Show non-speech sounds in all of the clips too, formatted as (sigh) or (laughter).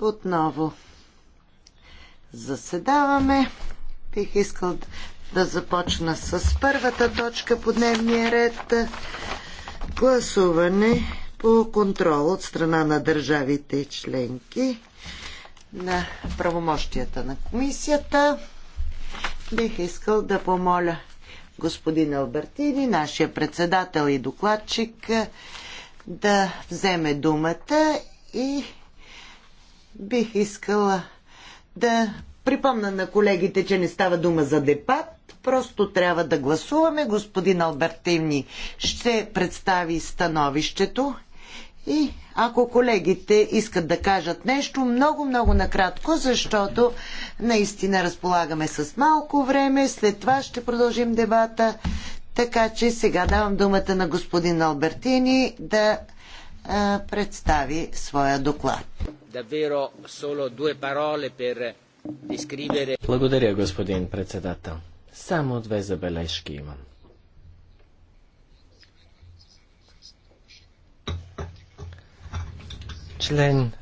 Отново заседаваме. Бих искал да започна с първата точка по дневния ред. Гласуване по контрол от страна на държавите и членки на правомощията на комисията. Бих искал да помоля господин Албертини, нашия председател и докладчик, да вземе думата и Бих искала да припомна на колегите, че не става дума за депат, просто трябва да гласуваме. Господин Албертивни ще представи становището и ако колегите искат да кажат нещо, много, много накратко, защото наистина разполагаме с малко време, след това ще продължим дебата. Така че сега давам думата на господин Албертини да представи своя доклад. Благодаря, господин председател. Само две забележки имам. Член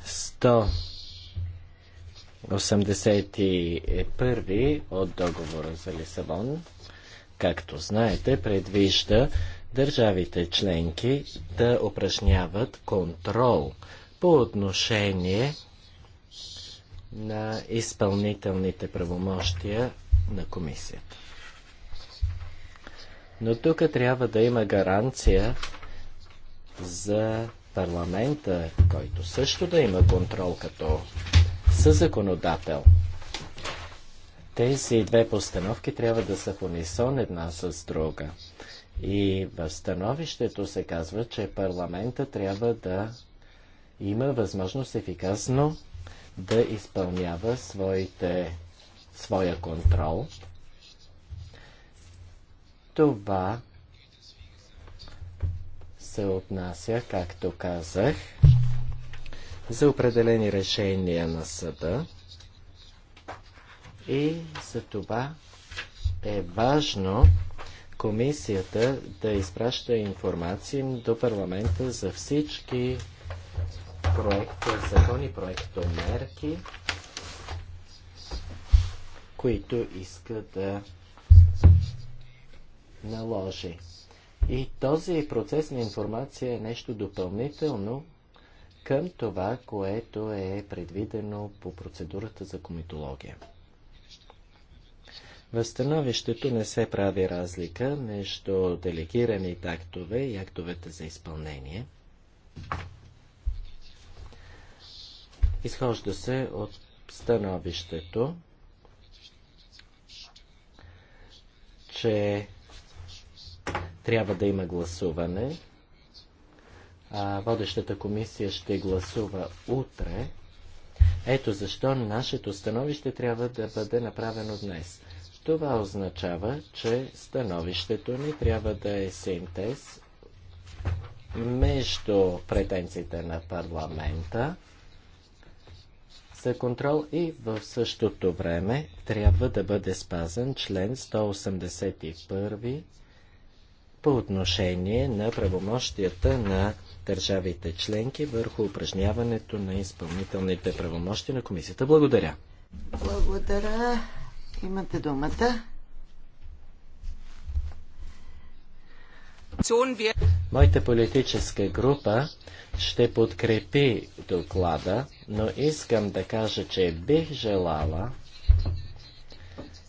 181 от договора за Лисабон, както знаете, предвижда държавите членки да упражняват контрол по отношение на изпълнителните правомощия на комисията. Но тук трябва да има гаранция за парламента, който също да има контрол като съзаконодател. Тези две постановки трябва да са в унисон една с друга. И в становището се казва, че парламента трябва да има възможност ефикасно да изпълнява своите, своя контрол. Това се отнася, както казах, за определени решения на съда и за това е важно комисията да изпраща информация до парламента за всички проекти, закони, проекти мерки, които иска да наложи. И този процес на информация е нещо допълнително към това, което е предвидено по процедурата за комитология. В становището не се прави разлика между делегираните актове и актовете за изпълнение. Изхожда се от становището, че трябва да има гласуване. А водещата комисия ще гласува утре. Ето защо нашето становище трябва да бъде направено днес. Това означава, че становището ни трябва да е синтез между претенциите на парламента за контрол и в същото време трябва да бъде спазен член 181 по отношение на правомощията на държавите членки върху упражняването на изпълнителните правомощи на комисията. Благодаря. Благодаря. Имате думата. Моята политическа група ще подкрепи доклада, но искам да кажа, че бих желала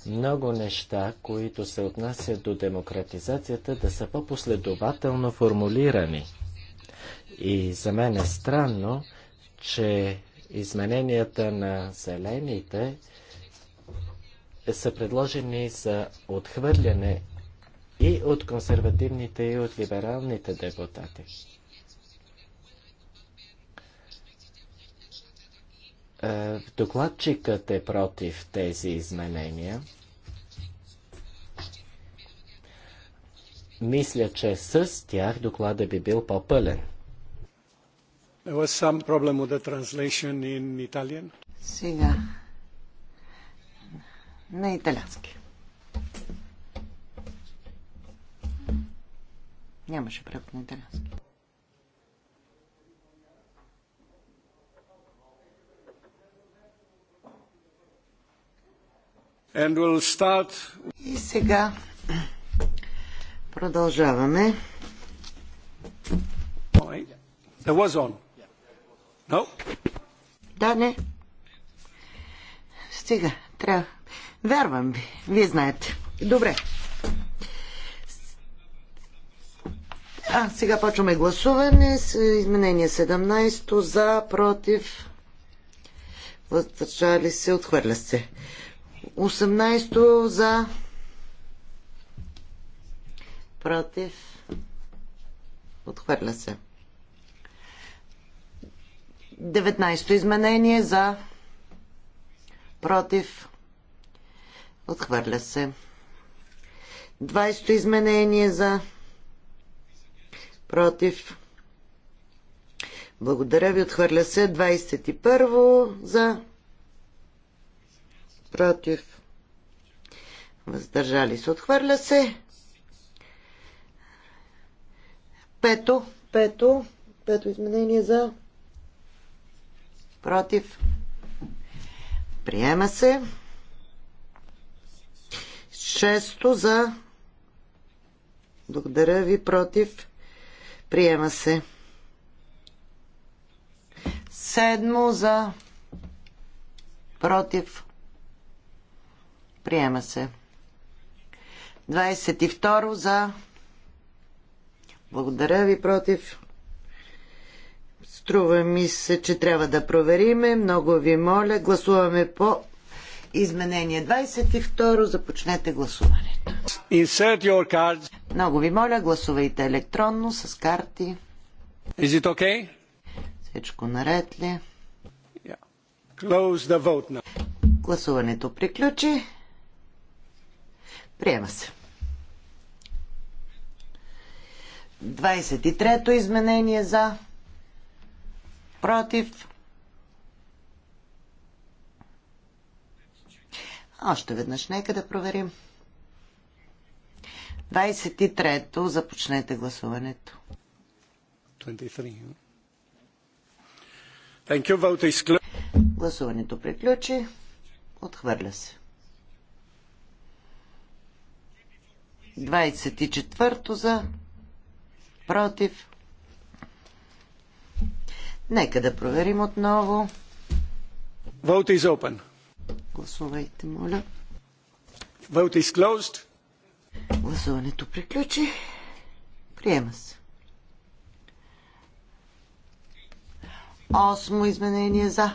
много неща, които се отнасят до демократизацията, да са по-последователно формулирани. И за мен е странно, че измененията на зелените са предложени за отхвърляне и от консервативните, и от либералните депутати. Е, докладчикът е против тези изменения. Мисля, че с тях доклада би бил по-пълен. Сега на италянски. Нямаше превод на италянски. And we'll start... И сега продължаваме. There was on. No? Да, не. Стига, трябва. Вярвам ви. Вие знаете. Добре. А, сега почваме гласуване с изменение 17 за, против, въздържали се, отхвърля се. 18 за, против, отхвърля се. 19 изменение за, против, Отхвърля се. 20-то изменение за против. Благодаря ви. Отхвърля се. 21-во за против. Въздържали се. Отхвърля се. Пето. Пето. Пето изменение за против. Приема се. Шесто за. Благодаря ви. Против. Приема се. Седмо за. Против. Приема се. 22 за. Благодаря ви. Против. Струва ми се, че трябва да провериме. Много ви моля. Гласуваме по Изменение 22. Започнете гласуването. Insert your cards. Много ви моля, гласувайте електронно с карти. Is it okay? Всичко наред ли? Yeah. Close the vote now. Гласуването приключи. Приема се. 23-то изменение за против Още веднъж нека да проверим. 23-то започнете гласуването. 23. Thank you, vote is Гласуването приключи. Отхвърля се. 24-то за против. Нека да проверим отново. Vote is open. Гласувайте, моля. Vote is closed. Гласуването приключи. Приема се. Осмо изменение за.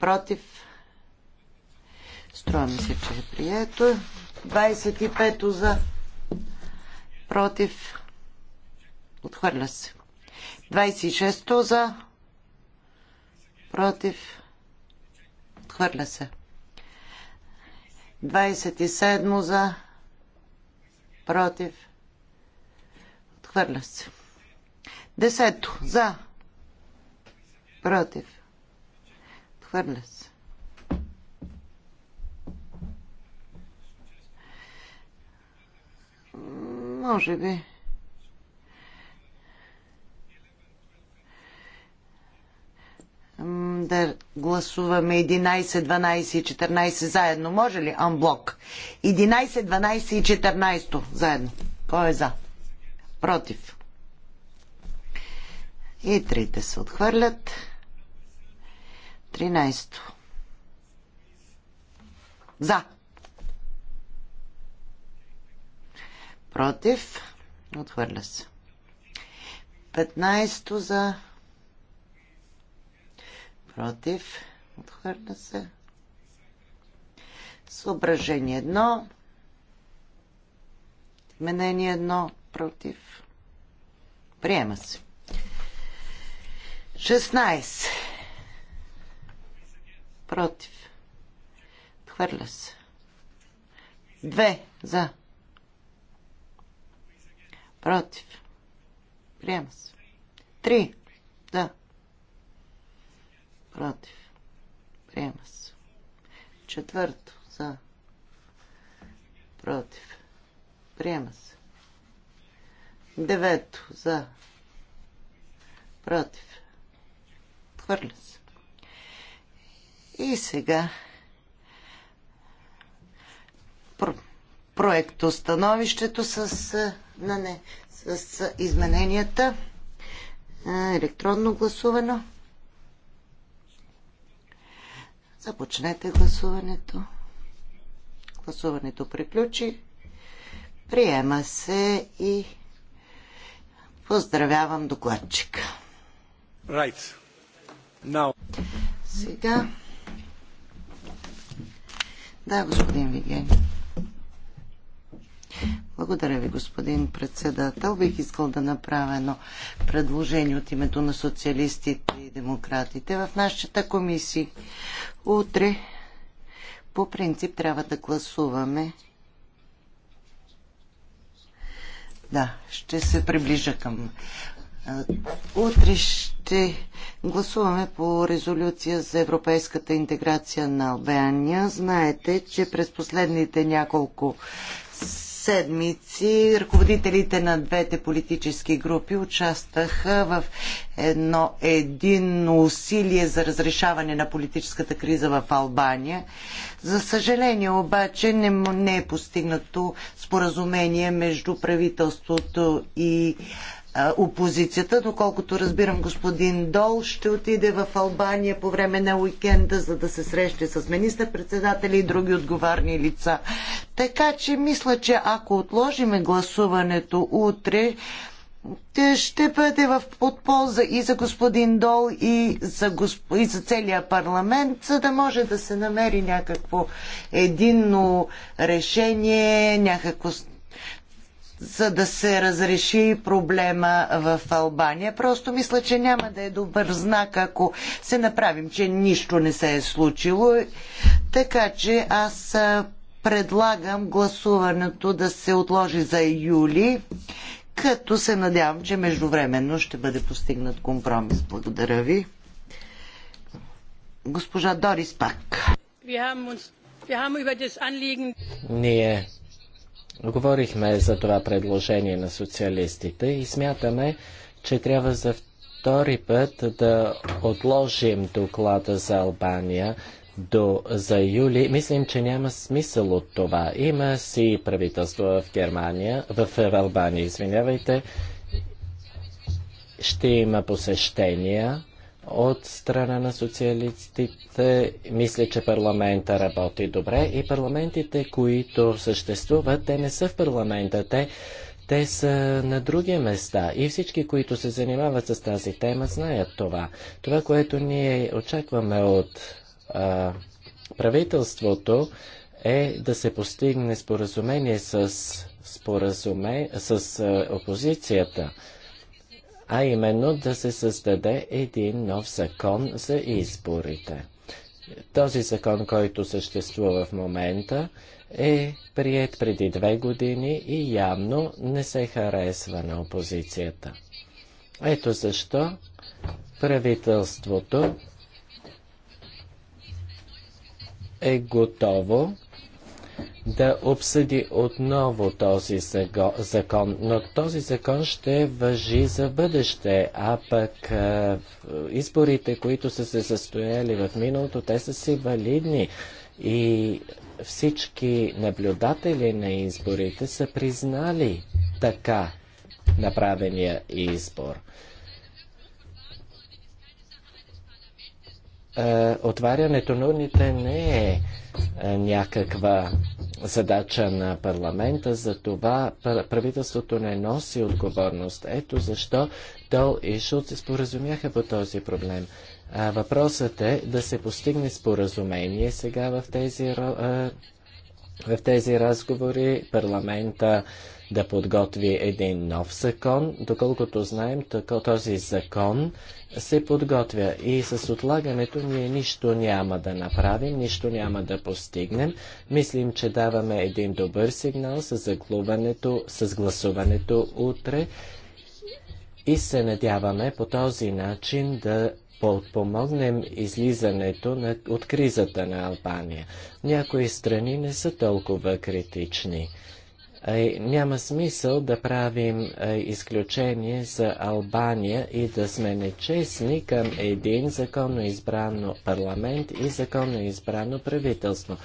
Против. Струва ми се, че е прието. 25 то за. Против. Отхвърля се. 26 за. Против. Отхвърля се. 27 за. Против. Отхвърля се. Десето. За. Против. Отхвърля се. Може би. да гласуваме 11, 12 и 14 заедно. Може ли анблок? 11, 12 и 14 заедно. Кой е за? Против. И трите се отхвърлят. 13. За. Против. Отхвърля се. 15 за против, отхвърля се. Съображение едно. изменение едно. против, приема се. 16 против, отхвърля се. Две. за, против, приема се. Три. да против, приема се. Четвърто, за, против, приема се. Девето, за, против, хвърля се. И сега про- проектостановището с, на не, с измененията е, електронно гласувано. Започнете гласуването. Гласуването приключи. Приема се и поздравявам докладчика. Right. Now. Сега. Да, господин Вигени. Благодаря ви, господин председател. Бих искал да направя едно предложение от името на социалистите и демократите в нашата комисия. Утре по принцип трябва да гласуваме. Да, ще се приближа към. Утре ще гласуваме по резолюция за европейската интеграция на Албания. Знаете, че през последните няколко седмици ръководителите на двете политически групи участваха в едно единно усилие за разрешаване на политическата криза в Албания. За съжаление обаче не, не е постигнато споразумение между правителството и опозицията. Доколкото разбирам, господин Дол ще отиде в Албания по време на уикенда, за да се срещне с министър-председатели и други отговарни лица. Така че мисля, че ако отложиме гласуването утре, ще бъде в подполза и за господин Дол, и за, госп... и за целия парламент, за да може да се намери някакво единно решение, някакво за да се разреши проблема в Албания. Просто мисля, че няма да е добър знак, ако се направим, че нищо не се е случило. Така че аз предлагам гласуването да се отложи за юли, като се надявам, че междувременно ще бъде постигнат компромис. Благодаря ви. Госпожа Дорис Пак. Ние Говорихме за това предложение на социалистите и смятаме, че трябва за втори път да отложим доклада за Албания до за юли. Мислим, че няма смисъл от това. Има си правителство в Германия, в Албания, извинявайте. Ще има посещения от страна на социалистите. Мисля, че парламента работи добре и парламентите, които съществуват, те не са в парламента, те, те са на други места и всички, които се занимават с тази тема, знаят това. Това, което ние очакваме от а, правителството, е да се постигне споразумение с, споразуме, с а, опозицията а именно да се създаде един нов закон за изборите. Този закон, който съществува в момента, е прият преди две години и явно не се харесва на опозицията. Ето защо правителството е готово да обсъди отново този закон, но този закон ще въжи за бъдеще, а пък изборите, които са се състояли в миналото, те са си валидни и всички наблюдатели на изборите са признали така направения избор. Е, отварянето на урните не е е, някаква задача на парламента, за това правителството не носи отговорност. Ето защо Дол и Шулц се споразумяха по този проблем. А, въпросът е да се постигне споразумение сега в тези, в тези разговори. Парламента да подготви един нов закон. Доколкото знаем, този закон се подготвя и с отлагането ние нищо няма да направим, нищо няма да постигнем. Мислим, че даваме един добър сигнал с, заглуването, с гласуването утре и се надяваме по този начин да подпомогнем излизането на, от кризата на Албания. Някои страни не са толкова критични. Е, няма смисъл да правим е, изключение за Албания и да сме нечестни към един законно избрано парламент и законно избрано правителство.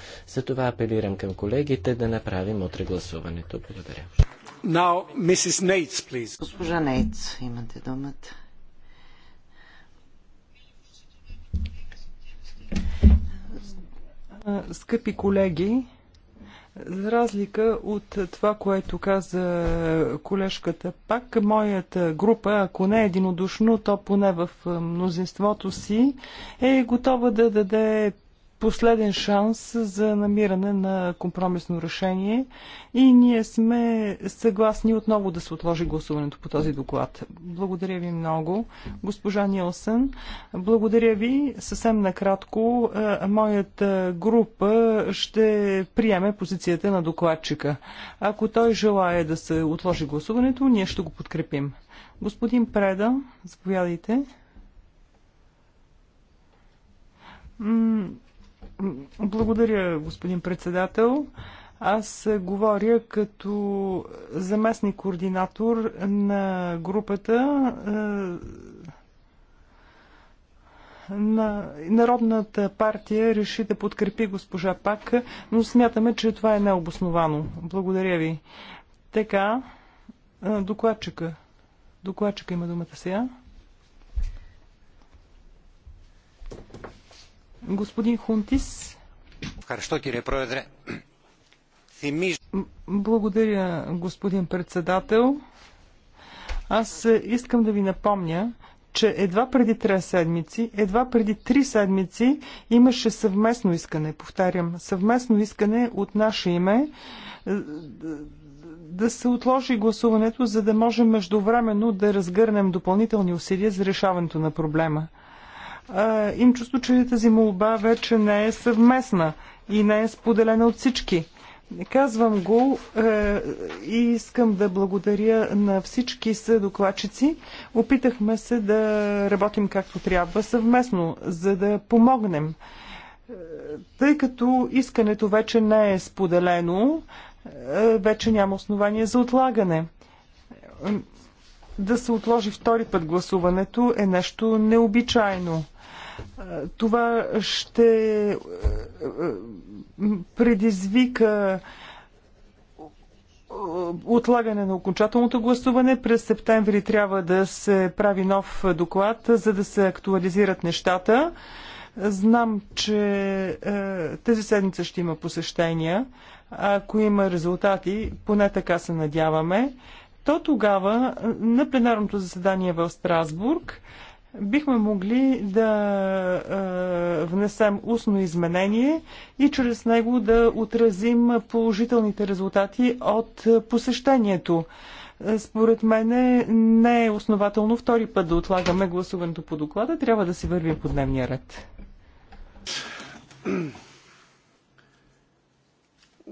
това апелирам към колегите да направим утре гласуването. Благодаря. Now, Mrs. Nates, please. Госпожа Нейтс, имате думата. Скъпи колеги, за разлика от това, което каза колежката пак, моята група, ако не е единодушно, то поне в мнозинството си, е готова да даде последен шанс за намиране на компромисно решение и ние сме съгласни отново да се отложи гласуването по този доклад. Благодаря ви много, госпожа Нилсън. Благодаря ви. Съвсем накратко, е, моята група ще приеме позицията на докладчика. Ако той желая да се отложи гласуването, ние ще го подкрепим. Господин Преда, заповядайте. Благодаря, господин председател. Аз говоря като заместник координатор на групата е, на Народната партия реши да подкрепи госпожа Пак, но смятаме, че това е необосновано. Благодаря ви. Така, е, докладчика. Докладчика има думата сега. Господин Хунтис. Благодаря, господин председател. Аз е, искам да ви напомня, че едва преди три седмици, едва преди три седмици имаше съвместно искане, повтарям, съвместно искане от наше име е, да се отложи гласуването, за да можем междувременно да разгърнем допълнителни усилия за решаването на проблема им чувство, че тази молба вече не е съвместна и не е споделена от всички. Казвам го е, и искам да благодаря на всички съдокладчици. Опитахме се да работим както трябва съвместно, за да помогнем. Е, тъй като искането вече не е споделено, е, вече няма основание за отлагане. Е, да се отложи втори път гласуването е нещо необичайно. Това ще е, е, предизвика е, отлагане на окончателното гласуване. През септември трябва да се прави нов доклад, за да се актуализират нещата. Знам, че тази седмица ще има посещения. Ако има резултати, поне така се надяваме, то тогава на пленарното заседание в Страсбург бихме могли да а, внесем устно изменение и чрез него да отразим положителните резултати от посещението. Според мен не е основателно втори път да отлагаме гласуването по доклада. Трябва да се вървим по дневния ред.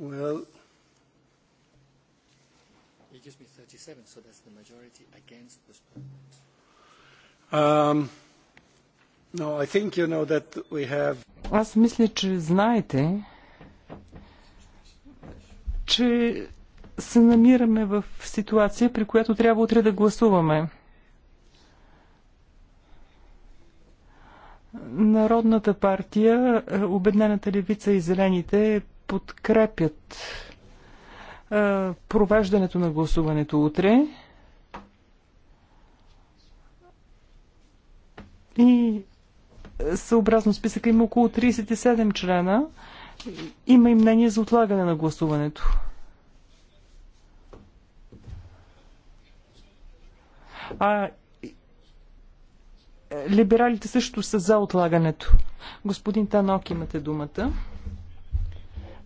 Well, 37, so Um, no, I think you know that we have... Аз мисля, че знаете, че се намираме в ситуация, при която трябва утре да гласуваме. Народната партия, е, Обеднената левица и Зелените подкрепят е, провеждането на гласуването утре. И е, съобразно списъка има около 37 члена. Има и мнение за отлагане на гласуването. А е, либералите също са за отлагането. Господин Танок, имате думата.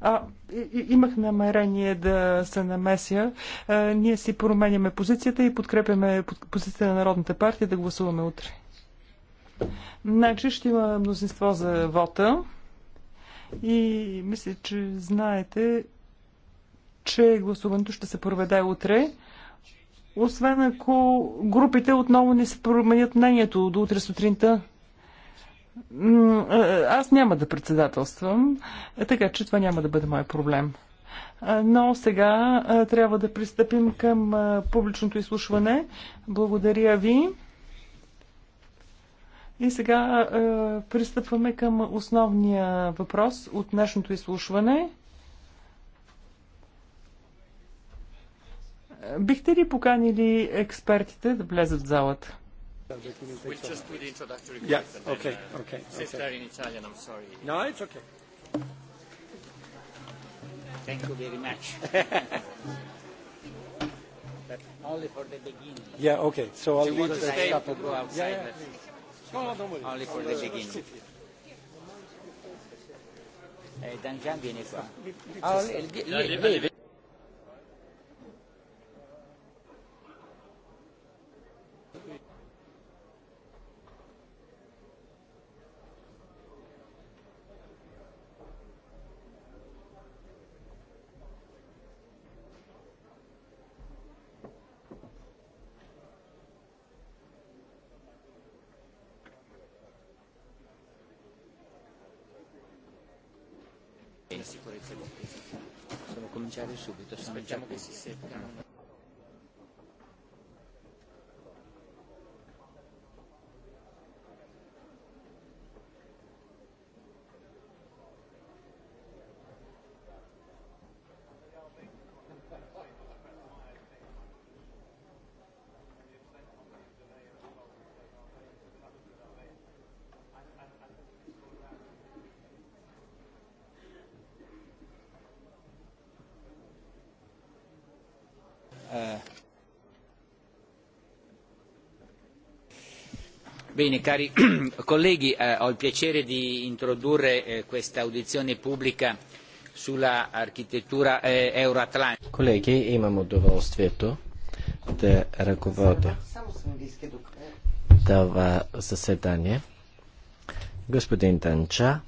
А, и, имах намерение да се намеся. А, е, ние си променяме позицията и подкрепяме позицията на Народната партия да гласуваме утре. Значи ще има мнозинство за вота и мисля, че знаете, че гласуването ще се проведе утре. Освен ако групите отново не се променят мнението до утре сутринта. Аз няма да председателствам, така че това няма да бъде мой проблем. Но сега трябва да пристъпим към публичното изслушване. Благодаря ви. И сега е, пристъпваме към основния въпрос от днешното изслушване. Бихте ли поканили експертите да влезат в залата? Thank you very much. only for the beginning. Yeah, okay. So I'll leave the stuff. Yeah, yeah. Only for the beginning. Eh, Danjan viene qua. Ah, lei, lei, lei, iniziare subito, sono già qui. Bene, cari (clears throat) colleghi, eh, ho il piacere di introdurre eh, questa audizione pubblica sulla architettura eh, euroatlantica. Колеги, имам удоволствието да ръководя това заседание. Господин Данча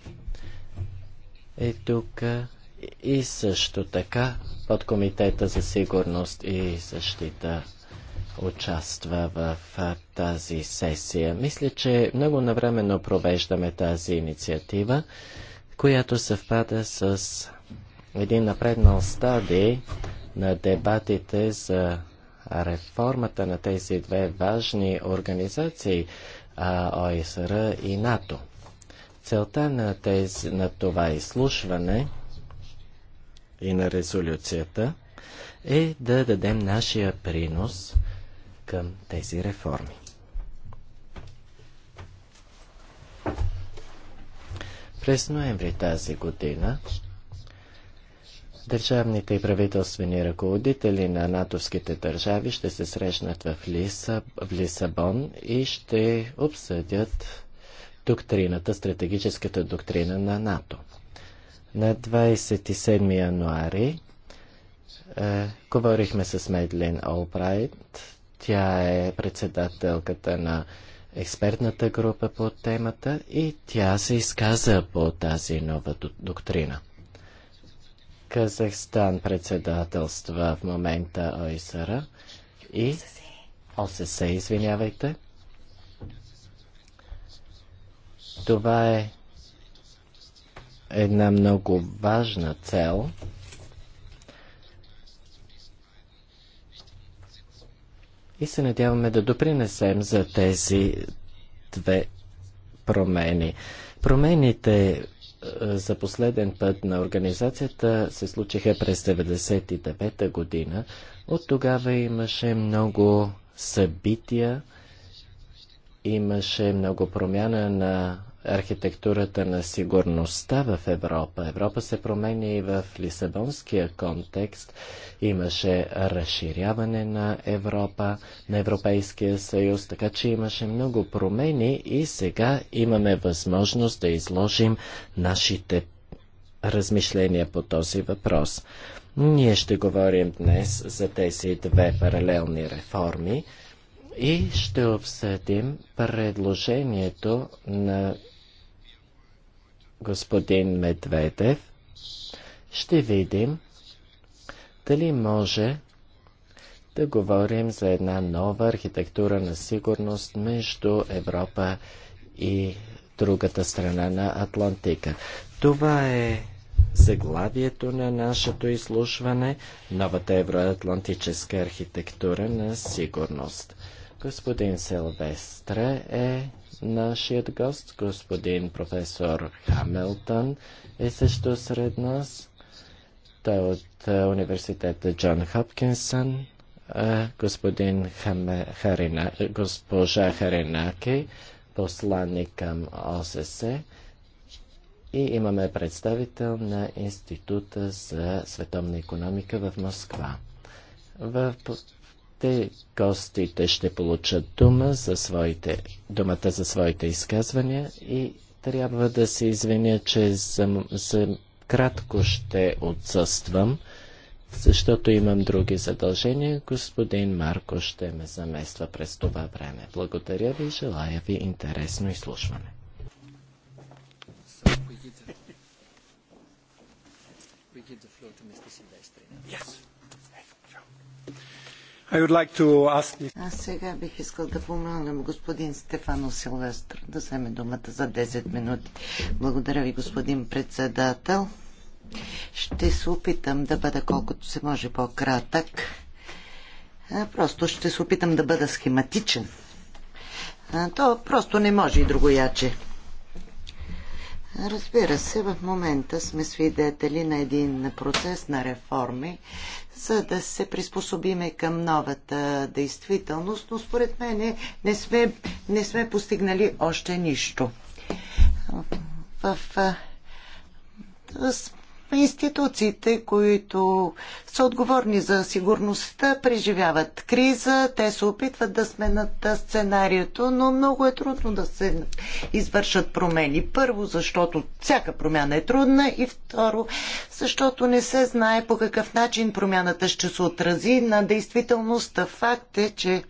е тук и също така под Комитета за сигурност и защита участва в тази сесия. Мисля, че много навременно провеждаме тази инициатива, която съвпада с един напреднал стадий на дебатите за реформата на тези две важни организации ОСР и НАТО. Целта на, тези, на това изслушване и на резолюцията е да дадем нашия принос – към тези реформи. През ноември тази година държавните и правителствени ръководители на натовските държави ще се срещнат в, Лиса, в Лисабон и ще обсъдят доктрината, стратегическата доктрина на НАТО. На 27 януари е, говорихме с Медлен Олбрайт, тя е председателката на експертната група по темата и тя се изказа по тази нова доктрина. Казахстан председателства в момента ОСР и ОСС, извинявайте. Това е една много важна цел – и се надяваме да допринесем за тези две промени. Промените е, за последен път на организацията се случиха през 1999-та година. От тогава имаше много събития, имаше много промяна на архитектурата на сигурността в Европа. Европа се променя и в лисабонския контекст. Имаше разширяване на Европа, на Европейския съюз, така че имаше много промени и сега имаме възможност да изложим нашите размишления по този въпрос. Ние ще говорим днес за тези две паралелни реформи и ще обсъдим предложението на господин Медведев, ще видим дали може да говорим за една нова архитектура на сигурност между Европа и другата страна на Атлантика. Това е заглавието на нашето изслушване Новата евроатлантическа архитектура на сигурност. Господин Силвестре е Нашият гост, господин професор Хамилтън, е също сред нас. Той е от е, университета Джон Хопкинсън, е, господин Хаме, Харина, госпожа Харинаки, посланник към ОССЕ и имаме представител на Института за световна економика в Москва. В Гостите, гостите ще получат дума за своите, думата за своите изказвания и трябва да се извиня, че за, за кратко ще отсъствам, защото имам други задължения. Господин Марко ще ме замества през това време. Благодаря ви и желая ви интересно изслушване. Аз сега бих искал да помолям господин Стефано Силвестър да вземе думата за 10 минути. Благодаря ви, господин председател. Ще се опитам да бъда колкото се може по-кратък. Просто ще се опитам да бъда схематичен. То просто не може и другояче. Разбира се, в момента сме свидетели на един процес на реформи, за да се приспособиме към новата действителност, но според мен не сме, не сме постигнали още нищо. В, в, институциите, които са отговорни за сигурността, преживяват криза, те се опитват да сменят сценарието, но много е трудно да се извършат промени. Първо, защото всяка промяна е трудна и второ, защото не се знае по какъв начин промяната ще се отрази на действителността. Факт е, че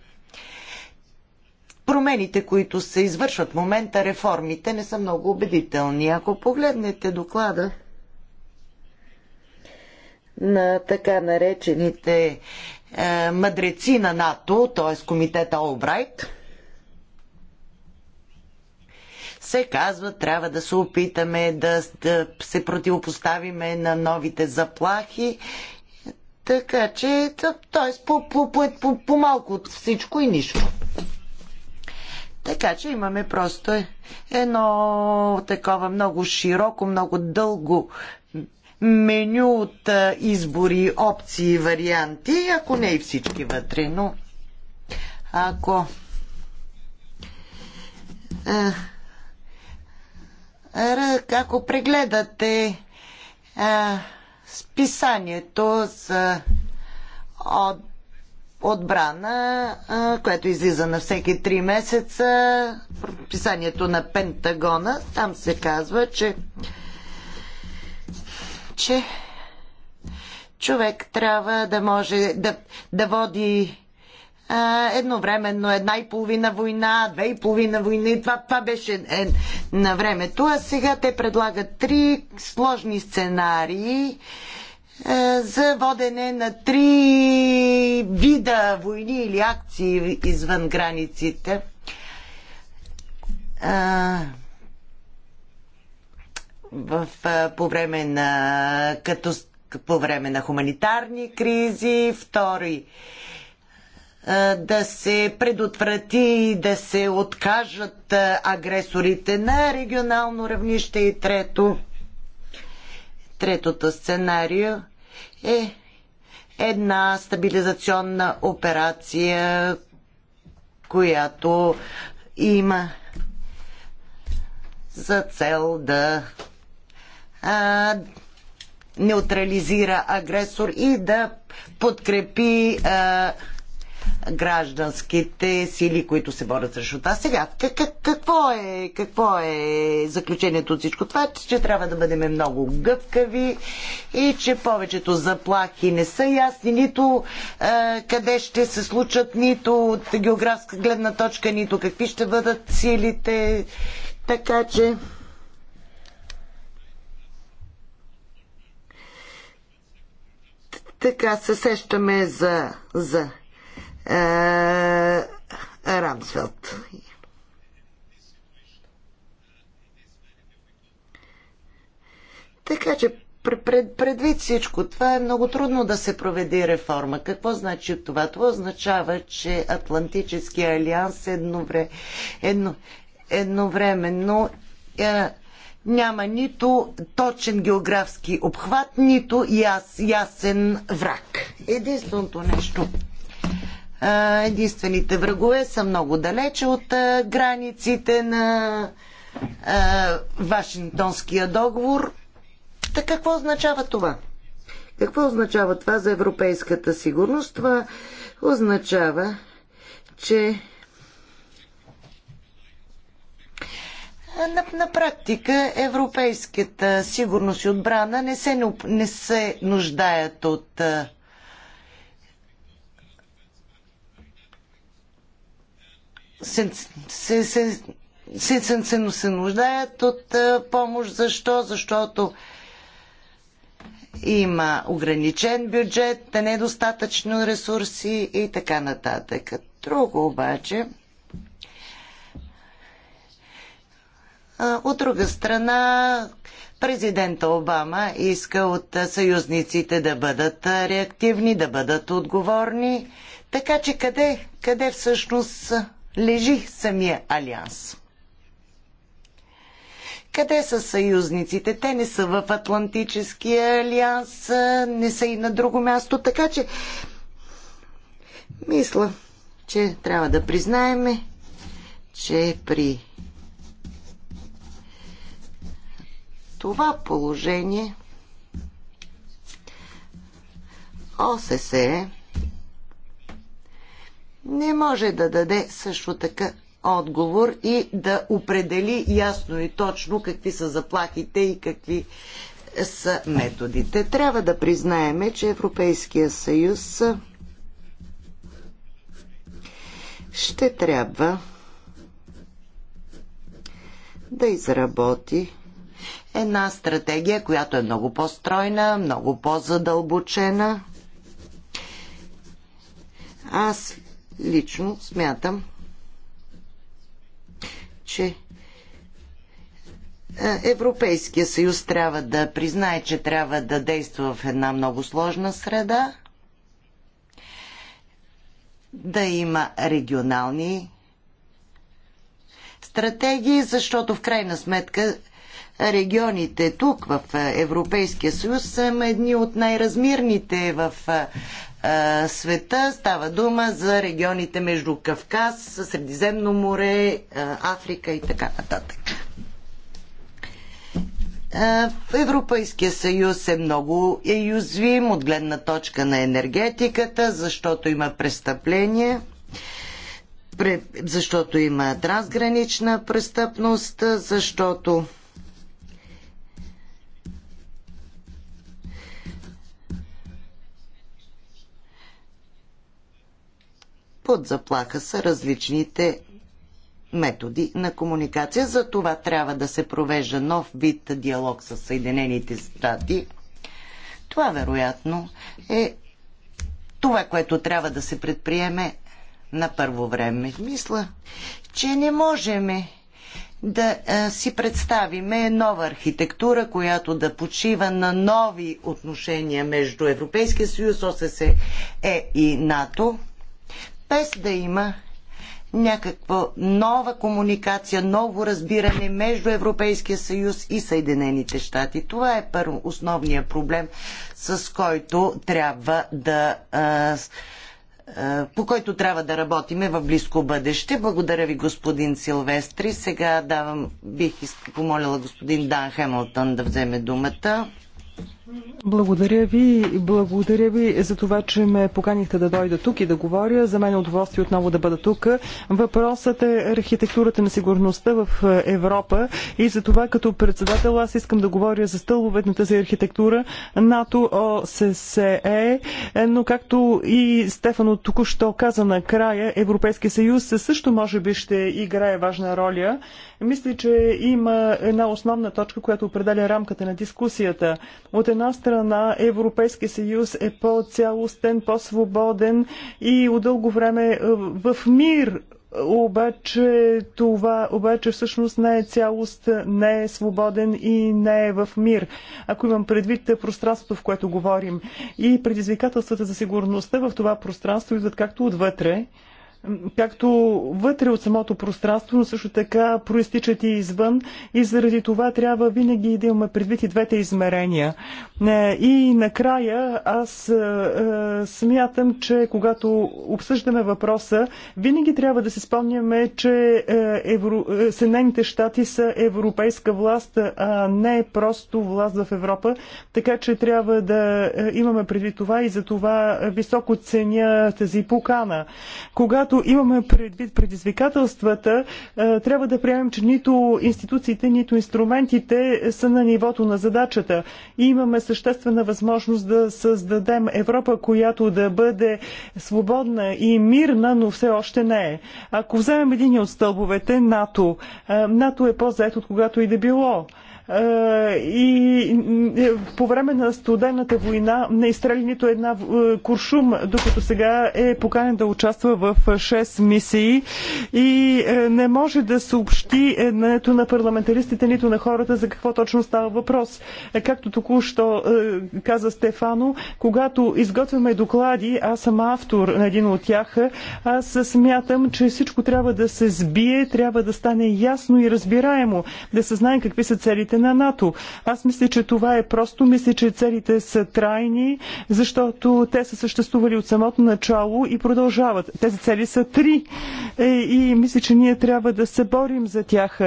промените, които се извършват в момента, реформите не са много убедителни. Ако погледнете доклада, на така наречените е, мъдреци на НАТО, т.е. комитета Олбрайт, се казва, трябва да се опитаме да, да се противопоставиме на новите заплахи. Така че, т.е. По, по, по, по, по малко от всичко и нищо. Така че имаме просто едно такова много широко, много дълго меню от избори, опции, варианти, ако не и всички вътре, но ако ако прегледате а, списанието за от, отбрана, а, което излиза на всеки 3 месеца, писанието на Пентагона, там се казва, че а, че човек трябва да може да, да води а, едновременно една и половина война, две и половина и Това, това беше е, на времето. А сега те предлагат три сложни сценарии е, за водене на три вида войни или акции извън границите. А, в, по време на, като, по време на хуманитарни кризи, втори да се предотврати, и да се откажат агресорите на регионално равнище и трето. Третото сценарио е една стабилизационна операция, която има за цел да а, неутрализира агресор и да подкрепи а, гражданските сили, които се борят срещу това. Сега, как, какво, е, какво е заключението от всичко това? Че трябва да бъдем много гъвкави и че повечето заплахи не са ясни, нито е, къде ще се случат, нито от географска гледна точка, нито какви ще бъдат силите. Така че. Така се сещаме за, за е, Рамсфелд. Така че пред, предвид всичко, това е много трудно да се проведе реформа. Какво значи това? Това означава, че Атлантическия алианс едновременно, едно, едновременно е, няма нито точен географски обхват, нито яс, ясен враг. Единственото нещо, единствените врагове са много далече от границите на Вашингтонския договор. Така какво означава това? Какво означава това за европейската сигурност? Това означава, че На, на практика европейската сигурност и отбрана не се, не се нуждаят от се, се, се, се, се, се нуждаят от помощ. Защо? Защото има ограничен бюджет, недостатъчно ресурси и така нататък. Друго обаче От друга страна, президента Обама иска от съюзниците да бъдат реактивни, да бъдат отговорни. Така че къде, къде всъщност лежи самия алианс? Къде са съюзниците? Те не са в Атлантическия алианс, не са и на друго място, така че мисля, че трябва да признаеме, че при това положение ОССЕ не може да даде също така отговор и да определи ясно и точно какви са заплахите и какви са методите. Трябва да признаеме, че Европейския съюз ще трябва да изработи една стратегия, която е много по-стройна, много по-задълбочена. Аз лично смятам, че е, Европейския съюз трябва да признае, че трябва да действа в една много сложна среда, да има регионални стратегии, защото в крайна сметка регионите тук в е, Европейския съюз са едни от най-размирните в е, е, света. Става дума за регионите между Кавказ, Средиземно море, Африка и така нататък. В Европейския съюз е много уязвим от гледна точка на енергетиката, защото има престъпления, защото има трансгранична престъпност, защото Под заплаха са различните методи на комуникация. За това трябва да се провежда нов вид диалог с Съединените щати. Това вероятно е това, което трябва да се предприеме на първо време. Мисля, че не можем да а, си представиме нова архитектура, която да почива на нови отношения между Европейския съюз, ОССЕ и НАТО без да има някаква нова комуникация, ново разбиране между Европейския съюз и Съединените щати. Това е първо основният проблем, с който трябва да. по който трябва да работиме в близко бъдеще. Благодаря ви, господин Силвестри. Сега давам, бих помолила господин Дан Хемълтън да вземе думата. Благодаря ви. Благодаря ви за това, че ме поканихте да дойда тук и да говоря. За мен е удоволствие отново да бъда тук. Въпросът е архитектурата на сигурността в Европа и за това като председател аз искам да говоря за стълбоветната за архитектура НАТО ОССЕ, но както и Стефано току-що каза накрая, Европейския съюз също може би ще играе важна роля. Мисля, че има една основна точка, която определя рамката на дискусията. От една една страна Европейския съюз е по-цялостен, по-свободен и от дълго време е, в мир обаче това обаче всъщност не е цялост, не е свободен и не е в мир. Ако имам предвид пространството, в което говорим и предизвикателствата за сигурността в това пространство идват както отвътре, както вътре от самото пространство, но също така проистичат и извън. И заради това трябва винаги да имаме предвид и двете измерения. Е, и накрая аз е, е, смятам, че когато обсъждаме въпроса, винаги трябва да се спомняме, че Евро... Съединените щати са европейска власт, а не просто власт в Европа. Така че трябва да имаме предвид това и за това високо ценя тази покана. Когато когато имаме предвид предизвикателствата, е, трябва да приемем, че нито институциите, нито инструментите са на нивото на задачата. И имаме съществена възможност да създадем Европа, която да бъде свободна и мирна, но все още не е. Ако вземем един от стълбовете, НАТО, е, НАТО е по-заед от когато и да било и е, по време на студената война не изстрели нито една е, куршум, докато сега е поканен да участва в 6 е, мисии и не може да съобщи нето на парламентаристите, нито на хората за какво точно става въпрос. Както току-що каза Стефано, когато изготвяме доклади, аз съм автор на един от тях, аз смятам, че всичко трябва да се сбие, трябва да стане ясно и разбираемо, да се знае какви са целите на НАТО. Аз мисля, че това е просто. Мисля, че целите са трайни, защото те са съществували от самото начало и продължават. Тези цели са три е, и мисля, че ние трябва да се борим за тях.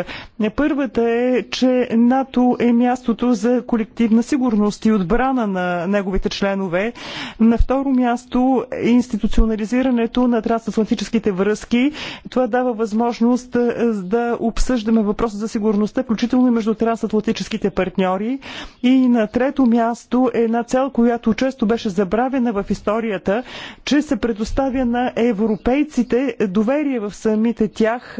Е, първата е, че НАТО е мястото за колективна сигурност и отбрана на неговите членове. На второ място е институционализирането на трансатлантическите връзки. Това дава възможност е, да обсъждаме въпроса за сигурността, включително и между трансатлантическите атлантическите партньори. И на трето място е една цел, която често беше забравена в историята, че се предоставя на европейците доверие в самите тях,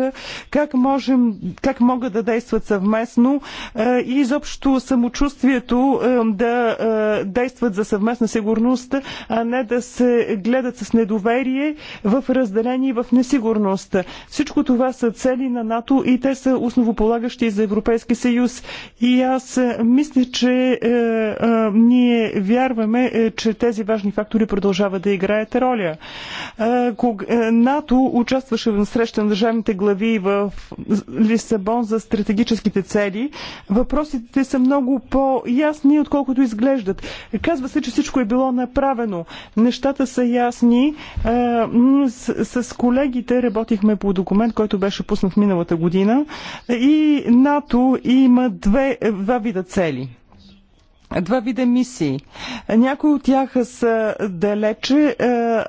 как, можем, как могат да действат съвместно е, и изобщо самочувствието е, да е, действат за съвместна сигурност, а не да се гледат с недоверие в разделение и в несигурност. Всичко това са цели на НАТО и те са основополагащи за Европейски съюз. И аз е, мисля, че е, е, ние вярваме, е, че тези важни фактори продължават да играят роля. Е, кога, е, НАТО участваше в среща на държавните глави в Лисабон за стратегическите цели. Въпросите са много по-ясни, отколкото изглеждат. Казва се, че всичко е било направено. Нещата са ясни. Е, с, с колегите работихме по документ, който беше пуснат миналата година. И НАТО има два две, два вида цели два вида мисии. Някои от тях са далече, е,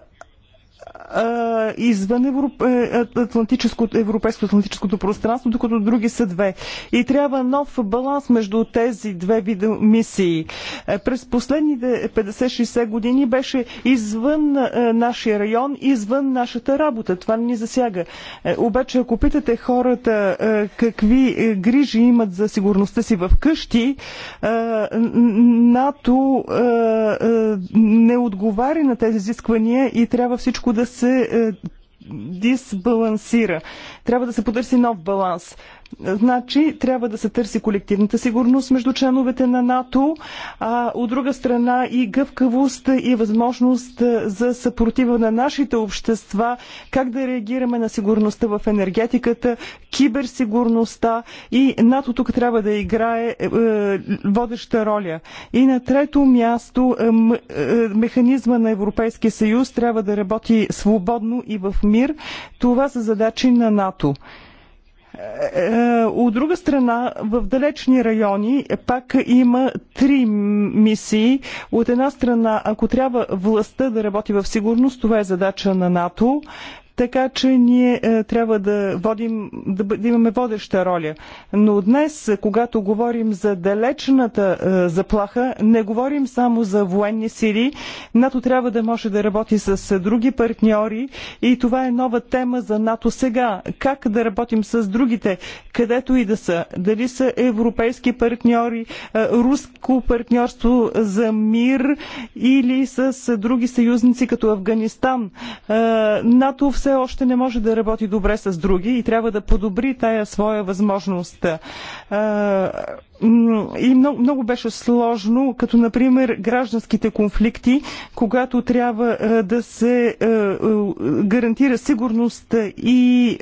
извън Европ... Е, Атлантическо, европейско-атлантическото пространство, докато други са две. И трябва нов баланс между тези две вида мисии. Е, през последните 50-60 години беше извън е, нашия район, извън нашата работа. Това не ни засяга. Обаче, ако питате хората какви грижи имат за сигурността си в къщи, НАТО не отговаря на тези изисквания и трябва всичко да се се е, дисбалансира. Трябва да се потърси нов баланс. Значи, трябва да се търси колективната сигурност между членовете на НАТО, а от друга страна и гъвкавост и възможност за съпротива на нашите общества, как да реагираме на сигурността в енергетиката, киберсигурността и НАТО тук трябва да играе е, е водеща роля. И на трето място е, е, механизма на Европейския съюз трябва да работи свободно и в мир. Това са задачи на НАТО. НАТО. Е, е, от друга страна, в далечни райони пак има три мисии. От една страна, ако трябва властта да работи в сигурност, това е задача на НАТО. Така че ние е, трябва да, водим, да, да имаме водеща роля. Но днес, когато говорим за далечната е, заплаха, не говорим само за военни сили. НАТО трябва да може да работи с е, други партньори и това е нова тема за НАТО сега. Как да работим с другите, където и да са. Дали са европейски партньори, руско партньорство за мир или с други съюзници като Афганистан. НАТО все още не може да работи добре с други и трябва да подобри тая своя възможност. И много, много беше сложно, като например гражданските конфликти, когато трябва да се гарантира сигурност и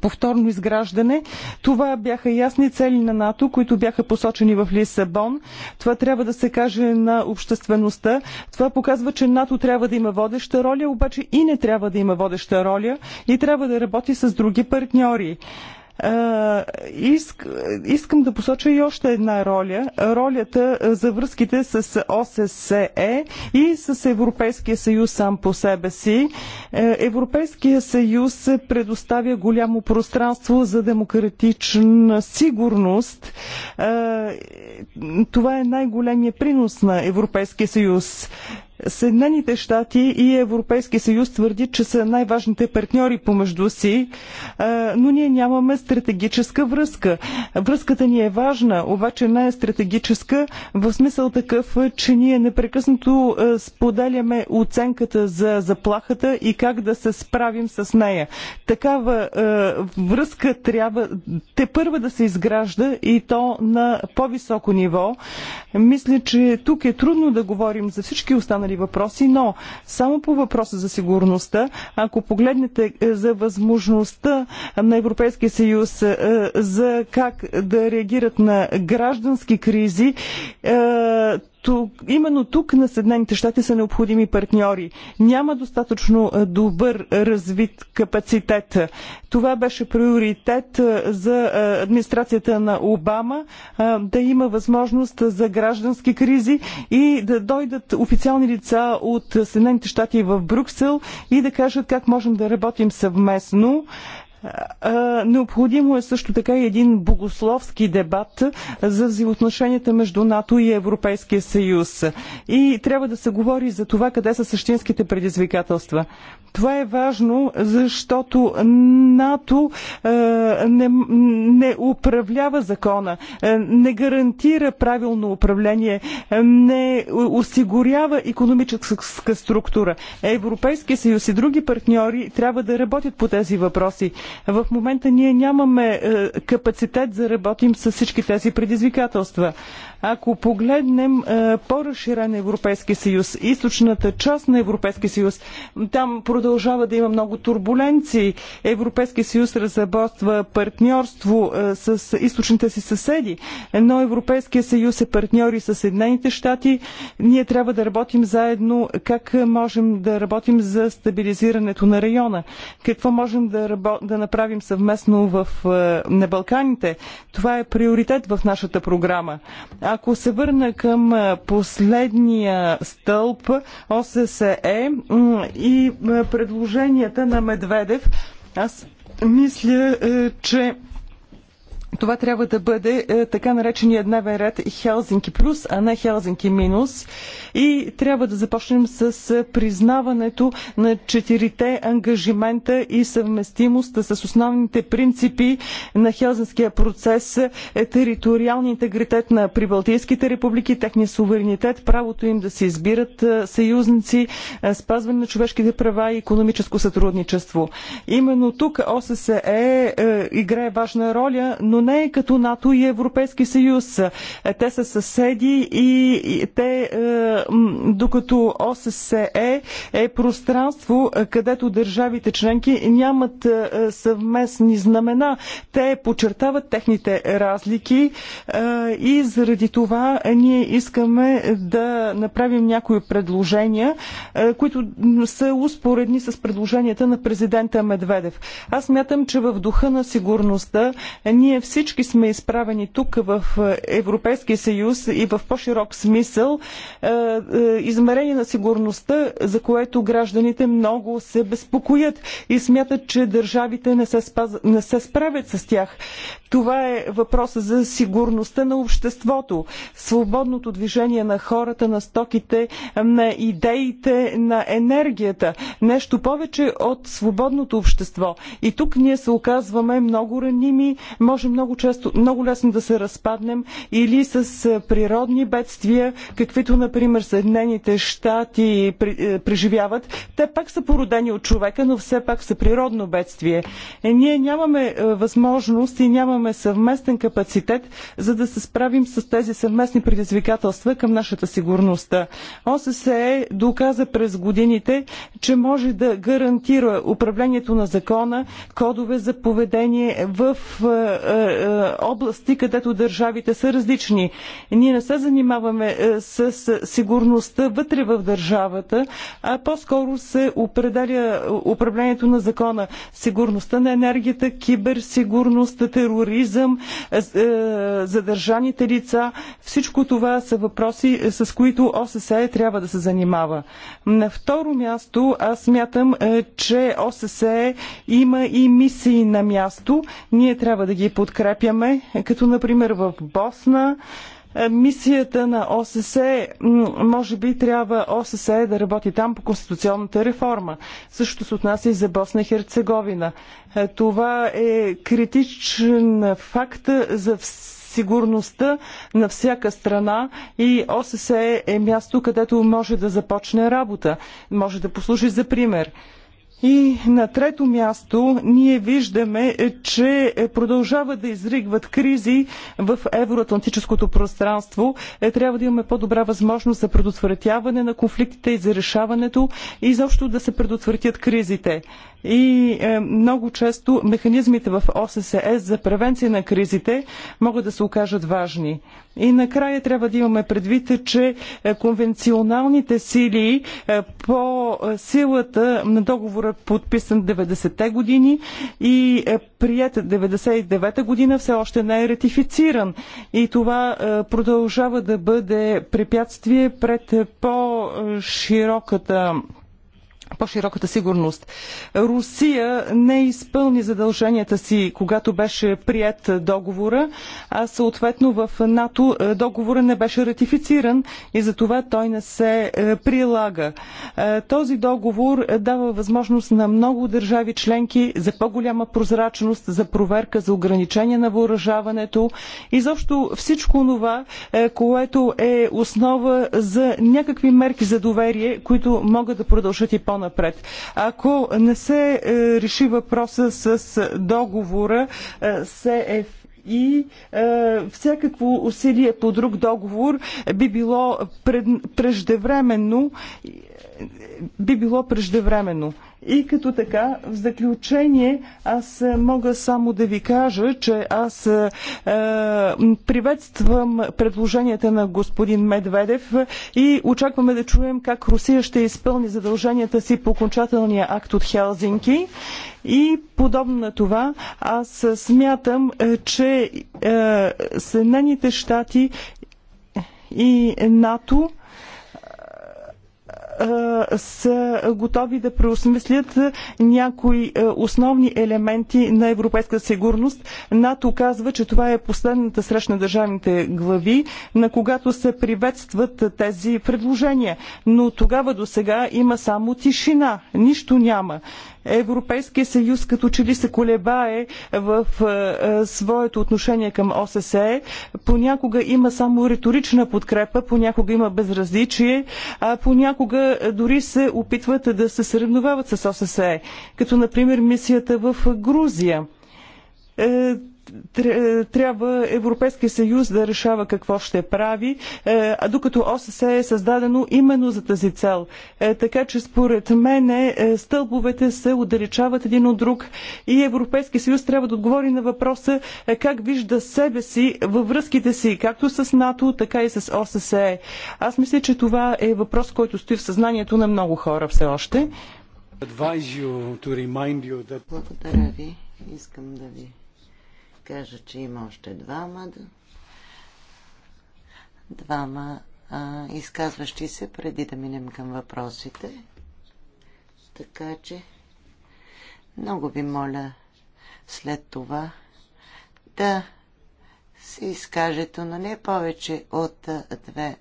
повторно изграждане. Това бяха ясни цели на НАТО, които бяха посочени в Лисабон. Това трябва да се каже на обществеността. Това показва, че НАТО трябва да има водеща роля, обаче и не трябва да има водеща роля и трябва да работи с други партньори. Иск, искам да посоча и още една роля. Ролята за връзките с ОССЕ и с Европейския съюз сам по себе си. Е, Европейския съюз предоставя голямо пространство за демократична сигурност. Е, това е най-големия принос на Европейския съюз. Съединените щати и Европейския съюз твърди, че са най-важните партньори помежду си, но ние нямаме стратегическа връзка. Връзката ни е важна, обаче не е стратегическа в смисъл такъв, че ние непрекъснато споделяме оценката за заплахата и как да се справим с нея. Такава връзка трябва те първа да се изгражда и то на по-високо ниво. Мисля, че тук е трудно да говорим за всички останали останали въпроси, но само по въпроса за сигурността, ако погледнете е, за възможността на Европейския съюз е, за как да реагират на граждански кризи, е, защото именно тук на Съединените щати са необходими партньори. Няма достатъчно добър развит капацитет. Това беше приоритет за администрацията на Обама да има възможност за граждански кризи и да дойдат официални лица от Съединените щати в Брюксел и да кажат как можем да работим съвместно. Необходимо е също така и един богословски дебат за взаимоотношенията между НАТО и Европейския съюз. И трябва да се говори за това къде са същинските предизвикателства. Това е важно, защото НАТО не, не управлява закона, не гарантира правилно управление, не осигурява економическа структура. Европейския съюз и други партньори трябва да работят по тези въпроси. В момента ние нямаме е, капацитет за работим с всички тези предизвикателства. Ако погледнем е, по-разширен Европейски съюз, източната част на Европейски съюз, там продължава да има много турбуленции. Европейски съюз разработва партньорство е, с източните си съседи, но Европейския съюз е партньор и с Съединените щати. Ние трябва да работим заедно как можем да работим за стабилизирането на района. Какво можем да, рабо... да направим съвместно в... Е, на Балканите? Това е приоритет в нашата програма. Ако се върна към последния стълб ОССЕ и предложенията на Медведев, аз мисля, е, че това трябва да бъде е, така наречения дневен ред Хелзинки плюс, а не Хелзинки минус. И трябва да започнем с е, признаването на четирите ангажимента и съвместимост с основните принципи на Хелзинския процес е, териториалния интегритет на прибалтийските републики, техния суверенитет, правото им да се избират е, съюзници, спазване на човешките права и економическо сътрудничество. Именно тук ОССЕ е, играе важна роля, но не е като НАТО и Европейски съюз. Е, те са съседи и те, е, докато ОССЕ е пространство, е, където държавите членки нямат съвместни знамена. Те подчертават техните разлики и заради това ние искаме да направим някои предложения, които са успоредни с предложенията на президента Медведев. Аз мятам, че в духа на сигурността ние всички всички сме изправени тук в е, Европейския съюз и в по-широк смисъл е, е, измерение на сигурността, за което гражданите много се безпокоят и смятат, че държавите не се, спаз... не се справят с тях. Това е въпроса за сигурността на обществото, свободното движение на хората, на стоките, на идеите, на енергията. Нещо повече от свободното общество. И тук ние се оказваме много раними, може много много, често, много лесно да се разпаднем или с е, природни бедствия, каквито, например, Съединените щати е, е, преживяват. Те пак са породени от човека, но все пак са природно бедствие. Е, ние нямаме възможност и нямаме съвместен капацитет, за да се справим с тези съвместни предизвикателства към нашата сигурност. ОССЕ доказа през годините, че може да гарантира управлението на закона, кодове за поведение в е, области, където държавите са различни. Ние не се занимаваме е, с сигурността вътре в държавата, а по-скоро се определя е, управлението на закона. Сигурността на енергията, киберсигурност, тероризъм, задържаните лица. Всичко това са въпроси, с които ОССЕ трябва да се занимава. На второ място аз смятам, че ОССЕ има и мисии на място. Ние трябва да ги подкрепим подкрепяме, като например в Босна. Е, мисията на ОССЕ, може би трябва ОССЕ да работи там по конституционната реформа. Също се отнася и за Босна и Херцеговина. Е, това е критичен факт за сигурността на всяка страна и ОССЕ е място, където може да започне работа, може да послужи за пример. И на трето място ние виждаме, че продължава да изригват кризи в евроатлантическото пространство. Е, трябва да имаме по-добра възможност за предотвратяване на конфликтите и за решаването и заобщо да се предотвратят кризите. И е, много често механизмите в ОССЕ за превенция на кризите могат да се окажат важни. И накрая трябва да имаме предвид, че е, конвенционалните сили е, по силата на договора подписан 90-те години и е, прият 99-та година все още не е ратифициран. И това продължава да бъде препятствие пред по-широката по-широката сигурност. Русия не изпълни задълженията си, когато беше прият договора, а съответно в НАТО е, договора не беше ратифициран и за това той не се е, прилага. Е, този договор дава възможност на много държави членки за по-голяма прозрачност, за проверка, за ограничение на въоръжаването и защо всичко това, което е основа за някакви мерки за доверие, които могат да продължат и по по-напред. Ако не се е, реши въпроса с е, договора е, СФ и е, всякакво усилие по друг договор би било пред, преждевременно би било преждевременно. И като така, в заключение, аз е, мога само да ви кажа, че аз е, приветствам предложенията на господин Медведев и очакваме да чуем как Русия ще изпълни задълженията си по окончателния акт от Хелзинки. И подобно на това, аз е, смятам, е, че е, Съединените щати и НАТО са готови да преосмислят някои основни елементи на европейска сигурност. НАТО казва, че това е последната среща на държавните глави, на когато се приветстват тези предложения. Но тогава до сега има само тишина. Нищо няма. Европейския съюз като че ли се колебае в своето отношение към ОССЕ. Понякога има само риторична подкрепа, понякога има безразличие, а понякога дори се опитват да се съревновават с ОССЕ, като например мисията в Грузия е, трябва Европейския съюз да решава какво ще прави, е, а докато ОССЕ е създадено именно за тази цел. Е, така че според мен е, стълбовете се отдалечават един от друг и Европейския съюз трябва да отговори на въпроса как вижда себе си във връзките си както с НАТО, така и с ОССЕ. Аз мисля, че това е въпрос, който стои в съзнанието на много хора все още. Благодаря ви. Искам да ви кажа, че има още двама. Двама а, изказващи се, преди да минем към въпросите. Така че, много ви моля след това да се изкажете, но не повече от две,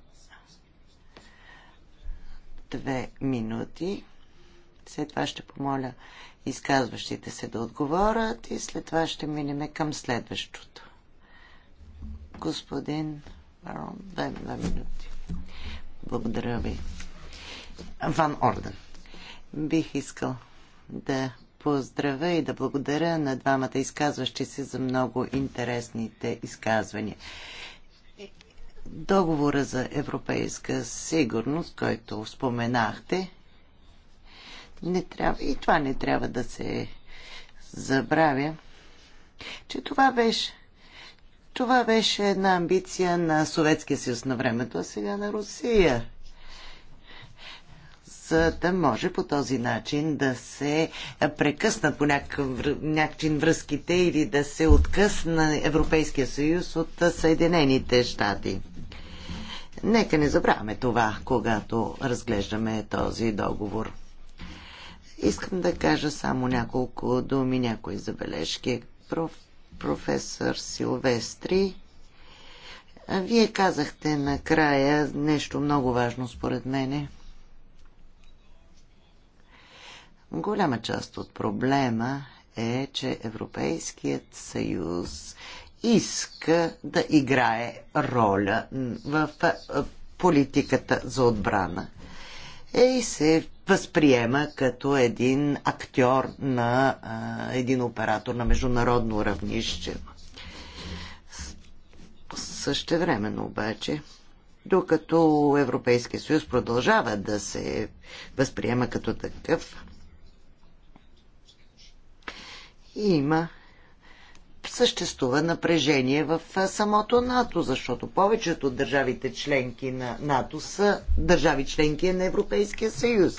две минути. След това ще помоля изказващите се да отговорят и след това ще минем към следващото. Господин Барон, две, две минути. Благодаря ви. Ван Орден. Бих искал да поздравя и да благодаря на двамата изказващи се за много интересните изказвания. Договора за европейска сигурност, който споменахте, не трябва, и това не трябва да се забравя, че това беше това беше една амбиция на Съветския съюз на времето, а сега на Русия. За да може по този начин да се прекъснат по някакъв начин връзките или да се откъсна Европейския съюз от Съединените щати. Нека не забравяме това, когато разглеждаме този договор. Искам да кажа само няколко думи, някои забележки. Проф, професор Силвестри, вие казахте накрая нещо много важно според мене. Голяма част от проблема е, че Европейският съюз иска да играе роля в политиката за отбрана. Ей се възприема като един актьор на а, един оператор на международно равнище. Същевременно обаче, докато Европейския съюз продължава да се възприема като такъв, има съществува напрежение в самото НАТО, защото повечето от държавите членки на НАТО са държави членки на Европейския съюз.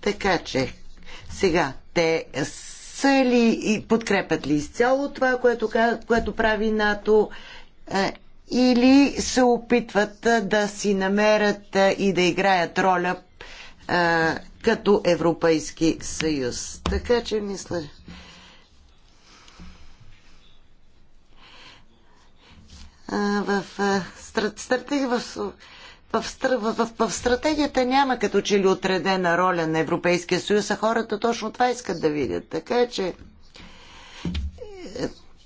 Така че, сега, те са ли и подкрепят ли изцяло това, което, което прави НАТО или се опитват да си намерят и да играят роля като Европейски съюз. Така че мисля, в, в, в, в, в, стратегията няма като че ли отредена роля на Европейския съюз, а хората точно това искат да видят. Така че е,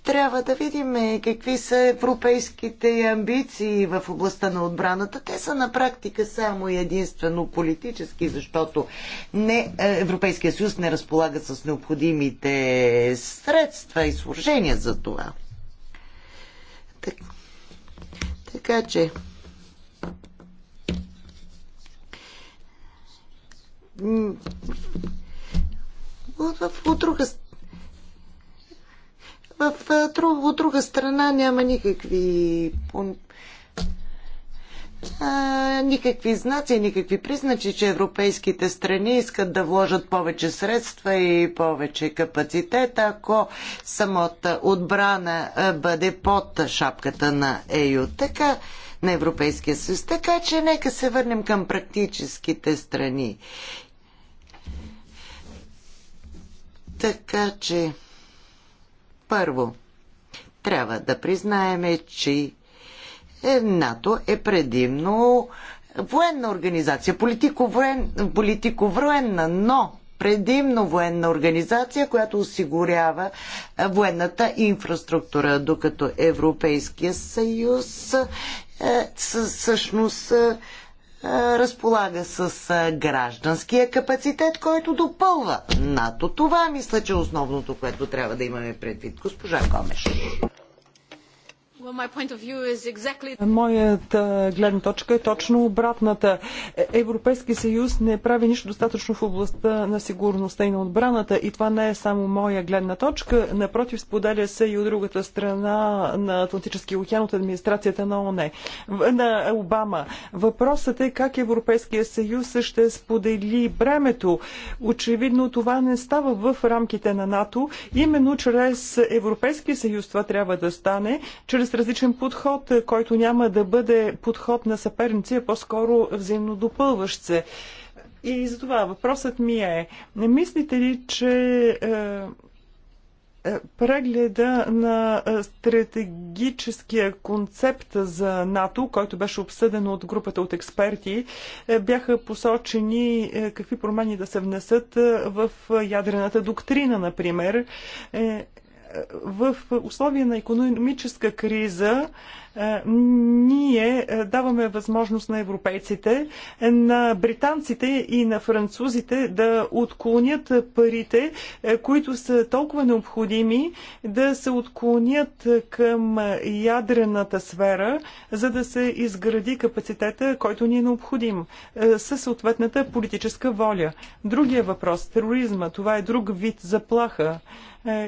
трябва да видим е, какви са европейските амбиции в областта на отбраната. Те са на практика само и единствено политически, защото не, е, Европейския съюз не разполага с необходимите средства и служения за това. Така. Така че от, от, друга, в, от друга страна няма никакви никакви знаци, никакви признаци, че европейските страни искат да вложат повече средства и повече капацитет, ако самата отбрана бъде под шапката на ЕЮ. Така на Европейския съюз. Така че нека се върнем към практическите страни. Така че, първо, трябва да признаеме, че е, НАТО е предимно военна организация, политико-военна, политико но предимно военна организация, която осигурява е, военната инфраструктура, докато Европейския съюз е, всъщност е, е, разполага с е, гражданския капацитет, който допълва НАТО. Това мисля, че е основното, което трябва да имаме предвид. Госпожа Гомеш. Моята гледна точка е точно обратната. Е, Европейски съюз не прави нищо достатъчно в областта на сигурността и на отбраната и това не е само моя гледна точка. Напротив, споделя се и от другата страна на Атлантическия океан от администрацията на ОНЕ, на Обама. Въпросът е как Европейския съюз ще сподели бремето. Очевидно това не става в рамките на НАТО. Именно чрез Европейския съюз това трябва да стане, чрез различен подход, е, който няма да бъде подход на съперници, а по-скоро взаимно допълващ се. И затова въпросът ми е, не мислите ли, че е, е, прегледа на е, стратегическия концепт за НАТО, който беше обсъден от групата от експерти, е, бяха посочени е, какви промени да се внесат в ядрената доктрина, например в условия на економическа криза е, ние е, даваме възможност на европейците, е, на британците и на французите да отклонят парите, които са толкова необходими, да се отклонят към ядрената сфера, за да се изгради капацитета, който ни е необходим, със съответната политическа воля. Другия въпрос – тероризма. Това е друг вид заплаха.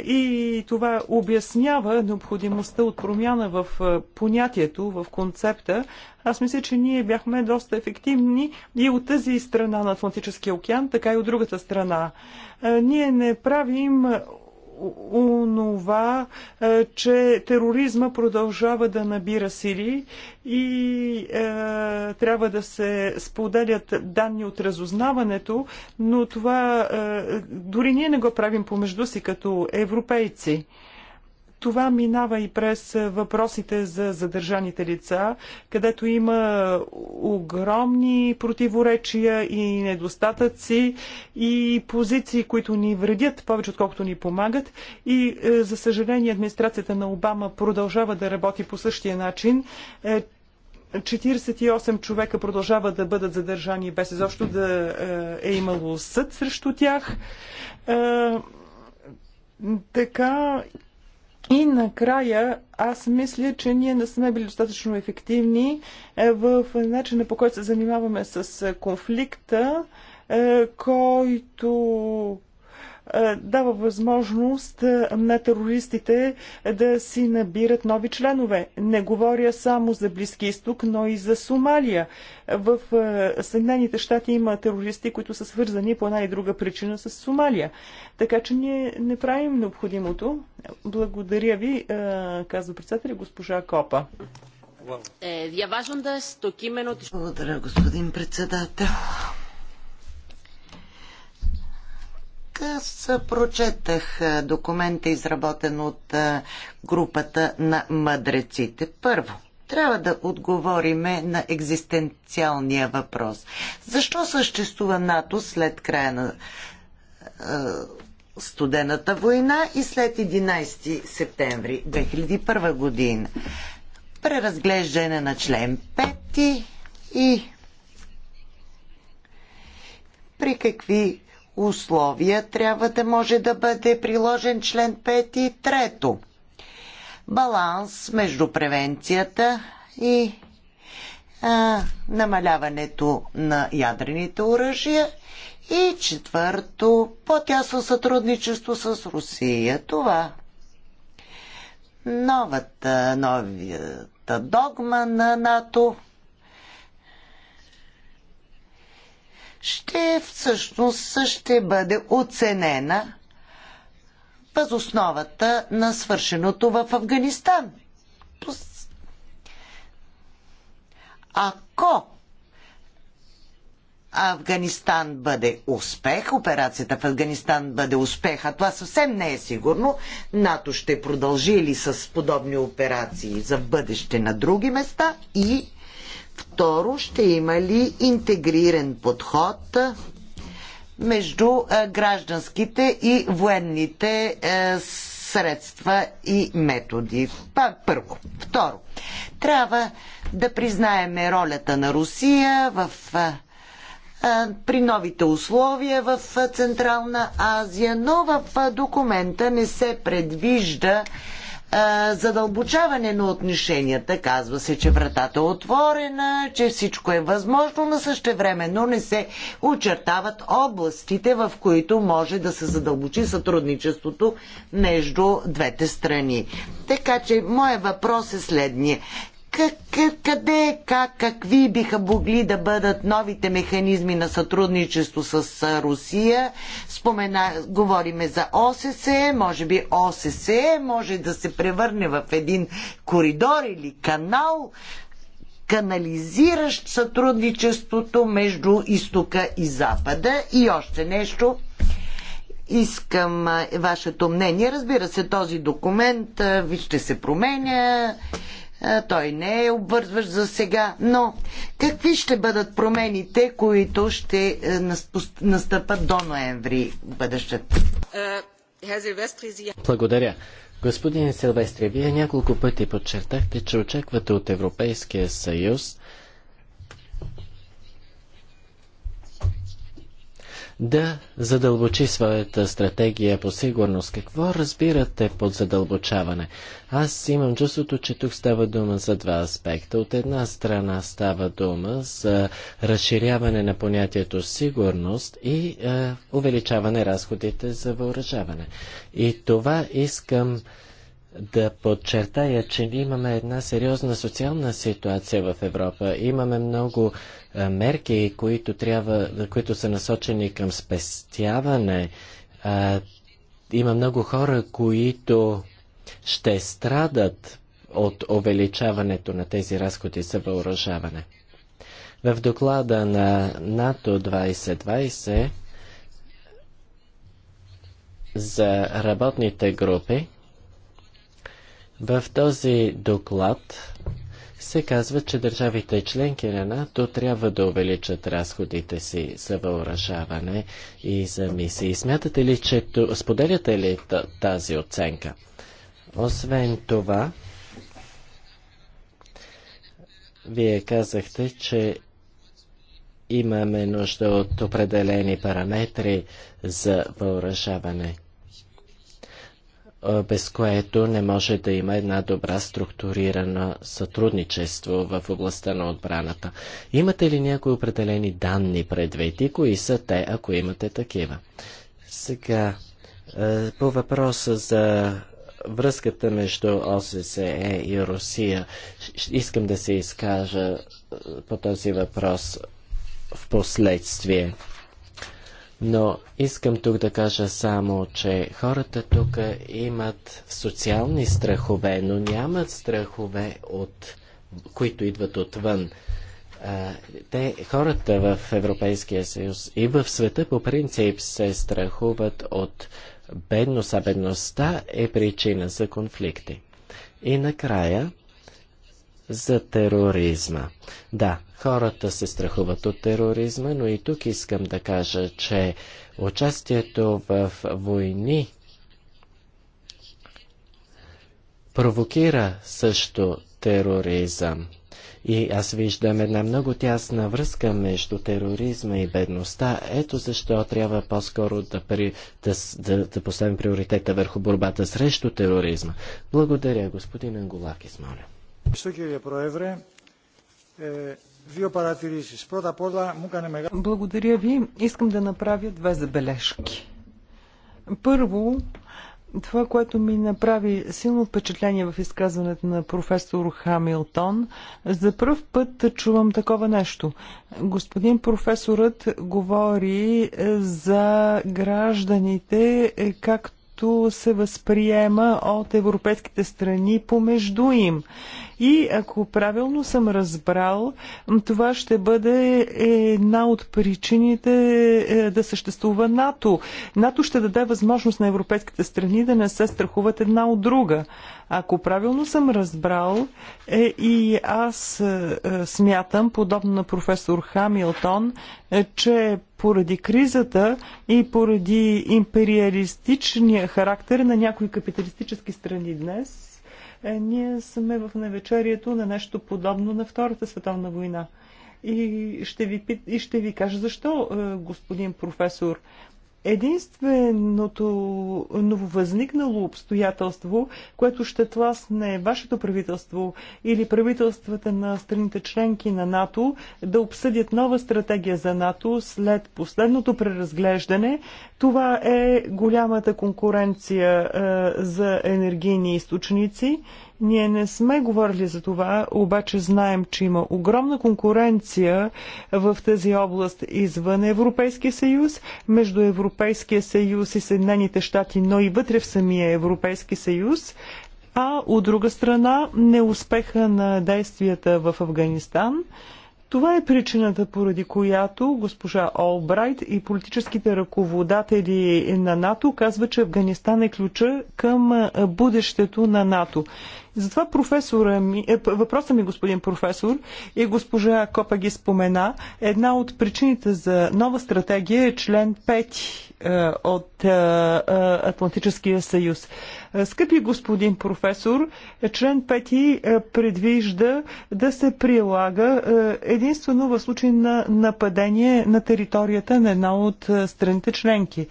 И това обяснява необходимостта от промяна в понятието понятието, в концепта, аз мисля, че ние бяхме доста ефективни и от тази страна на Атлантическия океан, така и от другата страна. Е, ние не правим онова, е, че тероризма продължава да набира сили и е, трябва да се споделят данни от разузнаването, но това е, дори ние не го правим помежду си като европейци. Това минава и през въпросите за задържаните лица, където има огромни противоречия и недостатъци и позиции, които ни вредят повече, отколкото ни помагат. И, е, за съжаление, администрацията на Обама продължава да работи по същия начин. 48 е, човека продължават да бъдат задържани без изобщо да е, е имало съд срещу тях. Така и накрая, аз мисля, че ние не сме били достатъчно ефективни е, в начина по който се занимаваме с е, конфликта, е, който е, дава възможност е, на терористите да си набират нови членове. Не говоря само за Близки изток, но и за Сомалия. В е, Съединените щати има терористи, които са свързани по една и друга причина с Сомалия. Така че ние не правим необходимото. Благодаря ви, казва председателя госпожа Копа. Благодаря, господин председател. Аз прочетах документа, изработен от групата на мъдреците. Първо, трябва да отговориме на екзистенциалния въпрос. Защо съществува НАТО след края на студената война и след 11 септември 2001 година? Преразглеждане на член 5 и при какви условия трябва да може да бъде приложен член 5 и 3. Баланс между превенцията и а, намаляването на ядрените оръжия и четвърто по-тясно сътрудничество с Русия. Това новата, новията догма на НАТО ще всъщност ще бъде оценена въз основата на свършеното в Афганистан. Ако Афганистан бъде успех, операцията в Афганистан бъде успех, а това съвсем не е сигурно. НАТО ще продължи ли с подобни операции за бъдеще на други места и Второ, ще има ли интегриран подход между е, гражданските и военните е, средства и методи? Първо. Второ, трябва да признаеме ролята на Русия в е, при новите условия в Централна Азия, но в документа не се предвижда задълбочаване на отношенията. Казва се, че вратата е отворена, че всичко е възможно, но също време, но не се очертават областите, в които може да се задълбочи сътрудничеството между двете страни. Така че, моят въпрос е следния къде, как, какви биха могли да бъдат новите механизми на сътрудничество с Русия. Спомена, говориме за ОССЕ, може би ОССЕ може да се превърне в един коридор или канал, канализиращ сътрудничеството между изтока и запада. И още нещо. Искам вашето мнение. Разбира се, този документ вижте, се променя той не е обвързваш за сега, но какви ще бъдат промените, които ще е, настъпат до ноември бъдещето? Благодаря. Господин Силвестри, вие няколко пъти подчертахте, че очаквате от Европейския съюз да задълбочи своята стратегия по сигурност. Какво разбирате под задълбочаване? Аз имам чувството, че тук става дума за два аспекта. От една страна става дума за разширяване на понятието сигурност и е, увеличаване разходите за въоръжаване. И това искам да подчертая, че имаме една сериозна социална ситуация в Европа. Имаме много мерки, които, трябва, които са насочени към спестяване. Има много хора, които ще страдат от увеличаването на тези разходи за въоръжаване. В доклада на НАТО 2020 за работните групи, в този доклад се казва, че държавите членки на НАТО трябва да увеличат разходите си за въоръжаване и за мисии. Смятате ли, че споделяте ли тази оценка? Освен това, вие казахте, че имаме нужда от определени параметри за въоръжаване без което не може да има една добра структурирана сътрудничество в областта на отбраната. Имате ли някои определени данни предвид кои са те, ако имате такива? Сега, по въпроса за връзката между ОССЕ и Русия, искам да се изкажа по този въпрос в последствие. Но искам тук да кажа само, че хората тук имат социални страхове, но нямат страхове, от, които идват отвън. Те, хората в Европейския съюз и в света по принцип се страхуват от бедност, а бедността е причина за конфликти. И накрая, за тероризма. Да, хората се страхуват от тероризма, но и тук искам да кажа, че участието в войни провокира също тероризъм. И аз виждам една много тясна връзка между тероризма и бедността. Ето защо трябва по-скоро да, при, да, да, да поставим приоритета върху борбата срещу тероризма. Благодаря, господин Ангулакис, моля. Благодаря ви. Искам да направя две забележки. Първо, това, което ми направи силно впечатление в изказването на професор Хамилтон, за първ път чувам такова нещо. Господин професорът говори е, за гражданите, е, както се възприема от европейските страни помежду им. И ако правилно съм разбрал, това ще бъде една от причините е, да съществува НАТО. НАТО ще даде възможност на европейските страни да не се страхуват една от друга. Ако правилно съм разбрал, е, и аз е, е смятам, подобно на професор Хамилтон, е, че поради кризата и поради империалистичния характер на някои капиталистически страни днес, е, Ние сме в навечерието на нещо подобно на Втората световна война. И ще ви, и ще ви кажа защо, е, господин професор. Единственото нововъзникнало обстоятелство, което ще тласне вашето правителство или правителствата на страните членки на НАТО да обсъдят нова стратегия за НАТО след последното преразглеждане, това е голямата конкуренция е, за енергийни източници ние не сме говорили за това, обаче знаем, че има огромна конкуренция в тази област извън Европейския съюз, между Европейския съюз и Съединените щати, но и вътре в самия Европейски съюз. А от друга страна, неуспеха на действията в Афганистан – това е причината, поради която госпожа Олбрайт и политическите ръководатели на НАТО казват, че Афганистан е ключа към бъдещето на НАТО. Затова професора ми, е, въпросът ми, господин професор, и госпожа Копа ги спомена, една от причините за нова стратегия е член е, от е, е, Атлантическия съюз. Скъпи господин професор, член 5 предвижда да се прилага единствено в случай на нападение на територията на една от страните членки.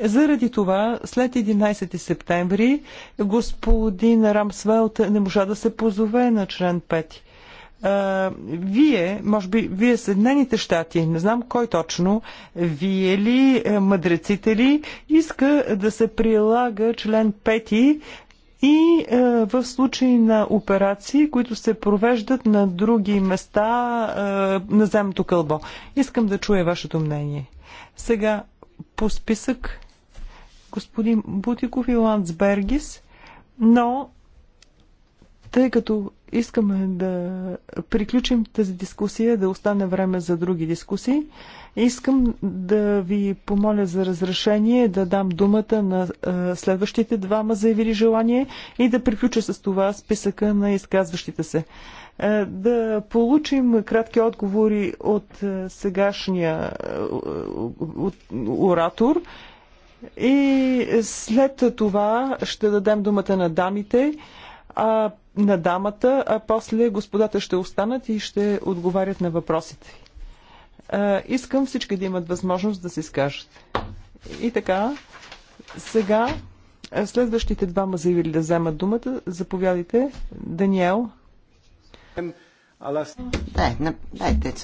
Заради това след 11 септември господин Рамсвелт не можа да се позове на член 5 а, вие, може би, вие Съединените щати, не знам кой точно, вие ли, е, мъдреците ли, иска да се прилага член 5 и е, в случай на операции, които се провеждат на други места е, на земното кълбо. Искам да чуя вашето мнение. Сега по списък господин Бутиков и Ландсбергис, но тъй като Искаме да приключим тази дискусия, да остане време за други дискусии. Искам да ви помоля за разрешение да дам думата на следващите двама заявили желание и да приключа с това списъка на изказващите се. Да получим кратки отговори от сегашния от оратор и след това ще дадем думата на дамите. А на дамата, а после господата ще останат и ще отговарят на въпросите А, Искам всички да имат възможност да се изкажат. И така, сега следващите двама заявили да вземат думата. Заповядайте, Даниел. дайте,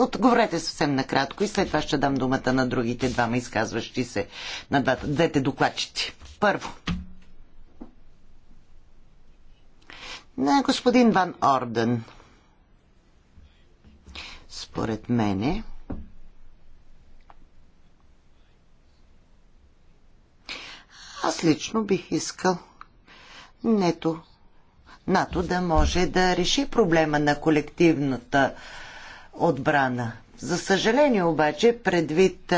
отговорете съвсем накратко и след това ще дам думата на другите двама изказващи се на двете докладчици. Първо, на господин Ван Орден. Според мене, аз лично бих искал нето НАТО да може да реши проблема на колективната отбрана. За съжаление обаче, предвид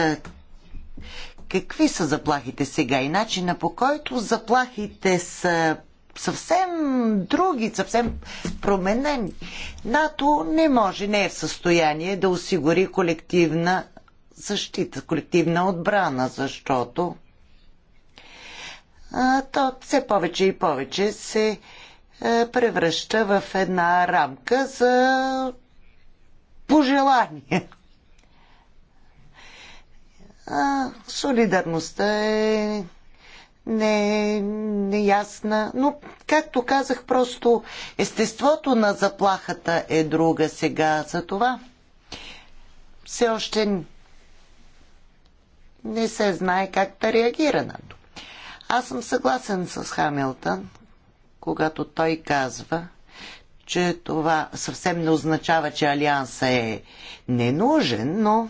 какви са заплахите сега и начина по който заплахите са съвсем други, съвсем променени. НАТО не може, не е в състояние да осигури колективна защита, колективна отбрана, защото а, то все повече и повече се а, е, превръща в една рамка за пожелания. А, солидарността е не е неясна, но както казах, просто естеството на заплахата е друга сега. За това все още не се знае как да реагира на това. Аз съм съгласен с Хамилтън, когато той казва, че това съвсем не означава, че Алианса е ненужен, но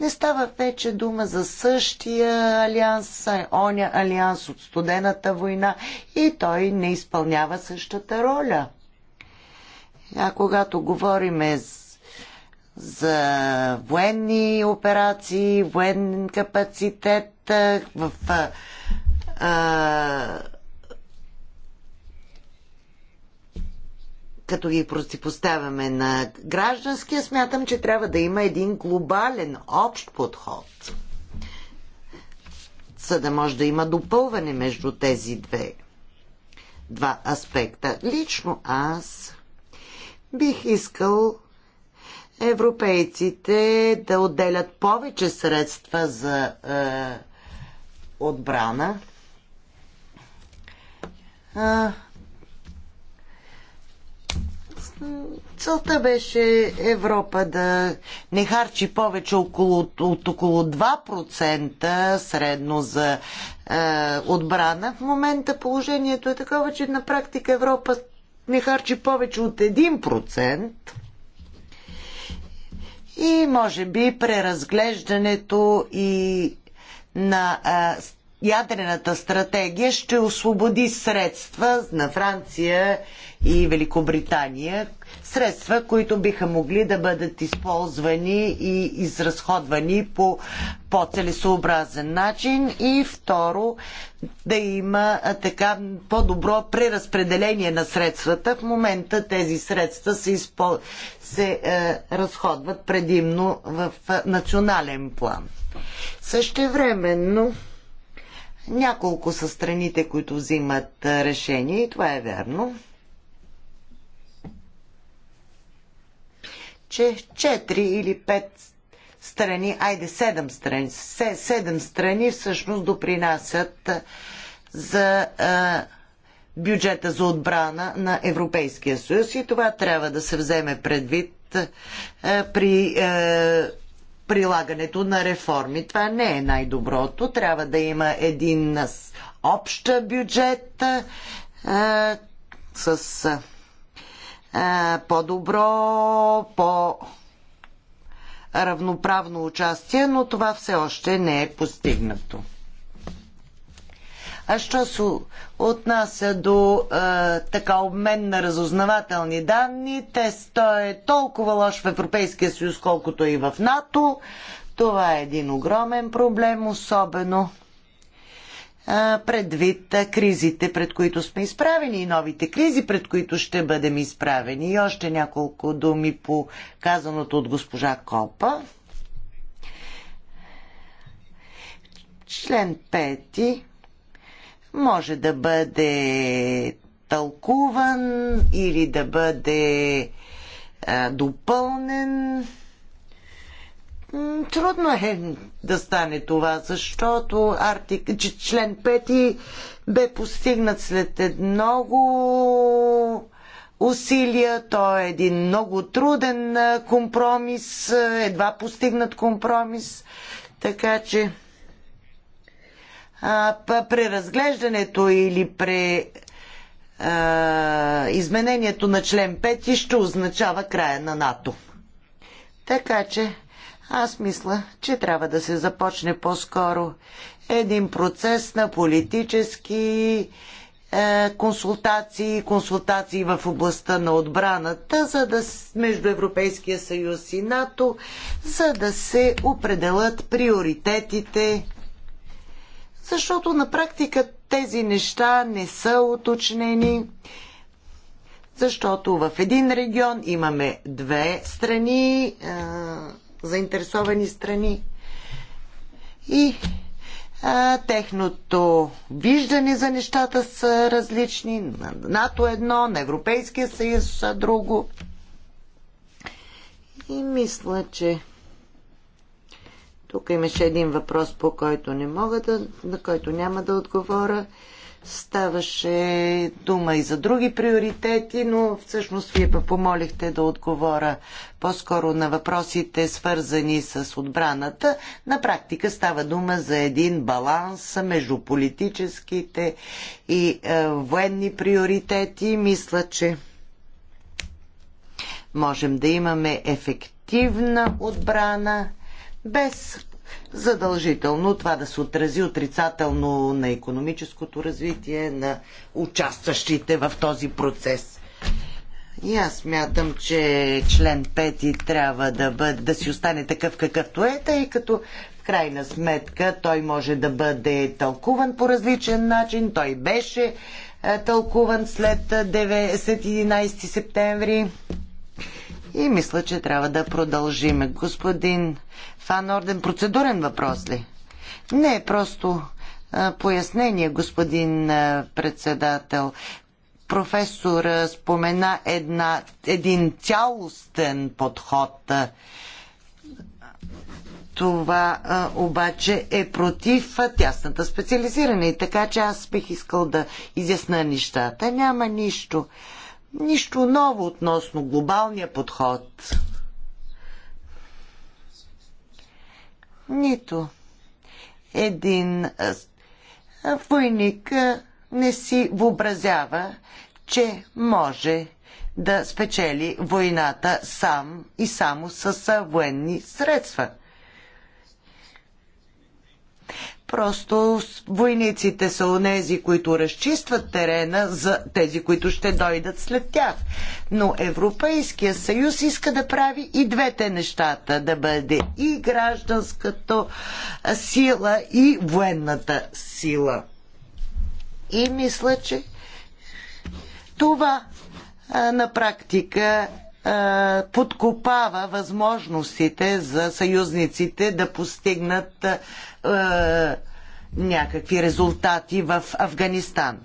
не става вече дума за същия алианс, е оня алианс от студената война и той не изпълнява същата роля. А когато говорим за военни операции, военен капацитет в а, като ги противопоставяме на гражданския, смятам, че трябва да има един глобален, общ подход, за да може да има допълване между тези две, два аспекта. Лично аз бих искал европейците да отделят повече средства за е, отбрана. Целта беше Европа да не харчи повече около, от около 2% средно за е, отбрана. В момента положението е такова, че на практика Европа не харчи повече от 1%. И може би преразглеждането и на а, е, ядрената стратегия ще освободи средства на Франция и Великобритания, средства, които биха могли да бъдат използвани и изразходвани по по-целесообразен начин и второ да има така по-добро преразпределение на средствата. В момента тези средства се, изпо... се е, разходват предимно в е, национален план. Същевременно временно няколко са страните, които взимат решение и това е вярно. Че 4 или 5 страни, айде 7 страни, 7 страни всъщност допринасят за бюджета за отбрана на Европейския съюз и това трябва да се вземе предвид при прилагането на реформи. Това не е най-доброто. Трябва да има един общ бюджет а, с по-добро, по равноправно участие, но това все още не е постигнато. А що се отнася до е, така обмен на разузнавателни данни, те е толкова лош в Европейския съюз, колкото и в НАТО. Това е един огромен проблем, особено е, предвид кризите, пред които сме изправени и новите кризи, пред които ще бъдем изправени. И още няколко думи по казаното от госпожа Копа. Член може да бъде тълкуван или да бъде а, допълнен. Трудно е да стане това, защото артик... член 5 бе постигнат след много усилия. Той е един много труден компромис, едва постигнат компромис. Така че а, преразглеждането или при изменението на член 5 ще означава края на НАТО. Така че аз мисля, че трябва да се започне по-скоро един процес на политически е, консултации, консултации в областта на отбраната, за да между Европейския съюз и НАТО, за да се определят приоритетите защото на практика тези неща не са уточнени, защото в един регион имаме две страни, а, заинтересовани страни и техното виждане за нещата са различни. На НАТО едно, на Европейския съюз са друго. И мисля, че тук имаше един въпрос, по който не мога да, на който няма да отговоря. Ставаше дума и за други приоритети, но всъщност вие помолихте да отговоря по-скоро на въпросите, свързани с отбраната. На практика става дума за един баланс между политическите и е, военни приоритети. Мисля, че можем да имаме ефективна отбрана без задължително това да се отрази отрицателно на економическото развитие на участващите в този процес. И аз мятам, че член 5 трябва да, бъде, да си остане такъв какъвто е, тъй като в крайна сметка той може да бъде тълкуван по различен начин. Той беше е, тълкуван след 9, е, 11 септември. И мисля, че трябва да продължим. Господин Фан Орден, процедурен въпрос ли? Не, просто а, пояснение, господин а, председател. Професор а, спомена една, един цялостен подход. А, това а, обаче е против тясната специализиране. И така че аз бих искал да изясна нещата. Няма нищо. А, Нищо ново относно глобалния подход. Нито един войник не си въобразява, че може да спечели войната сам и само с военни средства – Просто войниците са онези, които разчистват терена за тези, които ще дойдат след тях. Но Европейския съюз иска да прави и двете нещата. Да бъде и гражданската сила, и военната сила. И мисля, че това на практика подкопава възможностите за съюзниците да постигнат някакви резултати в Афганистан.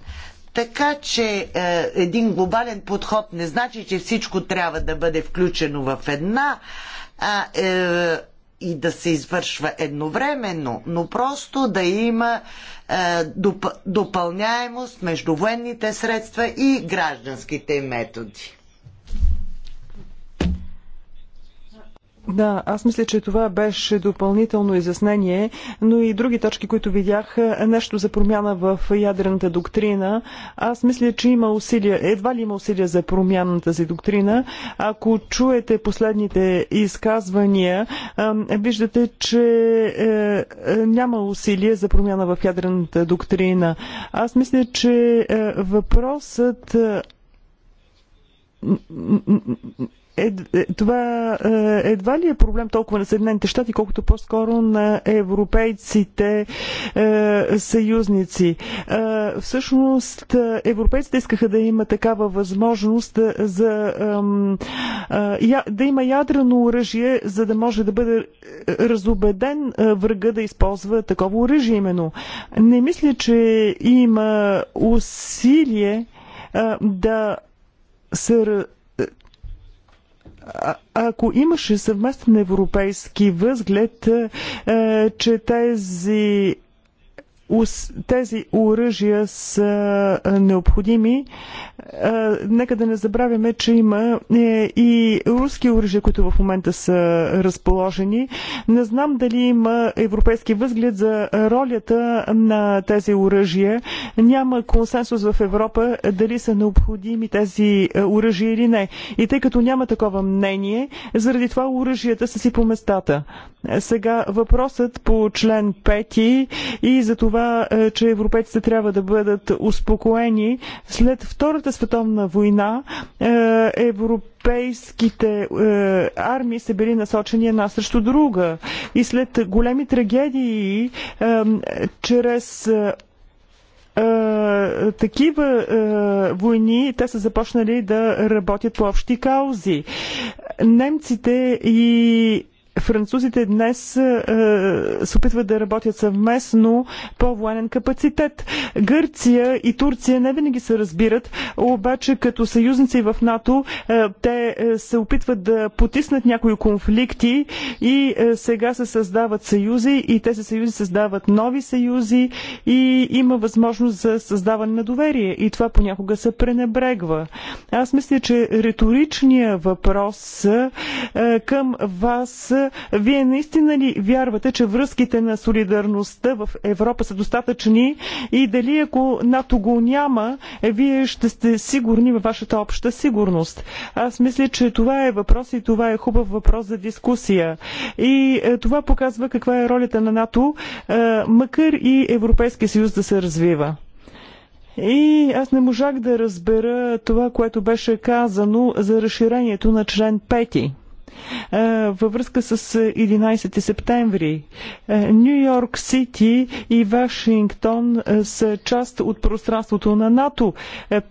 Така че един глобален подход не значи, че всичко трябва да бъде включено в една а, е, и да се извършва едновременно, но просто да има е, доп, допълняемост между военните средства и гражданските методи. Да, аз мисля, че това беше допълнително изяснение, но и други точки, които видях, нещо за промяна в ядрената доктрина. Аз мисля, че има усилия, едва ли има усилия за промяната за доктрина. Ако чуете последните изказвания, виждате, че е, е, няма усилия за промяна в ядрената доктрина. Аз мисля, че е, въпросът ед, е, това е, едва ли е проблем толкова на Съединените щати, колкото по-скоро на европейците е, съюзници. Е, всъщност, е, европейците искаха да има такава възможност е, за е, е, да има ядрено оръжие, за да може да бъде е, разобеден врага да използва такова оръжие именно. Не мисля, че има усилие е, да се а, ако имаше съвместен европейски възглед, е, че тези тези оръжия са необходими. Нека да не забравяме, че има е, и руски оръжия, които в момента са разположени. Не знам дали има европейски възглед за ролята на тези оръжия. Няма консенсус в Европа дали са необходими тези оръжия или не. И тъй като няма такова мнение, заради това оръжията са си по местата. Сега въпросът по член 5 и за това това, е, че европейците трябва да бъдат успокоени. След Втората световна война е, европейските е, армии са били насочени една срещу друга. И след големи трагедии, чрез такива е, войни, те са започнали да работят по общи каузи. Немците и Французите днес е, е, се опитват да работят съвместно по военен капацитет. Гърция и Турция не винаги се разбират, обаче като съюзници в НАТО е, те се опитват да потиснат някои конфликти и сега се създават съюзи и тези съюзи създават нови съюзи и има възможност за създаване на доверие и това понякога се пренебрегва. Аз мисля, че риторичният въпрос към вас вие наистина ли вярвате, че връзките на солидарността в Европа са достатъчни и дали ако НАТО го няма, е, вие ще сте сигурни във вашата обща сигурност? Аз мисля, че това е въпрос и това е хубав въпрос за дискусия. И е, това показва каква е ролята на НАТО, е, макар и Европейския съюз да се развива. И аз не можах да разбера това, което беше казано за разширението на член 5 във връзка с 11 септември. Нью Йорк Сити и Вашингтон са част от пространството на НАТО.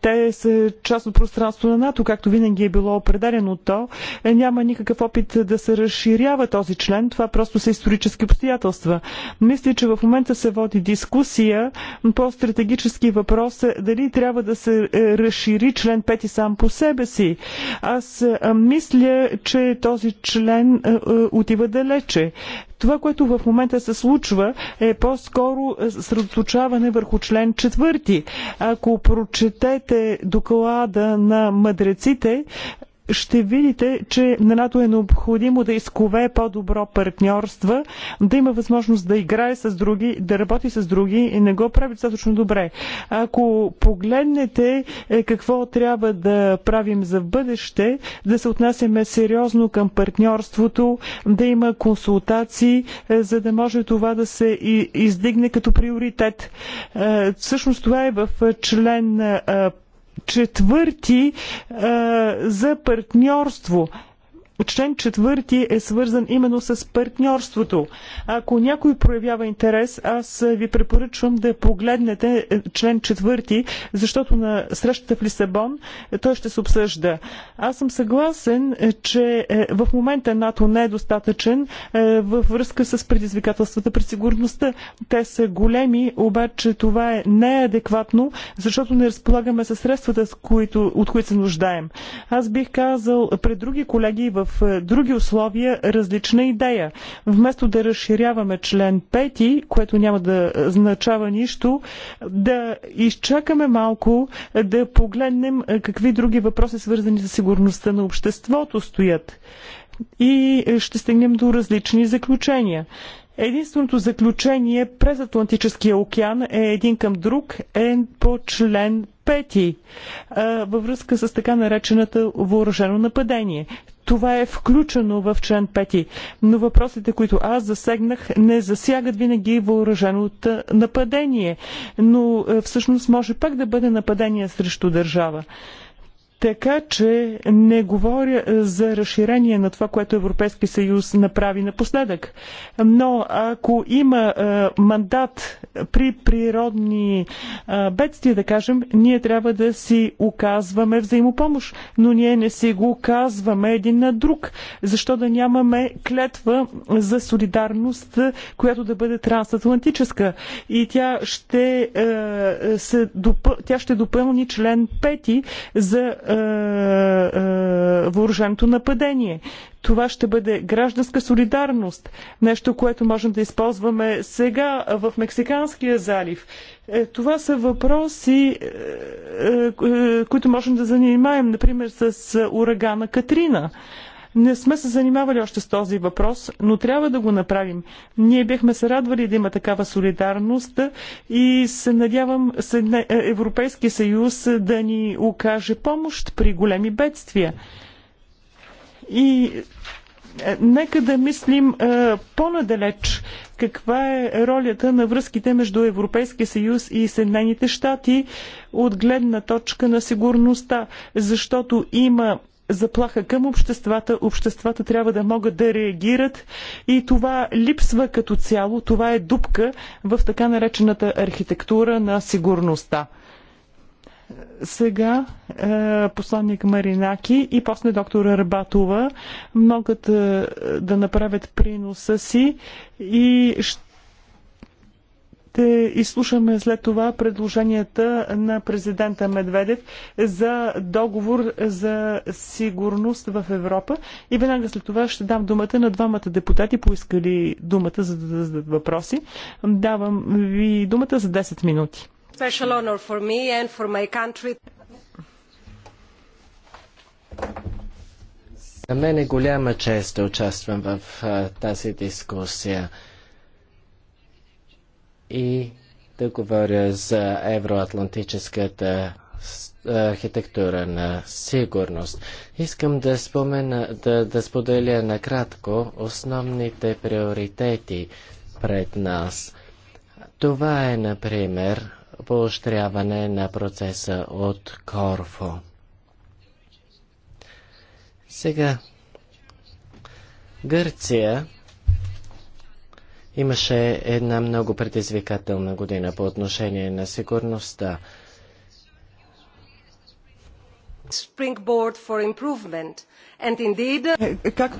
Те са част от пространството на НАТО, както винаги е било определено то. Няма никакъв опит да се разширява този член. Това просто са исторически обстоятелства. Мисля, че в момента се води дискусия по стратегически въпрос дали трябва да се е, разшири член 5 сам по себе си. Аз мисля, че този член е, е, отива далече. Това, което в момента се случва, е по-скоро е, средоточаване върху член четвърти. Ако прочетете доклада на мъдреците, ще видите, че на НАТО е необходимо да изкове по-добро партньорства, да има възможност да играе с други, да работи с други и не го прави достатъчно добре. Ако погледнете е, какво трябва да правим за бъдеще, да се отнасяме сериозно към партньорството, да има консултации, е, за да може това да се издигне като приоритет. Е, всъщност това е в член четвърти за партньорство член четвърти е свързан именно с партньорството. Ако някой проявява интерес, аз ви препоръчвам да погледнете е, член четвърти, защото на срещата в Лисабон е, той ще се обсъжда. Аз съм съгласен, е, че в момента НАТО не е достатъчен във връзка с предизвикателствата при сигурността. Те са големи, обаче това е неадекватно, защото не разполагаме със средствата, от които се нуждаем. Аз бих казал пред други колеги в в е, други условия различна идея. Вместо да разширяваме член 5, което няма да означава нищо, да изчакаме малко, да погледнем е, какви други въпроси, свързани с сигурността на обществото, стоят. И е, ще стигнем до различни заключения. Единственото заключение през Атлантическия океан е един към друг е по член 5 във връзка с така наречената въоръжено нападение. Това е включено в член 5, но въпросите, които аз засегнах, не засягат винаги въоръженото нападение, но всъщност може пак да бъде нападение срещу държава. Така че не говоря е, за разширение на това, което Европейски съюз направи напоследък. Но ако има а, е, мандат при природни а, е, бедствия, да кажем, ние трябва да си оказваме взаимопомощ, но ние не си го оказваме един на друг. Защо да нямаме клетва за солидарност, която да бъде трансатлантическа? И тя ще, а, се допъл... тя ще допълни член 5 за е, е, вооруженото нападение. Това ще бъде гражданска солидарност, нещо, което можем да използваме сега в Мексиканския залив. Е, това са въпроси, които можем да занимаем, например, с урагана Катрина. Не сме се занимавали още с този въпрос, но трябва да го направим. Ние бихме се радвали да има такава солидарност и се надявам е, Европейския съюз да ни окаже помощ при големи бедствия. И е, нека да мислим е, по-надалеч каква е ролята на връзките между Европейския съюз и Съединените щати от гледна точка на сигурността, защото има заплаха към обществата. Обществата трябва да могат да реагират и това липсва като цяло. Това е дупка в така наречената архитектура на сигурността. Сега е, посланник Маринаки и после доктор Арбатова могат е, да направят приноса си и ще ще изслушаме след това предложенията на президента Медведев за договор за сигурност в Европа. И веднага след това ще дам думата на двамата депутати, поискали думата за да зададат въпроси. Давам ви думата за 10 минути. За мен е голяма чест да участвам в тази дискусия и да говоря за евроатлантическата архитектура на сигурност. Искам да, спомена, да, да споделя накратко основните приоритети пред нас. Това е, например, поощряване на процеса от Корфо. Сега, Гърция Имаше една много предизвикателна година по отношение на сигурността. Е, е, как,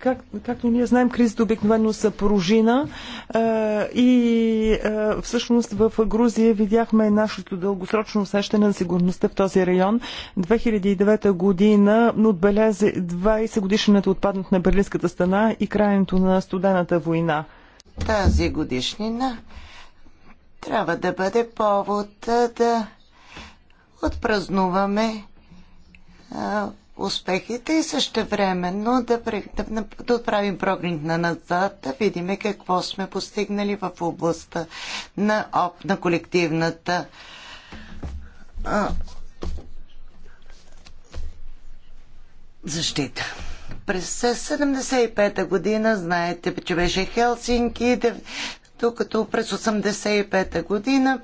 как, както ние знаем, кризите обикновено са пружина е, и всъщност в Грузия видяхме нашето дългосрочно усещане на сигурността в този район. 2009 година отбеляза 20 годишната отпаднат на Берлинската стена и крайното на студената война. Тази годишнина трябва да бъде повод да отпразнуваме успехите и също времено да, да, да отправим прогрент на назад, да видим какво сме постигнали в областта на, ОП, на колективната а, защита. През 75-та година, знаете, че беше Хелсинки, докато през 85-та година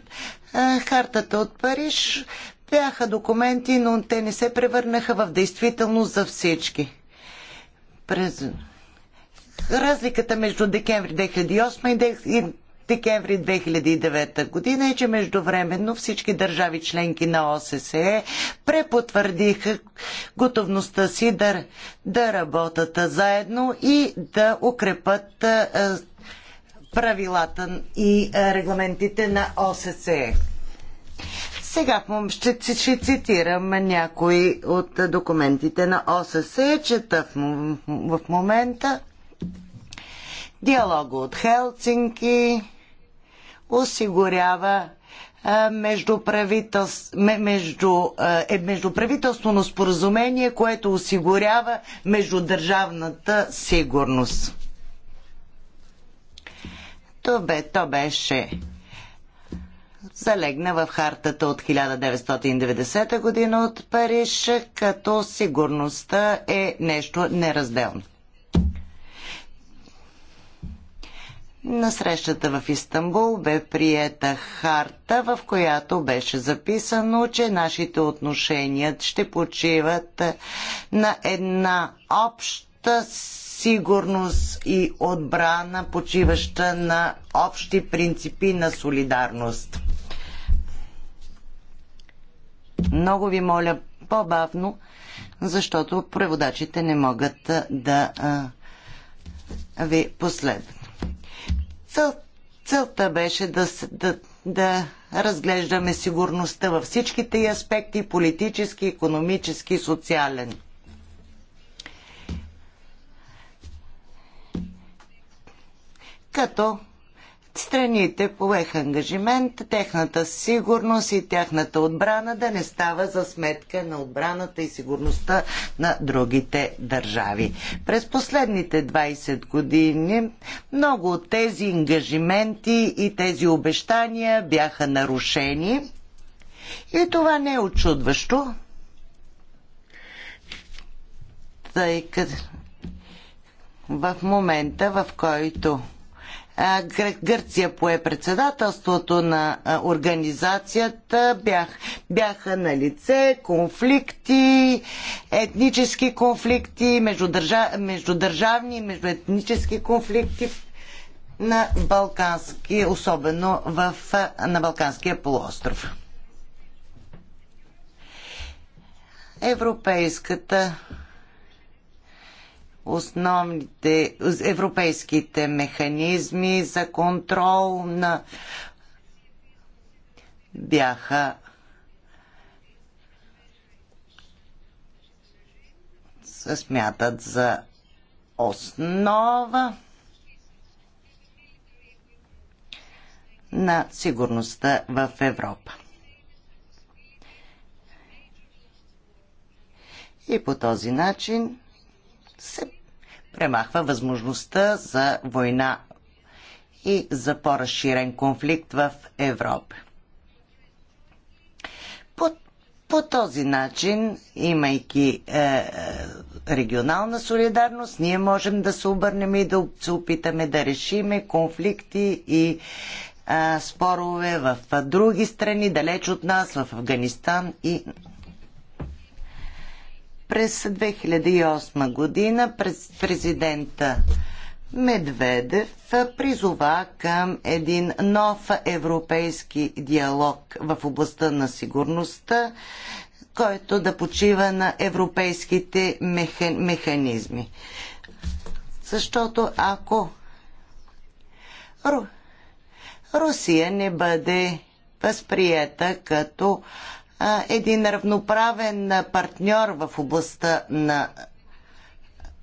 хартата от Париж бяха документи, но те не се превърнаха в действителност за всички. През... Разликата между декември 2008 и декември 2009 година и че междувременно всички държави членки на ОССЕ препотвърдиха готовността си да, да работят заедно и да укрепат правилата и регламентите на ОССЕ. Сега ще, ще цитирам някои от документите на ОССЕ. Чета в, в момента диалога от Хелцинки, осигурява междуправителствено е споразумение, което осигурява междудържавната сигурност. То, бе, то беше залегна в хартата от 1990 година от Париж, като сигурността е нещо неразделно. На срещата в Истанбул бе приета харта, в която беше записано, че нашите отношения ще почиват на една обща сигурност и отбрана, почиваща на общи принципи на солидарност. Много ви моля по-бавно, защото преводачите не могат да ви последват. Цел, целта беше да, да, да разглеждаме сигурността във всичките й аспекти политически, економически, социален. Като страните поеха ангажимент, техната сигурност и тяхната отбрана да не става за сметка на отбраната и сигурността на другите държави. През последните 20 години много от тези ангажименти и тези обещания бяха нарушени и това не е очудващо, тъй като в момента, в който Гърция пое председателството на организацията, бях, бяха на лице конфликти, етнически конфликти, междудържавни междудържавни, междуетнически конфликти на Балкански, особено в, на Балканския полуостров. Европейската основните европейските механизми за контрол на бяха се смятат за основа на сигурността в Европа. И по този начин се премахва възможността за война и за по-разширен конфликт в Европа. По, по този начин, имайки е, е, регионална солидарност, ние можем да се обърнем и да се опитаме да решиме конфликти и е, спорове в е, други страни, далеч от нас, в Афганистан и през 2008 година президента Медведев призова към един нов европейски диалог в областта на сигурността, който да почива на европейските механизми. Защото ако Русия не бъде възприета като един равноправен партньор в областта на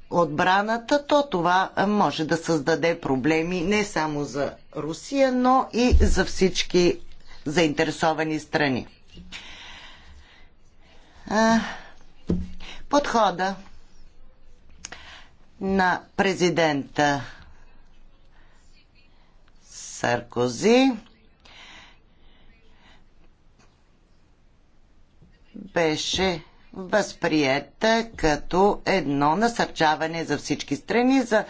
отбраната, то това може да създаде проблеми не само за Русия, но и за всички заинтересовани страни. Подхода на президента Саркози беше възприета като едно насърчаване за всички страни за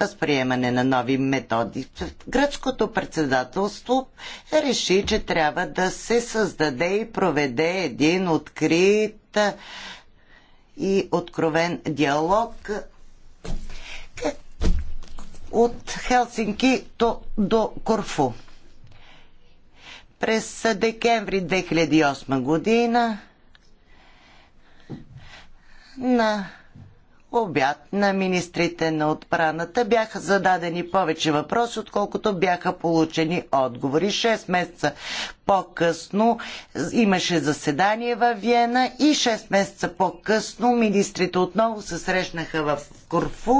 възприемане на нови методи. Гръцкото председателство реши, че трябва да се създаде и проведе един открит и откровен диалог от Хелсинки до, до Корфу. През декември 2008 година на обяд на министрите на отбраната бяха зададени повече въпроси, отколкото бяха получени отговори. Шест месеца по-късно имаше заседание в Виена и 6 месеца по-късно министрите отново се срещнаха в Корфу,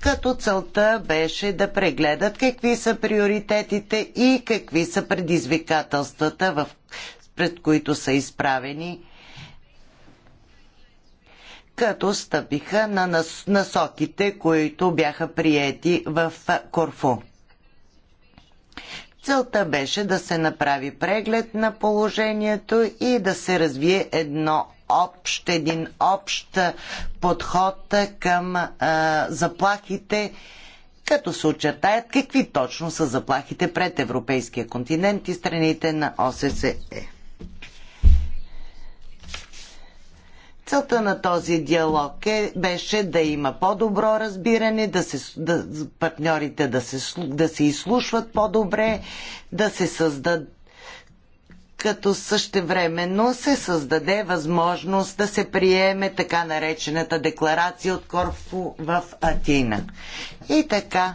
като целта беше да прегледат какви са приоритетите и какви са предизвикателствата, пред които са изправени като стъпиха на насоките, които бяха приети в Корфу. Целта беше да се направи преглед на положението и да се развие едно общ, един общ подход към а, заплахите, като се очертаят какви точно са заплахите пред европейския континент и страните на ОССЕ. Целта на този диалог е, беше да има по-добро разбиране, да се, да, партньорите да се, да се изслушват по-добре, да се създадат като същевременно се създаде възможност да се приеме така наречената декларация от Корфу в Атина. И така,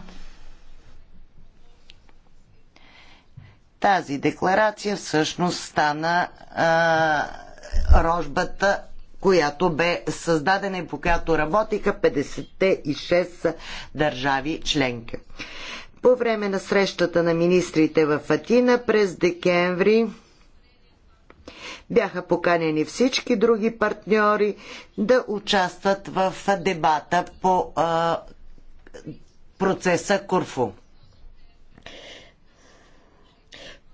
тази декларация всъщност стана а, рожбата която бе създадена и по която работиха 56 държави членки. По време на срещата на министрите в Атина през декември бяха поканени всички други партньори да участват в дебата по а, процеса Курфу.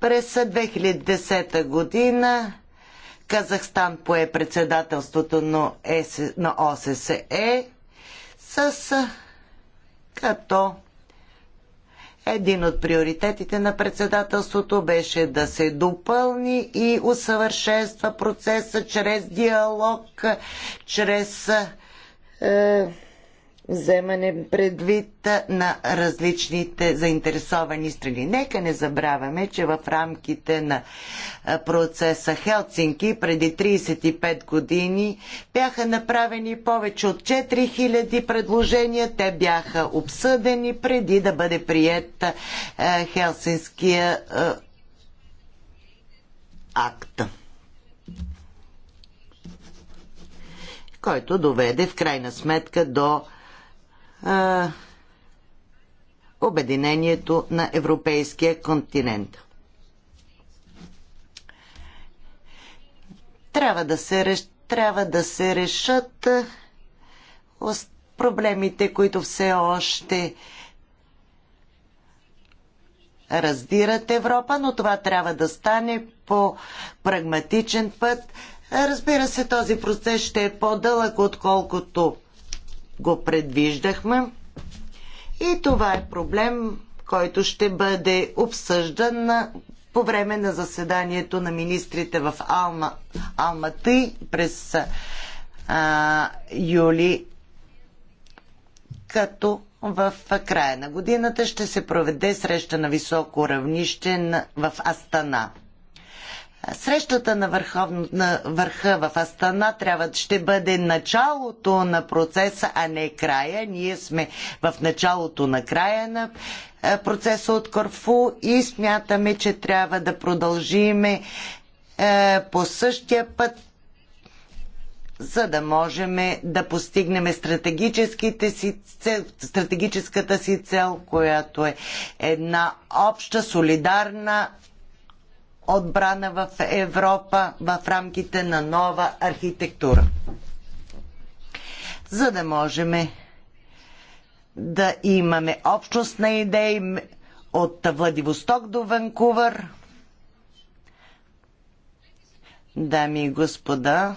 През 2010 година Казахстан пое председателството на, ЕС, е, на ОССЕ с е като един от приоритетите на председателството беше да се допълни и усъвършенства процеса чрез диалог, чрез е, вземане предвид на различните заинтересовани страни. Нека не забравяме, че в рамките на процеса Хелцинки преди 35 години бяха направени повече от 4000 предложения. Те бяха обсъдени преди да бъде прият Хелсинския акт. който доведе в крайна сметка до а, обединението на европейския континент. Трябва да се, реш... трябва да се решат проблемите, които все още раздират Европа, но това трябва да стане по прагматичен път. Разбира се, този процес ще е по-дълъг, отколкото го предвиждахме. И това е проблем, който ще бъде обсъждан на, по време на заседанието на министрите в Алма, Алматы през а, юли, като в края на годината ще се проведе среща на високо равнище в Астана. Срещата на, на върха в Астана трябва ще бъде началото на процеса, а не края. Ние сме в началото на края на е, процеса от Корфу и смятаме, че трябва да продължиме е, по същия път, за да можем да постигнем си, стратегическата си цел, която е една обща, солидарна отбрана в Европа в рамките на нова архитектура. За да можем да имаме общност на идеи от Владивосток до Ванкувър. Дами и господа,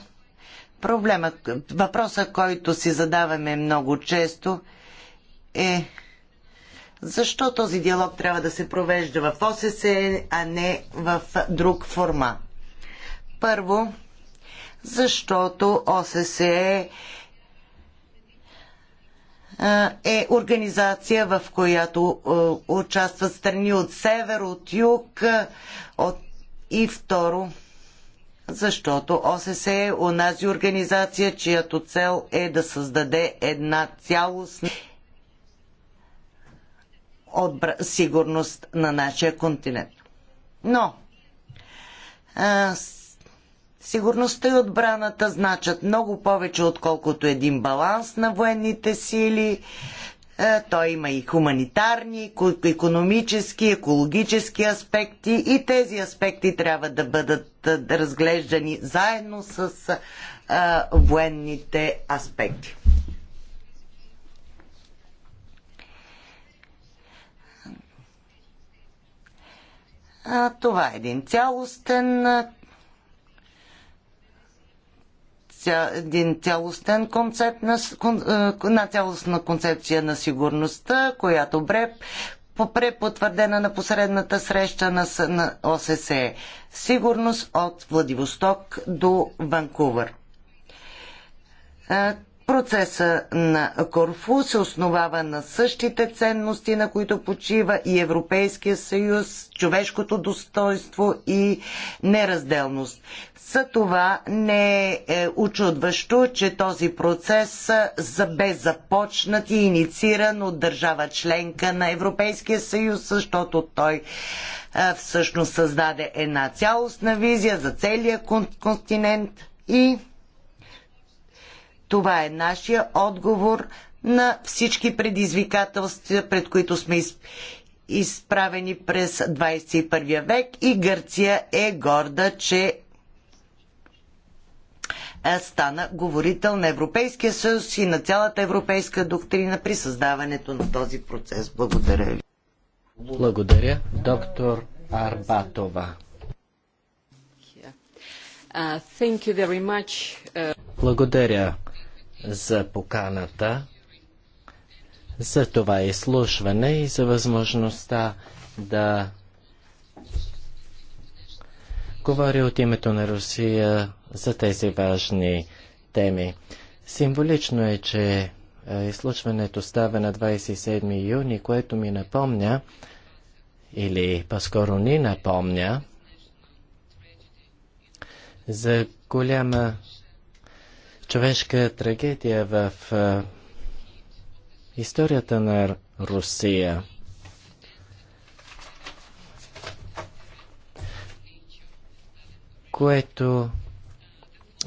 проблемът, въпросът, който си задаваме много често е защо този диалог трябва да се провежда в ОССЕ, а не в друг формат? Първо, защото ОССЕ е организация, в която участват страни от север, от юг от... и второ, защото ОССЕ е онази организация, чиято цел е да създаде една цялост отбра... сигурност на нашия континент. Но а, сигурността и отбраната значат много повече, отколкото един баланс на военните сили. А, той има и хуманитарни, економически, екологически аспекти и тези аспекти трябва да бъдат разглеждани заедно с а, военните аспекти. А, това е един цялостен един цялостен концепт на, на цялостна концепция на сигурността, която бре препотвърдена на посредната среща на, на ОССЕ. Сигурност от Владивосток до Ванкувър. Процеса на Корфу се основава на същите ценности, на които почива и Европейския съюз, човешкото достоинство и неразделност. За това не е очудващо, е че този процес е, бе започнат и иницииран от държава членка на Европейския съюз, защото той е, всъщност създаде една цялостна визия за целия континент и това е нашия отговор на всички предизвикателства, пред които сме изправени през 21 век и Гърция е горда, че е, стана говорител на Европейския съюз и на цялата европейска доктрина при създаването на този процес. Благодаря ви. Благодаря, доктор Арбатова. Uh, uh, Благодаря, за поканата, за това изслушване и за възможността да говоря от името на Русия за тези важни теми. Символично е, че е, изслушването става на 27 юни, което ми напомня, или по-скоро ни напомня, за голяма човешка трагедия в историята на Русия. което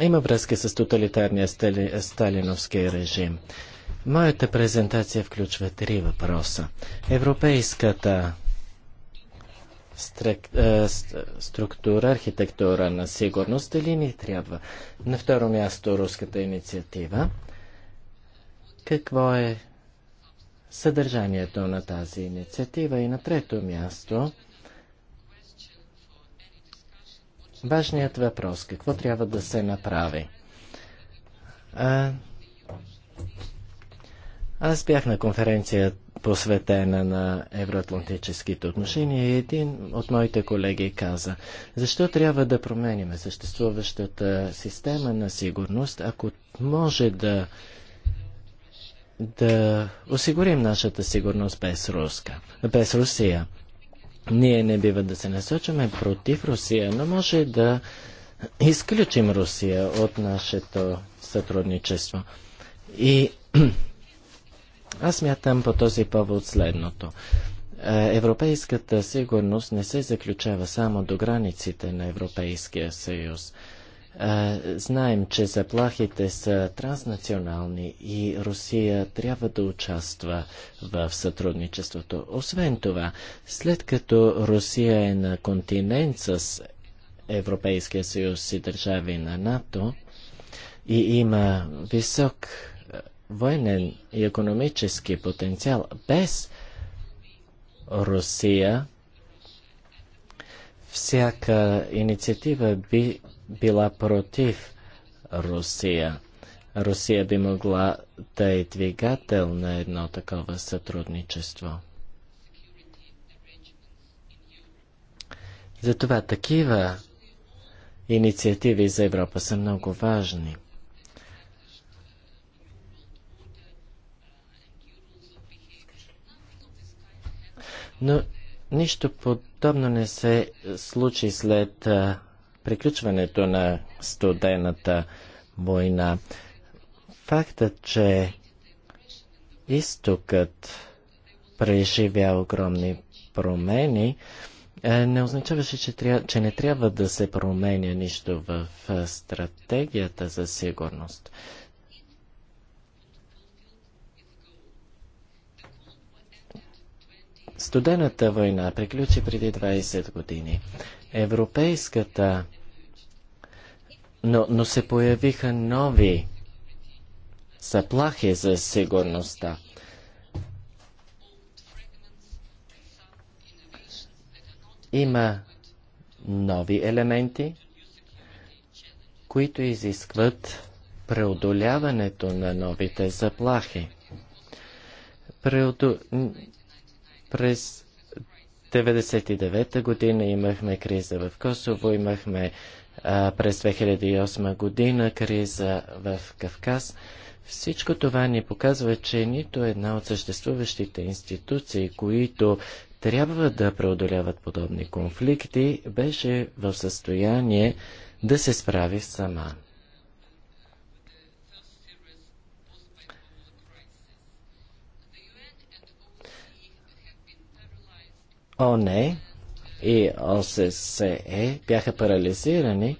има връзка с тоталитарния стали, сталиновски режим. Моята презентация включва три въпроса. Европейската е, структура, архитектура на сигурност или ни трябва? На второ място руската инициатива. Какво е съдържанието на тази инициатива? И на трето място важният въпрос. Какво трябва да се направи? Аз бях на конференция посветена на евроатлантическите отношения и един от моите колеги каза, защо трябва да променим съществуващата система на сигурност, ако може да, да осигурим нашата сигурност без, руска, без Русия. Ние не бива да се насочваме против Русия, но може да изключим Русия от нашето сътрудничество. И аз мятам по този повод следното. Е, европейската сигурност не се заключава само до границите на Европейския съюз. Е, знаем, че заплахите са транснационални и Русия трябва да участва в сътрудничеството. Освен това, след като Русия е на континент с Европейския съюз и държави на НАТО и има висок военен и економически потенциал. Без Русия всяка инициатива би била против Русия. Русия би могла да е двигател на едно такова сътрудничество. Затова такива инициативи за Европа са много важни – Но нищо подобно не се случи след приключването на студената война. Фактът, че изтокът преживя огромни промени, е, не означаваше, че, трябва, че не трябва да се променя нищо в стратегията за сигурност. Студената война приключи преди 20 години. Европейската... Но, но се появиха нови заплахи за сигурността. Има нови елементи, които изискват преодоляването на новите заплахи. През 1999 година имахме криза в Косово, имахме а, през 2008 година криза в Кавказ. Всичко това ни показва, че нито една от съществуващите институции, които трябва да преодоляват подобни конфликти, беше в състояние да се справи сама. ОНЕ и ОССЕ бяха парализирани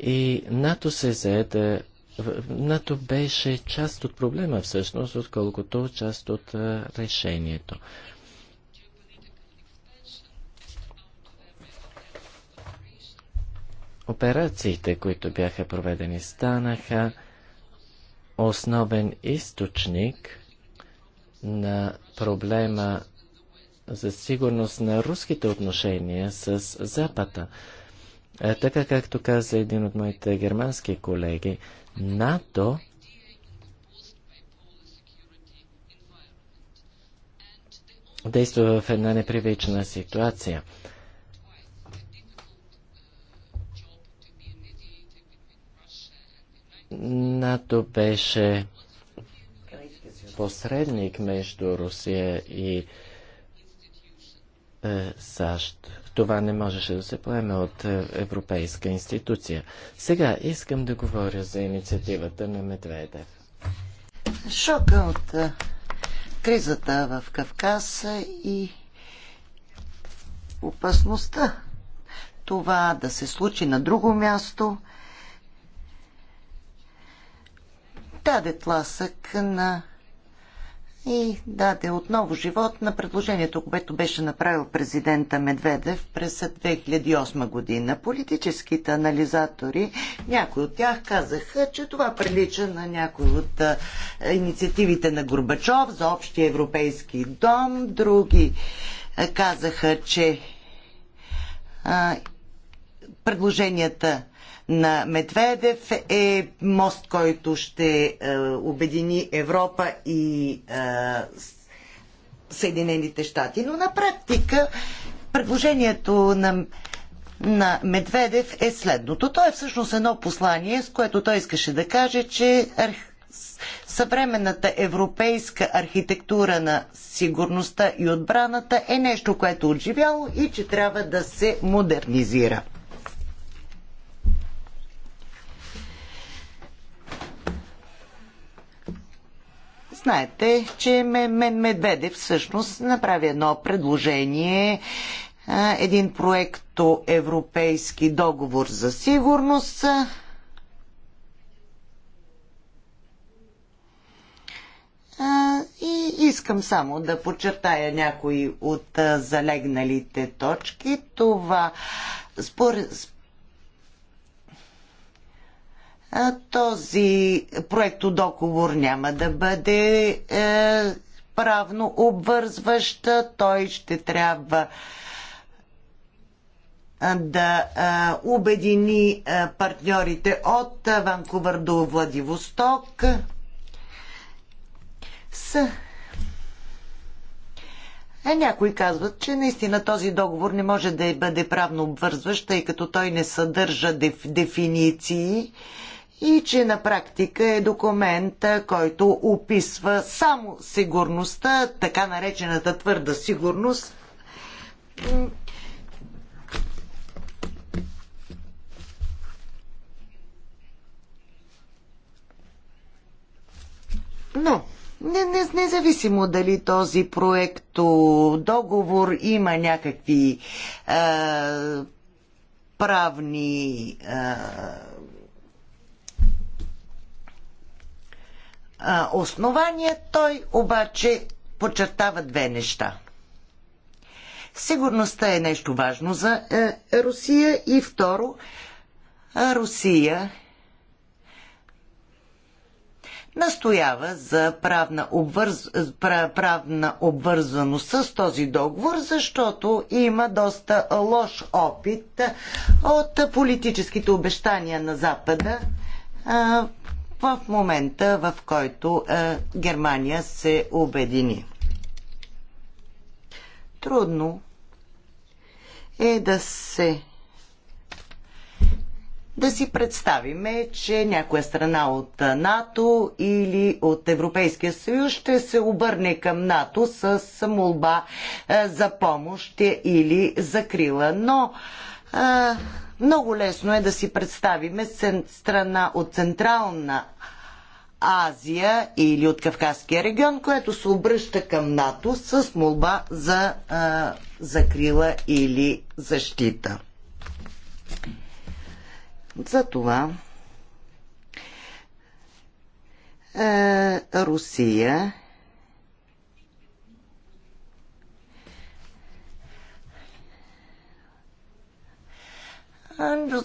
и НАТО се заеда, НАТО беше част от проблема всъщност, отколкото част от решението. Операциите, които бяха проведени, станаха основен източник на проблема за сигурност на руските отношения с Запада. Е, така както каза един от моите германски колеги, НАТО действа в една непривична ситуация. НАТО беше посредник между Русия и е, САЩ. Това не можеше да се поеме от е, европейска институция. Сега искам да говоря за инициативата на Медведев. Шока от е, кризата в Кавказ и опасността това да се случи на друго място даде тласък на и даде отново живот на предложението, което беше направил президента Медведев през 2008 година. Политическите анализатори, някои от тях казаха, че това прилича на някои от а, инициативите на Горбачов за общия европейски дом. Други а, казаха, че а, предложенията на Медведев е мост, който ще е, обедини Европа и е, Съединените щати. Но на практика предложението на, на Медведев е следното. То е всъщност едно послание, с което той искаше да каже, че съвременната европейска архитектура на сигурността и отбраната е нещо, което е отживяло и че трябва да се модернизира. Знаете, че Медведев всъщност направи едно предложение, един проекто европейски договор за сигурност, и искам само да подчертая някои от залегналите точки. Това според този проектодоговор няма да бъде е, правно обвързващ. Той ще трябва е, да е, обедини е, партньорите от Ванкувър до Владивосток с е, някои казват, че наистина този договор не може да бъде правно обвързващ, тъй като той не съдържа деф, дефиниции. Е, и че на практика е документ, който описва само сигурността, така наречената твърда сигурност. Но, не, не, независимо дали този проект договор има някакви е, правни е, а, основания. Той обаче подчертава две неща. Сигурността е нещо важно за е, Русия и второ, Русия настоява за правна, обвърз... правна обвързаност с този договор, защото има доста лош опит от политическите обещания на Запада в момента, в който е, Германия се обедини. Трудно е да се да си представиме, че някоя страна от НАТО или от Европейския съюз ще се обърне към НАТО с молба е, за помощ или закрила. Но е, много лесно е да си представиме страна от Централна Азия или от Кавказския регион, което се обръща към НАТО с молба за а, закрила или защита. Затова е, Русия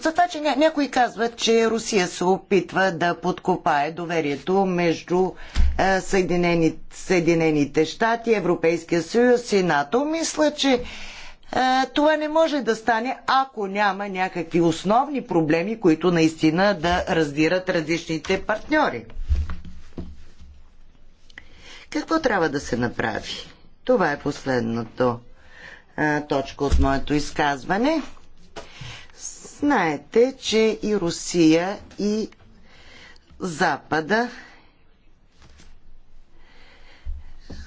За това, че някои казват, че Русия се опитва да подкопае доверието между Съединени, Съединените щати, Европейския съюз и НАТО. Мисля, че това не може да стане, ако няма някакви основни проблеми, които наистина да раздират различните партньори. Какво трябва да се направи? Това е последното точка от моето изказване. Знаете, че и Русия, и Запада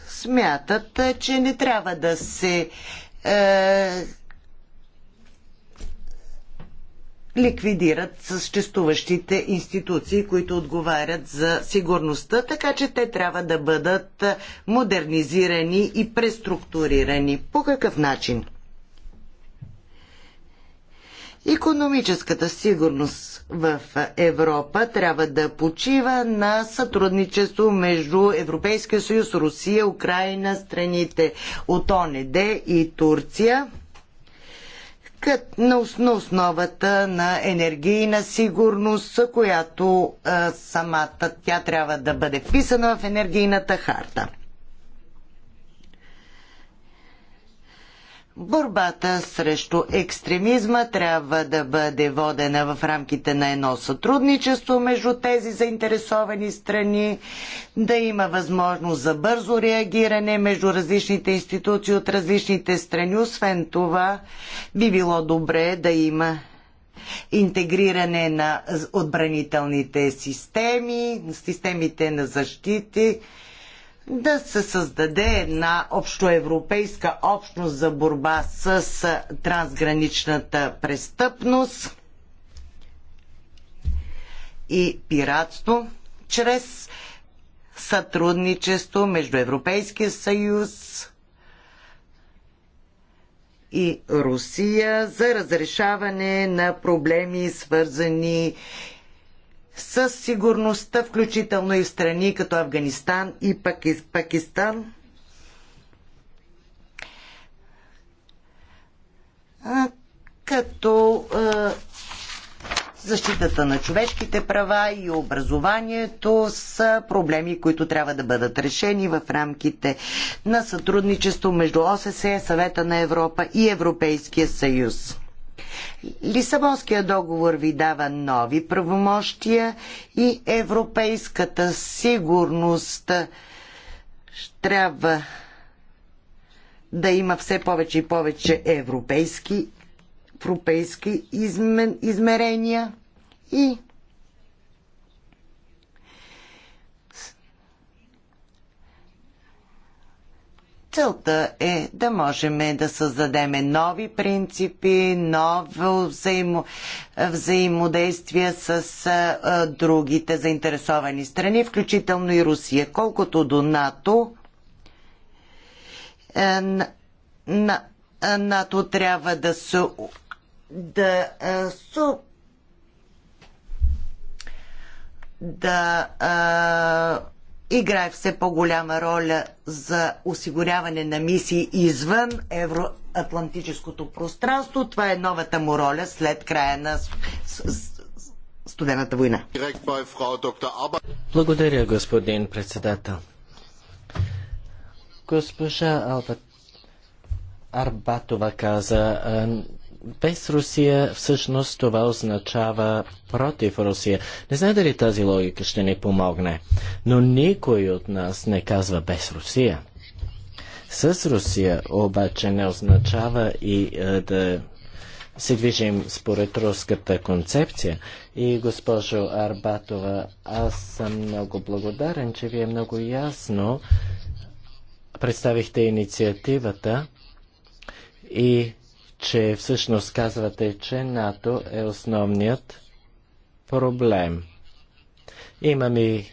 смятат, че не трябва да се е, ликвидират съществуващите институции, които отговарят за сигурността, така че те трябва да бъдат е, модернизирани и преструктурирани. По какъв начин? Економическата сигурност в Европа трябва да почива на сътрудничество между Европейския съюз, Русия, Украина, страните от ОНД и Турция на основата на енергийна сигурност, която самата тя трябва да бъде вписана в енергийната харта. Борбата срещу екстремизма трябва да бъде водена в рамките на едно сътрудничество между тези заинтересовани страни, да има възможност за бързо реагиране между различните институции от различните страни. Освен това, би било добре да има интегриране на отбранителните системи, системите на защити, да се създаде една общоевропейска общност за борба с трансграничната престъпност и пиратство чрез сътрудничество между Европейския съюз и Русия за разрешаване на проблеми, свързани със сигурността, включително и в страни като Афганистан и Пакистан. като защитата на човешките права и образованието са проблеми, които трябва да бъдат решени в рамките на сътрудничество между ОССЕ, Съвета на Европа и Европейския съюз. Лисабонския договор ви дава нови правомощия и европейската сигурност трябва да има все повече и повече европейски, европейски измен, измерения и Целта е да можем да създадем нови принципи, ново взаимо, взаимодействие с а, другите заинтересовани страни, включително и Русия. Колкото до НАТО, е, на, на, НАТО трябва да се да А, су, да А, играе все по-голяма роля за осигуряване на мисии извън евроатлантическото пространство. Това е новата му роля след края на студената война. Благодаря, господин председател. Госпожа Алба Арбатова каза, без Русия всъщност това означава против Русия. Не знае дали тази логика ще ни помогне, но никой от нас не казва без Русия. С Русия обаче не означава и е, да се движим според руската концепция. И госпожо Арбатова, аз съм много благодарен, че вие много ясно представихте инициативата и че всъщност казвате, че НАТО е основният проблем. Имам и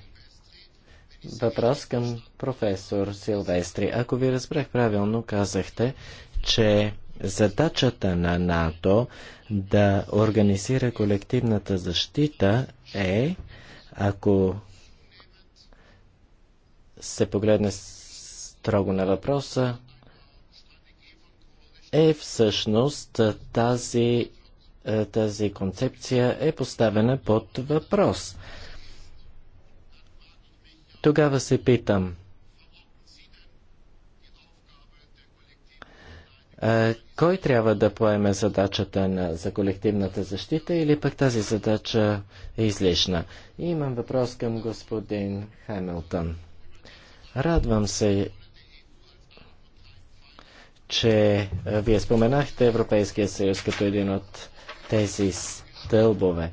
въпрос към професор Силвестри. Ако ви разбрах правилно, казахте, че задачата на НАТО да организира колективната защита е, ако се погледне строго на въпроса, е всъщност тази, е, тази концепция е поставена под въпрос. Тогава се питам, е, кой трябва да поеме задачата на, за колективната защита или пък тази задача е излишна? И имам въпрос към господин Хамилтон. Радвам се, че е, вие споменахте Европейския съюз като един от тези стълбове.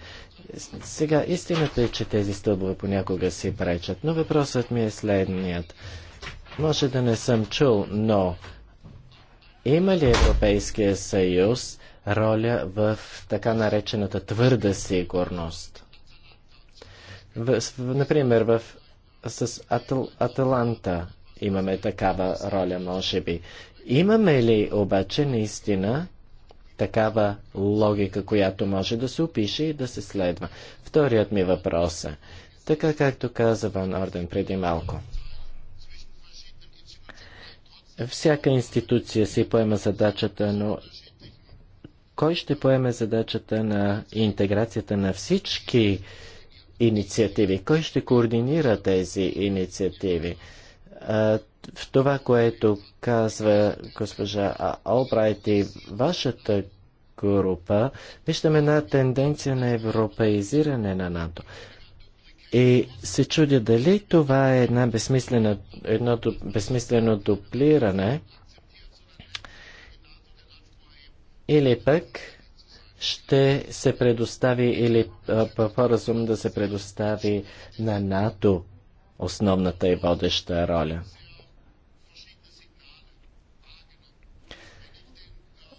Сега, истината е, че тези стълбове понякога си пречат, но въпросът ми е следният. Може да не съм чул, но има ли Европейския съюз роля в така наречената твърда сигурност? В, например, в, с Атал, Аталанта имаме такава роля, може би. Имаме ли обаче наистина такава логика, която може да се опише и да се следва? Вторият ми въпрос е, така както каза Ван Орден преди малко. Всяка институция си поема задачата, но кой ще поеме задачата на интеграцията на всички инициативи? Кой ще координира тези инициативи? в това, което казва госпожа Албрайт и вашата група, виждаме една тенденция на европеизиране на НАТО. И се чудя дали това е една едно безсмислено дуплиране или пък ще се предостави или по-разумно да се предостави на НАТО основната и водеща роля.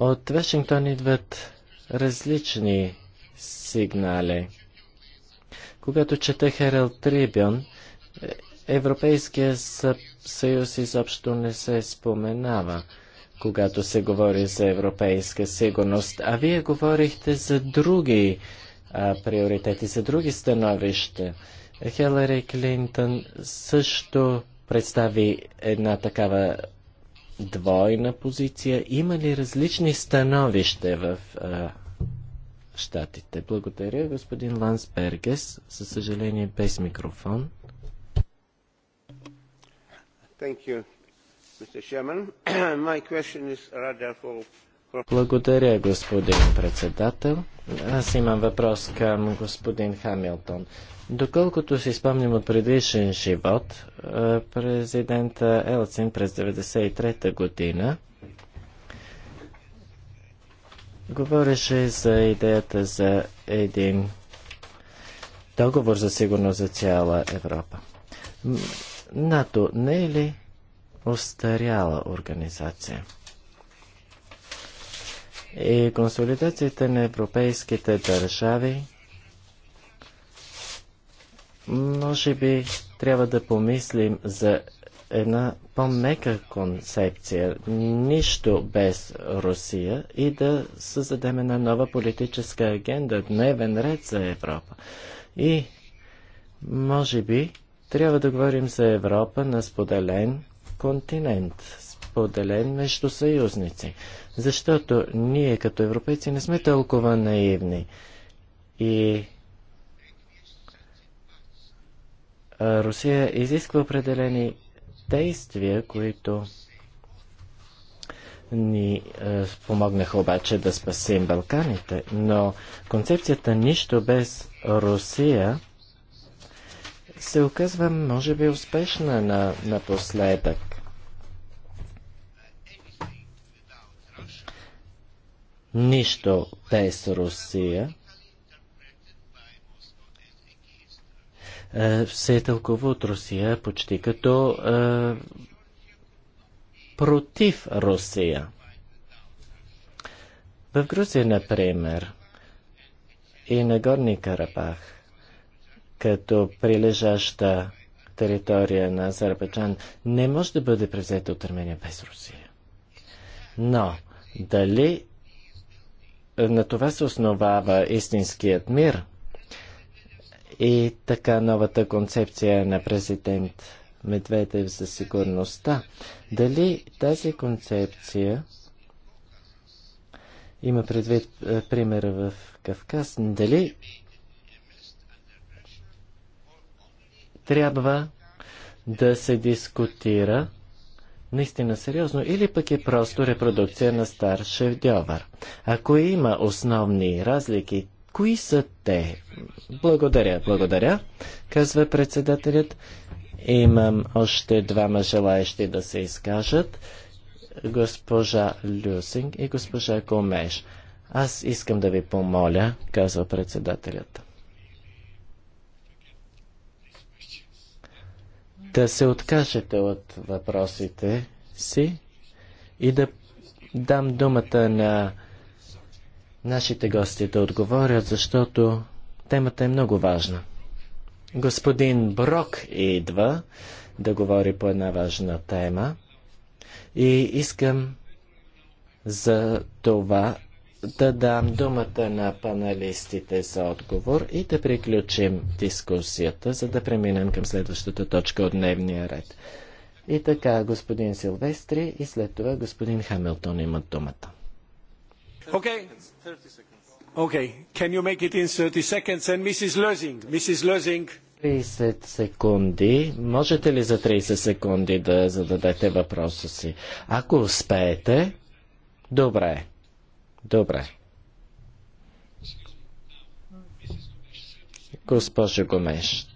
От Вашингтон идват различни сигнали. Когато чете Хералд Трибюн, Европейския съюз изобщо не се споменава, когато се говори за европейска сигурност, а вие говорихте за други а, приоритети, за други становища. Хелари Клинтон също представи една такава двойна позиция? Има ли различни становища в а, щатите? Благодаря, господин Ланс Бергес, Със съжаление, без микрофон. You, (clears throat) for... Благодаря, господин председател. Аз имам въпрос към господин Хамилтон. Доколкото си спомням от предишен живот, е, президента Елцин през 1993-та година говореше за идеята за един договор за сигурност за цяла Европа. НАТО не е ли устаряла организация? И консолидацията на европейските държави може би трябва да помислим за една по-мека концепция, нищо без Русия и да създадем една нова политическа агенда, дневен ред за Европа. И, може би, трябва да говорим за Европа на споделен континент, споделен между съюзници, защото ние като европейци не сме толкова наивни и Русия изисква определени действия, които ни спомогнаха помогнаха обаче да спасим Балканите. Но концепцията нищо без Русия се оказва, може би, успешна на, напоследък. Нищо без Русия Е, се тълкува от Русия почти като е, против Русия. В Грузия, например, и на Горни Карабах, като прилежаща територия на Азербайджан, не може да бъде превзета от Армения без Русия. Но дали на това се основава истинският мир? и така новата концепция на президент Медведев за сигурността. Дали тази концепция има предвид е, примера в Кавказ, дали трябва да се дискутира наистина сериозно или пък е просто репродукция на стар шевдьовър. Ако има основни разлики, Кои са те? Благодаря, благодаря, казва председателят. Имам още двама желаящи да се изкажат. Госпожа Люсинг и госпожа Комеш. Аз искам да ви помоля, казва председателят. Да се откажете от въпросите си и да дам думата на нашите гости да отговорят, защото темата е много важна. Господин Брок идва да говори по една важна тема и искам за това да дам думата на паналистите за отговор и да приключим дискусията, за да преминем към следващата точка от дневния ред. И така, господин Силвестри и след това господин Хамилтон имат думата. Okay. 30 seconds. Okay. Can you make it in 30 seconds? And Mrs. Lösing. Mrs. Lösing. 30 секунди. Можете ли за 30 секунди да зададете въпроса си? Ако успеете, добре. Добре. Госпожо Гомеш.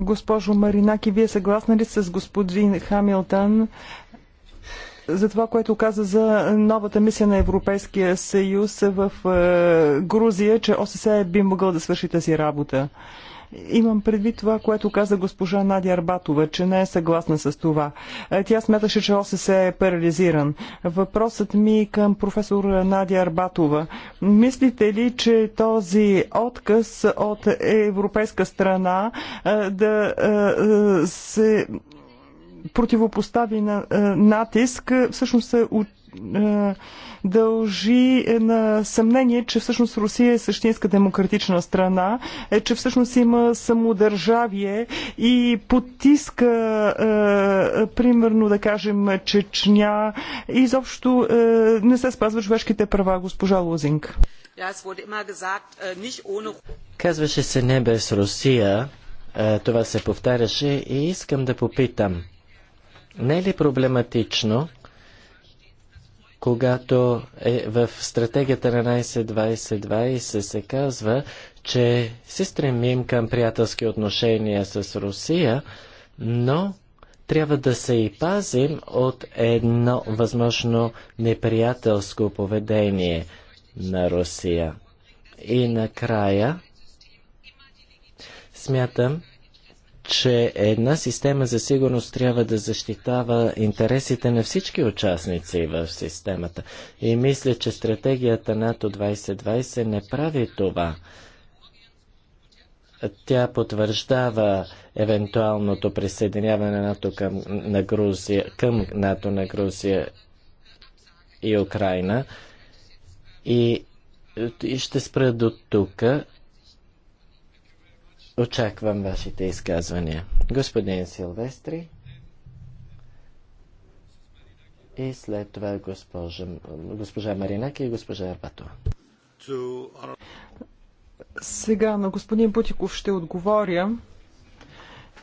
Госпожо Маринаки, вие съгласна ли с господин Хамилтън, за това, което каза за новата мисия на Европейския съюз в е, Грузия, че ОССЕ би могъл да свърши тази работа. Имам предвид това, което каза госпожа Надя Арбатова, че не е съгласна с това. Е, тя смяташе, че ОССЕ е парализиран. Въпросът ми към професор Надя Арбатова. Мислите ли, че този отказ от европейска страна е, да се противопостави на е, натиск, е, всъщност се е, дължи на съмнение, че всъщност Русия е същинска демократична страна, е, че всъщност има самодържавие и потиска, е, примерно да кажем, Чечня и изобщо е, не се спазва човешките права, госпожа Лозинг. Äh, Казваше се не без Русия, това се повтаряше и искам да попитам – не е ли проблематично, когато е в стратегията на 2020 се казва, че се стремим към приятелски отношения с Русия, но трябва да се и пазим от едно възможно неприятелско поведение на Русия. И накрая смятам, че една система за сигурност трябва да защитава интересите на всички участници в системата. И мисля, че стратегията НАТО 2020 не прави това. Тя потвърждава евентуалното присъединяване на НАТО към, на Грузия, към НАТО на Грузия и Украина. И, и ще спра до тук. Очаквам вашите изказвания. Господин Силвестри и след това госпожа, госпожа Маринак и госпожа Арбато. Сега на господин Путиков ще отговоря,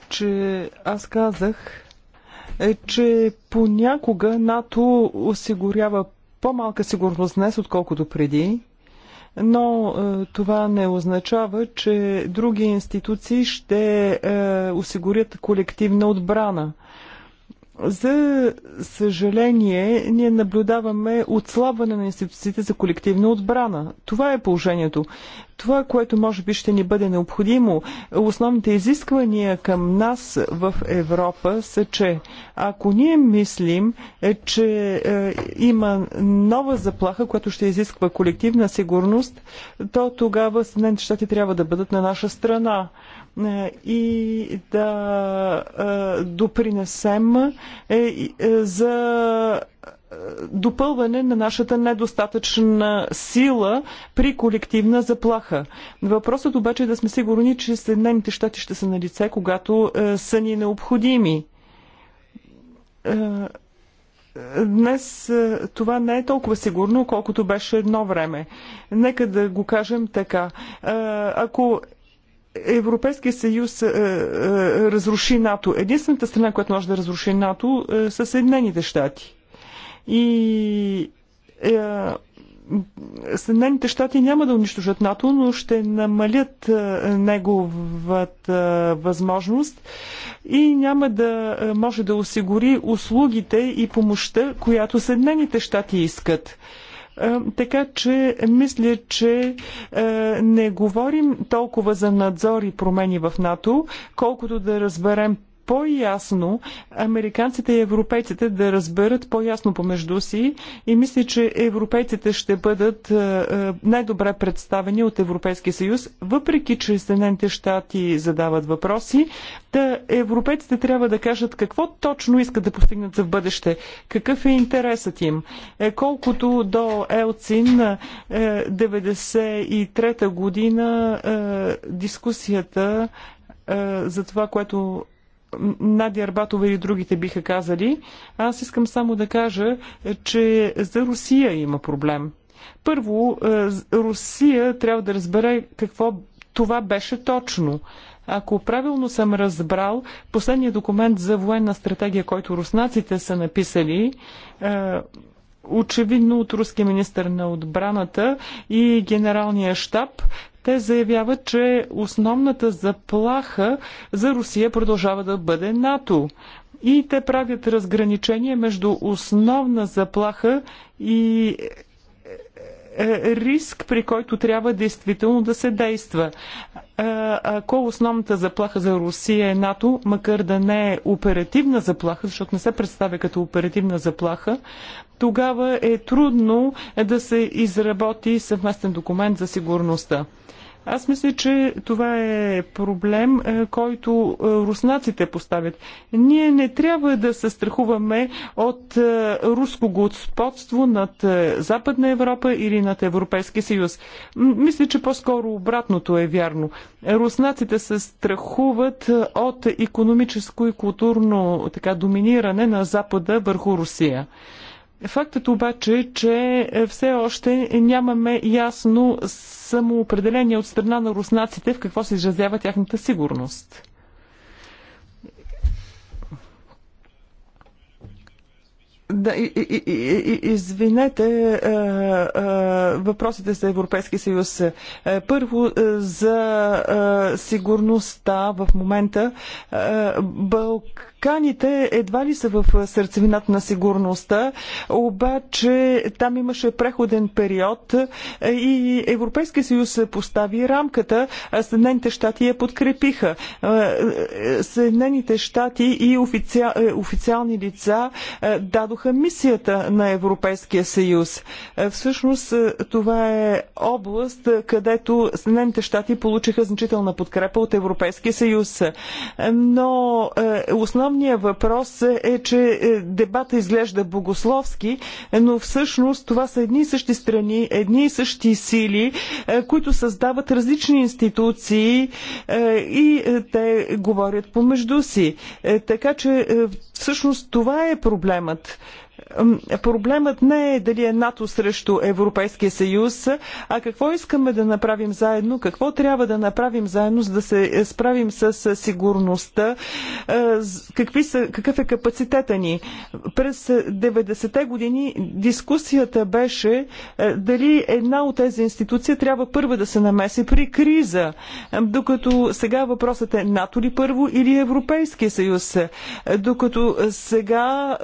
че аз казах, е, че понякога НАТО осигурява по-малка сигурност днес, отколкото преди но е, това не означава, че други институции ще е, осигурят колективна отбрана. За съжаление, ние наблюдаваме отслабване на институциите за колективна отбрана. Това е положението. Това, което може би ще ни бъде необходимо, основните изисквания към нас в Европа са, че ако ние мислим, е, че е, има нова заплаха, която ще изисква колективна сигурност, то тогава Съединените щати трябва да бъдат на наша страна. Е, и да е, допринесем е, за допълване на нашата недостатъчна сила при колективна заплаха. Въпросът обаче е да сме сигурни, че Съединените щати ще са на лице, когато са ни необходими. Днес това не е толкова сигурно, колкото беше едно време. Нека да го кажем така. Ако Европейския съюз е, е, разруши НАТО. Единствената страна, която може да разруши НАТО, е, са Съединените щати. И е, Съединените щати няма да унищожат НАТО, но ще намалят е, неговата възможност и няма да е, може да осигури услугите и помощта, която Съединените щати искат. Така че мисля, че не говорим толкова за надзор и промени в НАТО, колкото да разберем по-ясно американците и европейците да разберат по-ясно помежду си и мисля, че европейците ще бъдат е, е, най-добре представени от Европейския съюз, въпреки че Съединените щати задават въпроси. Да, европейците трябва да кажат какво точно искат да постигнат за в бъдеще, какъв е интересът им. Е, колкото до Елцин, 93-та година дискусията за това, което Надя Арбатова и другите биха казали. Аз искам само да кажа, че за Русия има проблем. Първо, е, Русия трябва да разбере какво това беше точно. Ако правилно съм разбрал, последният документ за военна стратегия, който руснаците са написали, е, очевидно от руския министр на отбраната и генералния штаб те заявяват, че основната заплаха за Русия продължава да бъде НАТО. И те правят разграничение между основна заплаха и е, е, е, риск, при който трябва действително да се действа. Ако основната заплаха за Русия е НАТО, макар да не е оперативна заплаха, защото не се представя като оперативна заплаха, тогава е трудно да се изработи съвместен документ за сигурността. Аз мисля, че това е проблем, е, който е, руснаците поставят. Ние не трябва да се страхуваме от е, руско господство над Западна Европа или над Европейския съюз. Мисля, че по-скоро обратното е вярно. Руснаците се страхуват от економическо и културно така, доминиране на Запада върху Русия. Фактът обаче, е, че е, все още нямаме ясно самоопределение от страна на руснаците в какво се изразява тяхната сигурност. Да, и, и, и, извинете, а, е, а, е, въпросите за Европейския съюз. Първо, за а, сигурността в момента. А, Бълк Каните едва ли са в сърцевината на сигурността, обаче там имаше преходен период и Европейския съюз постави рамката, а Съединените щати я подкрепиха. Съединените щати и официални лица дадоха мисията на Европейския съюз. Всъщност това е област, където Съединените щати получиха значителна подкрепа от Европейския съюз. Но основно Основният въпрос е, е че е, дебата изглежда богословски, но всъщност това са едни и същи страни, едни и същи сили, е, които създават различни институции и те говорят помежду си. Така че всъщност това е проблемът. Проблемът не е дали е НАТО срещу Европейския съюз, а какво искаме да направим заедно, какво трябва да направим заедно, за да се справим с сигурността, какви са, какъв е капацитета ни. През 90-те години дискусията беше дали една от тези институции трябва първа да се намеси при криза, докато сега въпросът е НАТО ли първо или Европейския съюз, докато сега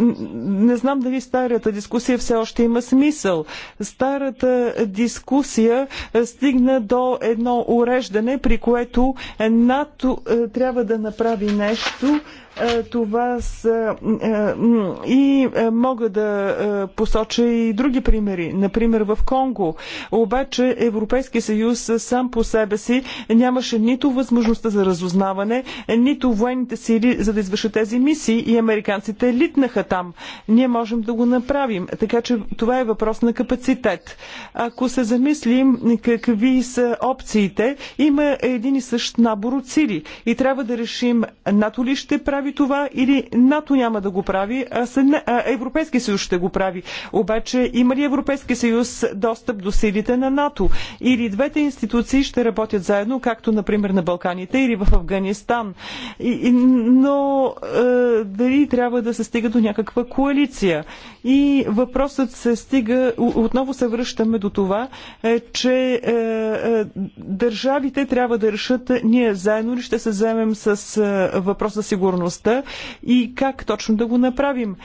не знам дали старата дискусия все още има смисъл. Старата дискусия е, стигна до едно уреждане, при което е, НАТО е, трябва да направи нещо, е, това са е, и е, мога да посоча и други примери. Например, в Конго. Обаче Европейския съюз сам по себе си нямаше нито възможността за разузнаване, нито военните сили, за да извършат тези мисии и американците литнаха там. Ние можем да го направим. Така че това е въпрос на капацитет. Ако се замислим какви са опциите, има един и същ набор от сили. И трябва да решим НАТО ли ще прави прави това или НАТО няма да го прави, а Европейския съюз ще го прави. Обаче има ли Европейския съюз достъп до силите на НАТО? Или двете институции ще работят заедно, както например на Балканите или в Афганистан? И, но е, дали трябва да се стига до някаква коалиция? И въпросът се стига, отново се връщаме до това, е, че е, е, държавите трябва да решат ние заедно ли ще се вземем с е, въпроса сигурност прозрачността и как точно да го направим.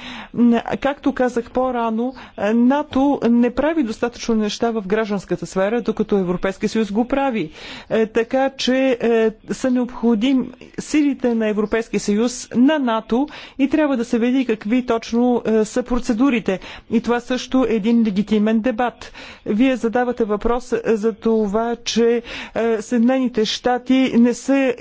Както казах по-рано, НАТО не прави достатъчно неща в гражданската сфера, докато Европейския съюз го прави. Е, така че е, са необходим силите на Европейския съюз, на НАТО и трябва да се види какви точно е, са процедурите. И това също е един легитимен дебат. Вие задавате въпрос за това, че Съединените щати не са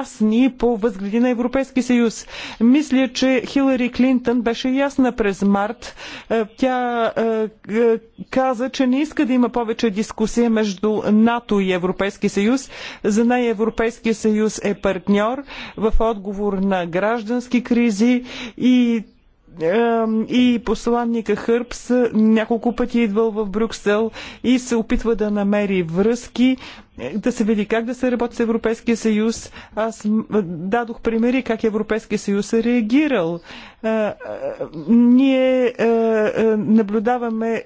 ясни по възгледи на Европейския съюз съюз. Мисля, че Хилари Клинтън беше ясна през март. Е, тя е, е, каза, че не иска да има повече дискусия между НАТО и Европейски съюз. За нея Европейския съюз е партньор в отговор на граждански кризи и и посланника Хърбс няколко пъти идвал в Брюксел и се опитва да намери връзки да се види как да се работи с Европейския съюз. Аз дадох примери как Европейския съюз е реагирал. Ние наблюдаваме,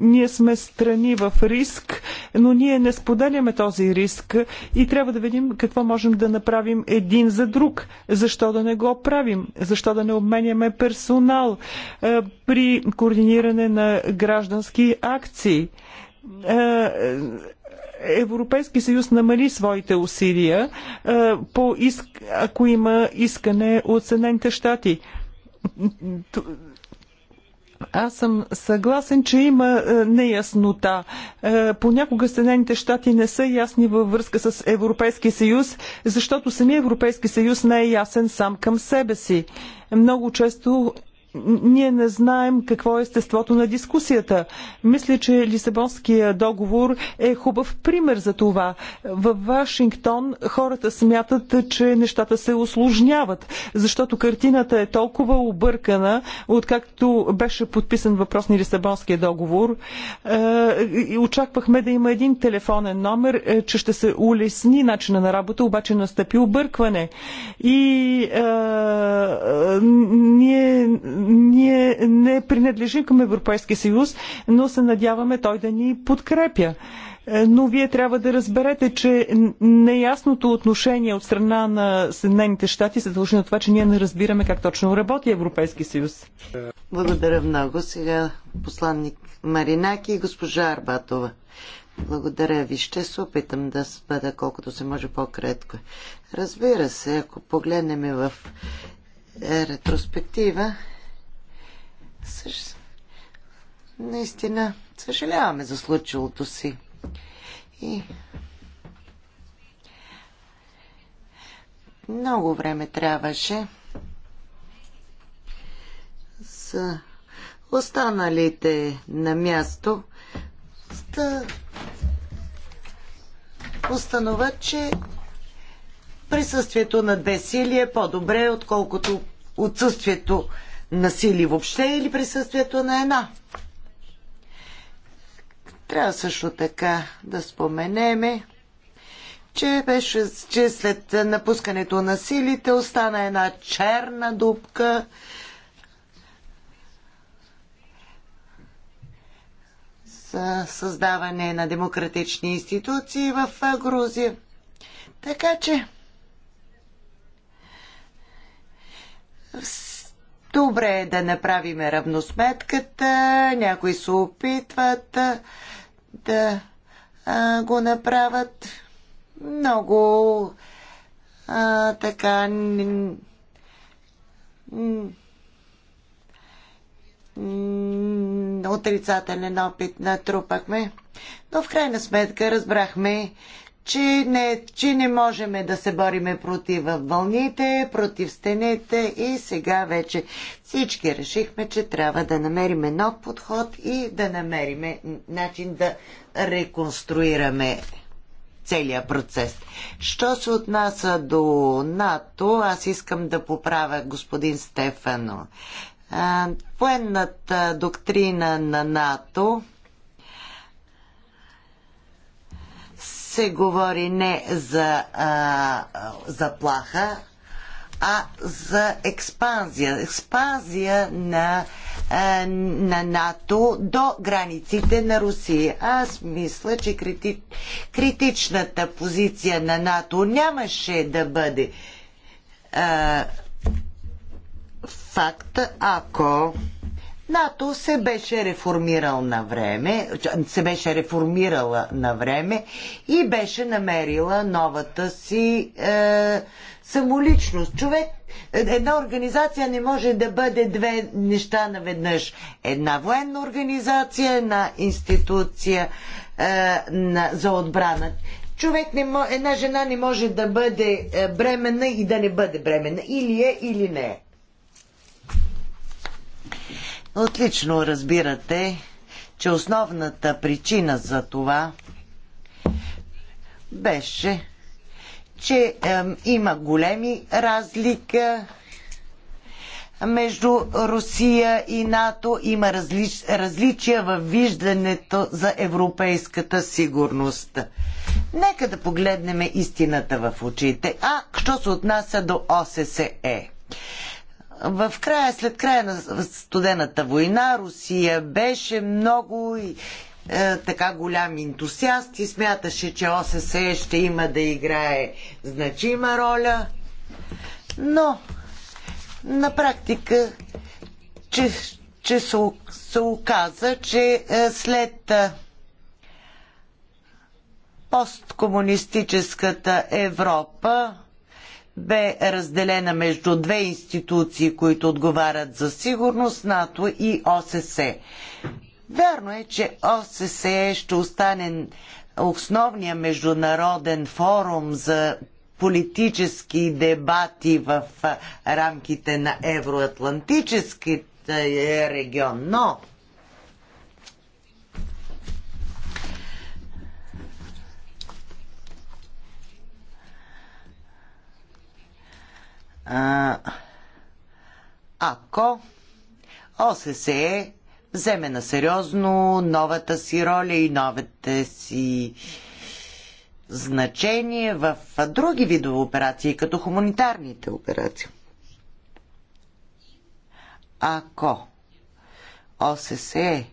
ние, сме страни в риск, но ние не споделяме този риск и трябва да видим какво можем да направим един за друг. Защо да не го правим? Защо да не обменяме персонал при координиране на граждански акции? Европейски съюз намали своите усилия, е, по иск, ако има искане от Съединените щати. Аз съм съгласен, че има е, неяснота. Е, понякога Съединените щати не са ясни във връзка с Европейския съюз, защото самия Европейски съюз не е ясен сам към себе си. Много често ние не знаем какво е естеството на дискусията. Мисля, че Лисабонския договор е хубав пример за това. В Вашингтон хората смятат, че нещата се осложняват, защото картината е толкова объркана, откакто беше подписан въпросния Лисабонския договор. И е, очаквахме да има един телефонен номер, е, че ще се улесни начина на работа, обаче настъпи объркване. И а, е, ние ние не принадлежим към Европейския съюз, но се надяваме той да ни подкрепя. Е, но вие трябва да разберете, че неясното отношение от страна на Съединените щати се дължи на това, че ние не разбираме как точно работи Европейски съюз. Благодаря много. Сега посланник Маринаки и госпожа Арбатова. Благодаря ви. Ще се опитам да бъда колкото се може по-кратко. Разбира се, ако погледнем в е, ретроспектива, Съж... Наистина, съжаляваме за случилото си. И много време трябваше за останалите на място да установят, че присъствието на две сили е по-добре, отколкото отсъствието насили въобще или присъствието на една. Трябва също така да споменеме, че, беше, че след напускането на силите остана една черна дупка, създаване на демократични институции в Грузия. Така че Добре е да направим равносметката. Някои се опитват да а, го направят много а, така отрицателен опит натрупахме. Но в крайна сметка разбрахме, че не, че не можем да се бориме против вълните, против стените и сега вече всички решихме, че трябва да намерим нов подход и да намерим начин да реконструираме целият процес. Що се отнася до НАТО, аз искам да поправя господин Стефано. Военната доктрина на НАТО се говори не за заплаха, а за експанзия. Експанзия на, на НАТО до границите на Русия. Аз мисля, че крити, критичната позиция на НАТО нямаше да бъде а, факт, ако НАТО се беше реформирал на време, се беше реформирала на време и беше намерила новата си е, самоличност. Човек, една организация не може да бъде две неща наведнъж. Една военна организация, една институция е, на, за отбрана. Човек не може, една жена не може да бъде е, бременна и да не бъде бременна. Или е, или не е. Отлично разбирате, че основната причина за това беше, че е, има големи разлика между Русия и НАТО има различ, различия в виждането за европейската сигурност. Нека да погледнем истината в очите. А, що се отнася до ОССЕ? в края, след края на студената война, Русия беше много и, е, така голям ентусиаст и смяташе, че ОССЕ ще има да играе значима роля. Но на практика, че, че се, се оказа, че е, след е, посткомунистическата Европа бе разделена между две институции, които отговарят за сигурност НАТО и ОССЕ. Вярно е, че ОССЕ ще остане основния международен форум за политически дебати в рамките на евроатлантическите регион, но а, ако ОССЕ вземе на сериозно новата си роля и новите си значение в други видове операции, като хуманитарните операции. Ако ОССЕ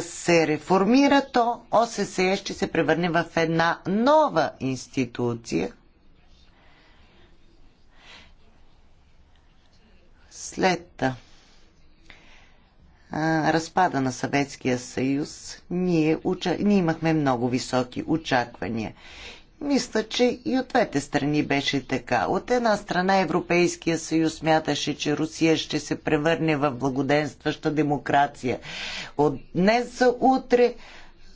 се реформира, то ОССЕ ще се превърне в една нова институция. След а, разпада на Съветския съюз, ние, уча... ние имахме много високи очаквания. Мисля, че и от двете страни беше така. От една страна Европейския съюз смяташе, че Русия ще се превърне в благоденстваща демокрация. От днес за утре,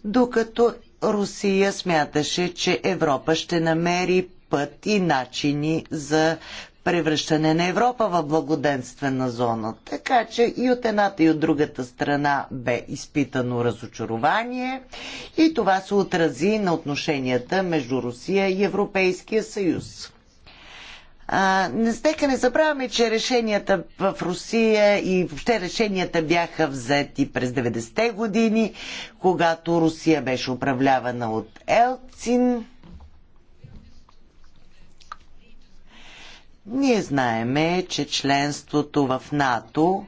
докато Русия смяташе, че Европа ще намери път и начини за превръщане на Европа в благоденствена зона. Така че и от едната и от другата страна бе изпитано разочарование и това се отрази на отношенията между Русия и Европейския съюз. Нека не стека не забравяме, че решенията в Русия и въобще решенията бяха взети през 90-те години, когато Русия беше управлявана от Елцин Ние знаеме, че членството в НАТО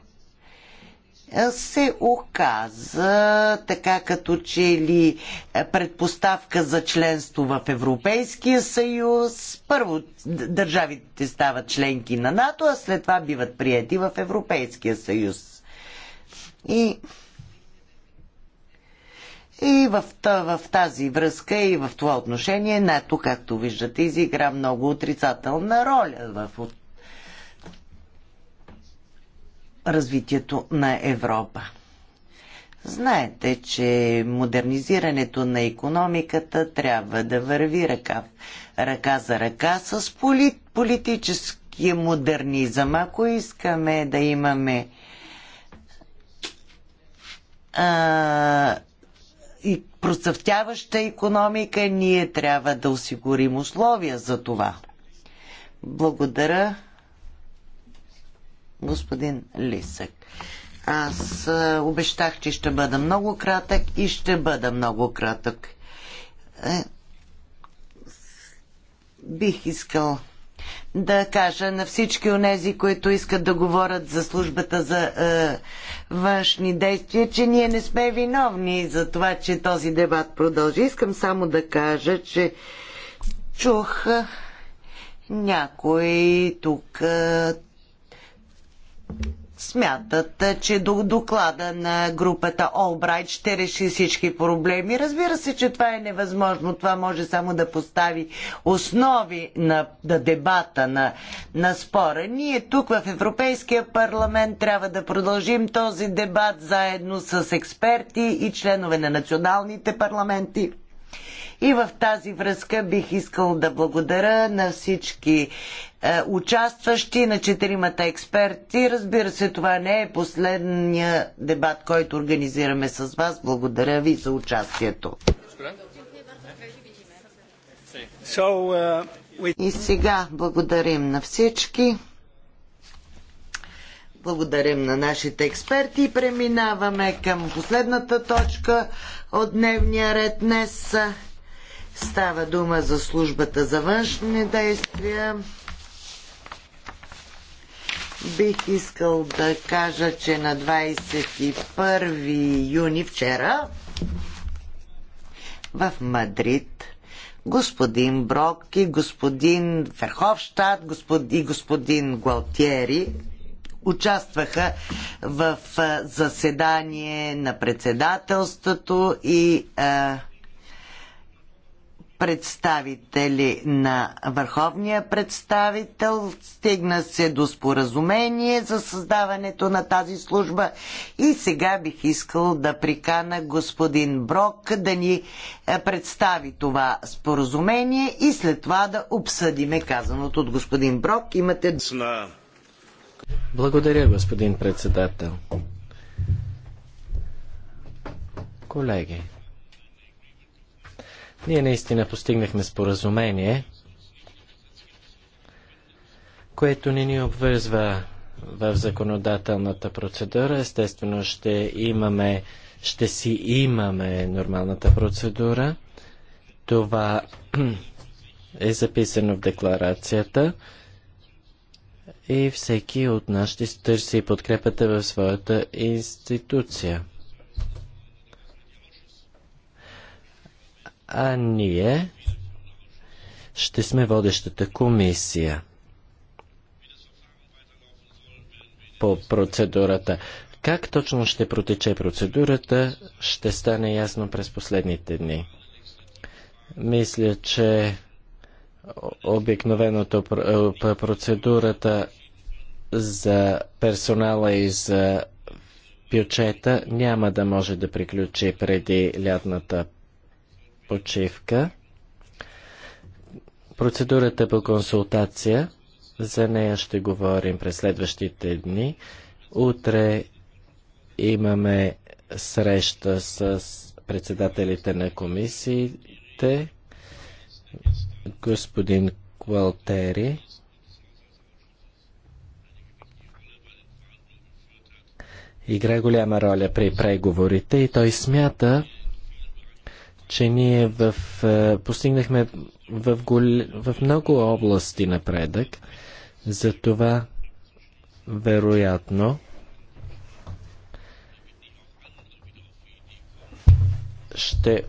е, се оказа така като че ли е, предпоставка за членство в Европейския съюз. Първо държавите стават членки на НАТО, а след това биват прияти в Европейския съюз. И и в, в тази връзка и в това отношение НАТО, както виждате, изигра много отрицателна роля в развитието на Европа. Знаете, че модернизирането на економиката трябва да върви ръка, ръка за ръка с полит, политическия модернизъм. Ако искаме да имаме а, и процъфтяваща економика, ние трябва да осигурим условия за това. Благодаря, господин Лисък. Аз обещах, че ще бъда много кратък и ще бъда много кратък. Е, бих искал да кажа на всички онези, които искат да говорят за службата за е, външни действия, че ние не сме виновни за това, че този дебат продължи. Искам само да кажа, че чух е, някой тук е, смятат, че доклада на групата Олбрайт ще реши всички проблеми. Разбира се, че това е невъзможно. Това може само да постави основи на, на дебата, на, на спора. Ние тук в Европейския парламент трябва да продължим този дебат заедно с експерти и членове на националните парламенти. И в тази връзка бих искал да благодаря на всички е, участващи, на четиримата експерти. Разбира се, това не е последния дебат, който организираме с вас. Благодаря ви за участието. Uh, и сега благодарим на всички. Благодарим на нашите експерти и преминаваме към последната точка от дневния ред днес. Става дума за службата за външни действия. Бих искал да кажа, че на 21 юни вчера в Мадрид господин Брок и господин Верховщад и господин Гуалтиери участваха в заседание на председателството и а, представители на върховния представител. Стигна се до споразумение за създаването на тази служба и сега бих искал да прикана господин Брок да ни е, представи това споразумение и след това да обсъдиме казаното от господин Брок. Имате... Благодаря, господин председател. Колеги, ние наистина постигнахме споразумение, което не ни обвързва в законодателната процедура. Естествено ще имаме, ще си имаме нормалната процедура. Това е записано в декларацията и всеки от нас ще търси подкрепата в своята институция. а ние ще сме водещата комисия по процедурата. Как точно ще протече процедурата, ще стане ясно през последните дни. Мисля, че обикновеното е, процедурата за персонала и за бюджета няма да може да приключи преди лятната почивка. Процедурата е по консултация, за нея ще говорим през следващите дни. Утре имаме среща с председателите на комисиите, господин Квалтери. Игра голяма роля при преговорите и той смята, че ние в, е, постигнахме в, гол... в много области напредък. Затова, вероятно, ще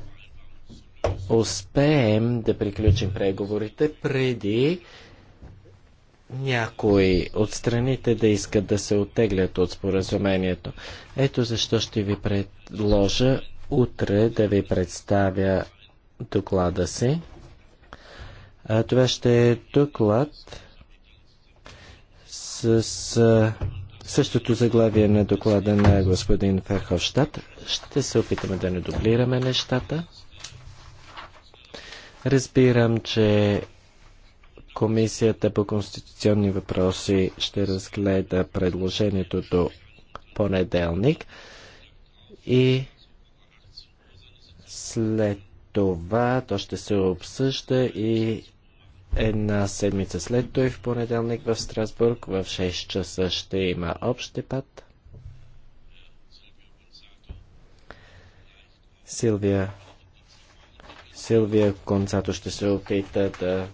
успеем да приключим преговорите преди някои от страните да искат да се оттеглят от споразумението. Ето защо ще ви предложа утре да ви представя доклада си. А, това ще е доклад с, с същото заглавие на доклада на господин Ферховщад. Ще се опитаме да не дублираме нещата. Разбирам, че Комисията по конституционни въпроси ще разгледа предложението до понеделник и след това то ще се обсъжда и една седмица след той в понеделник в Страсбург в 6 часа ще има общ път. Силвия Силвия Концато ще се опита да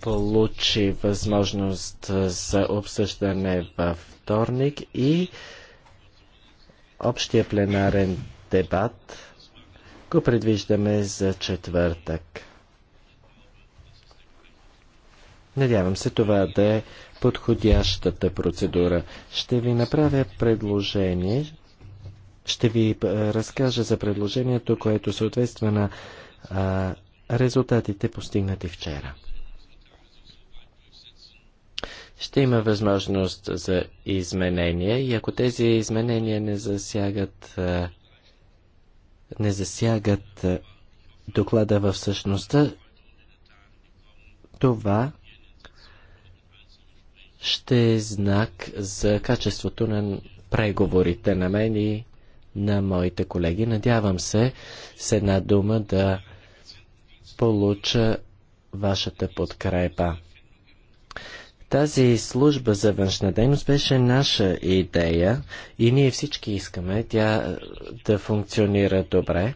получи възможност за обсъждане във вторник и Общия пленарен дебат го предвиждаме за четвъртък. Надявам се това да е подходящата процедура. Ще ви направя предложение, ще ви е, разкажа за предложението, което съответства на а, резултатите постигнати вчера ще има възможност за изменения и ако тези изменения не засягат, не засягат доклада в същността, това ще е знак за качеството на преговорите на мен и на моите колеги. Надявам се с една дума да получа вашата подкрепа. Тази служба за външна дейност беше наша идея и ние всички искаме тя е, да функционира добре.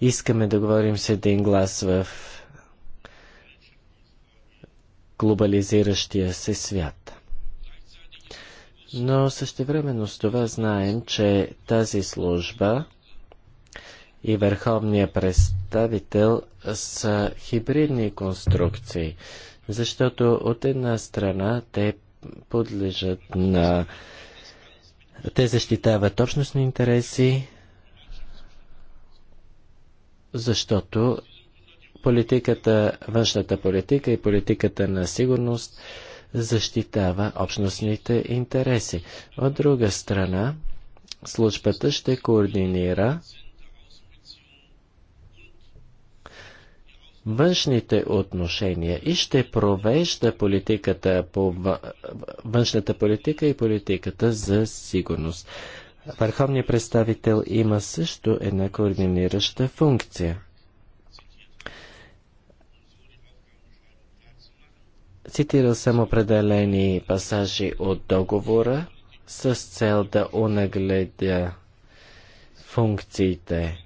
Искаме да говорим с един глас в глобализиращия се свят. Но същевременно с това знаем, че тази служба и върховния представител са хибридни конструкции. Защото от една страна те подлежат на... Те защитават общностни интереси, защото политиката, външната политика и политиката на сигурност защитава общностните интереси. От друга страна, службата ще координира външните отношения и ще провежда политиката по външната политика и политиката за сигурност. Върховният представител има също една координираща функция. Цитирал съм определени пасажи от договора с цел да унагледя функциите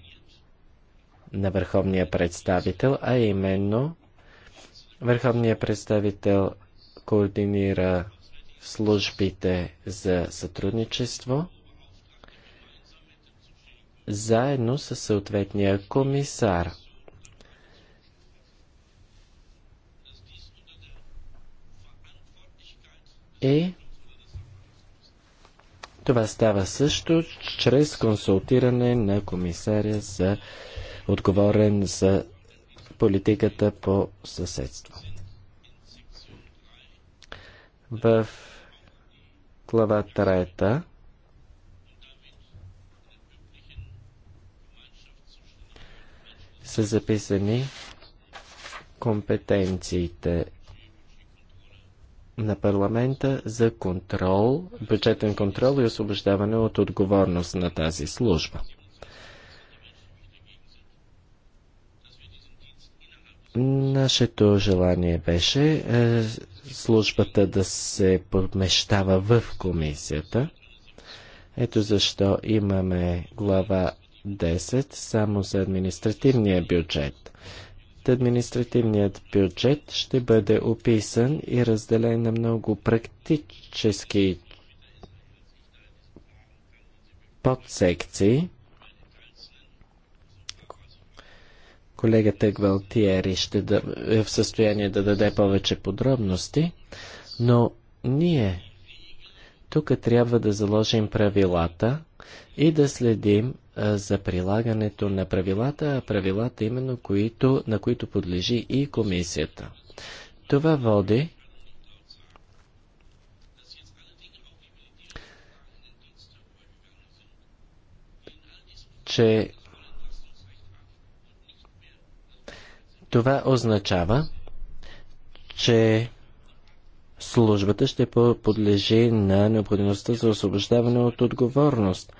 на върховния представител, а именно върховния представител координира службите за сътрудничество заедно с съответния комисар. И това става също чрез консултиране на комисаря за отговорен за политиката по съседство. В глава трета са записани компетенциите на парламента за контрол, бюджетен контрол и освобождаване от отговорност на тази служба. Нашето желание беше е, службата да се подмещава в комисията. Ето защо имаме глава 10 само за административния бюджет. Административният бюджет ще бъде описан и разделен на много практически подсекции. Колегата Гвалтиери ще да, е в състояние да даде повече подробности, но ние тук трябва да заложим правилата и да следим а, за прилагането на правилата, а правилата именно които, на които подлежи и комисията. Това води че Това означава, че службата ще подлежи на необходимостта за освобождаване от отговорност.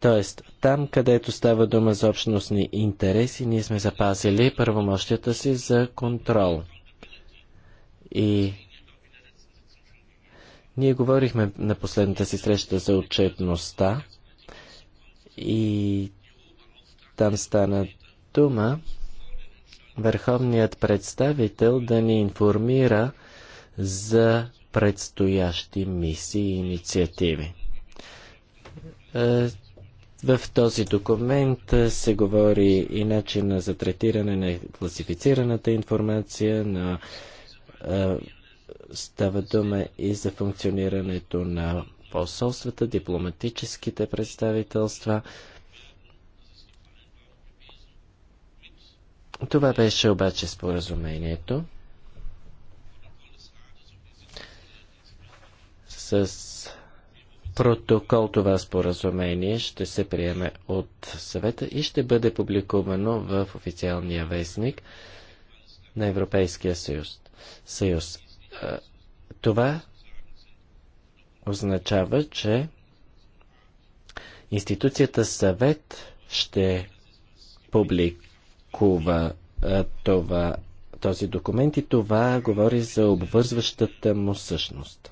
Тоест, там, където става дума за общностни интереси, ние сме запазили първомощията си за контрол. И ние говорихме на последната си среща за отчетността и там стана дума върховният представител да ни информира за предстоящи мисии и инициативи. Е, в този документ се говори и начина за третиране на класифицираната информация, на е, става дума и за функционирането на посолствата, дипломатическите представителства. Това беше обаче споразумението с протокол това споразумение ще се приеме от съвета и ще бъде публикувано в официалния вестник на Европейския съюз. съюз. Това означава, че институцията съвет ще публикува тълкува това, този документ и това говори за обвързващата му същност.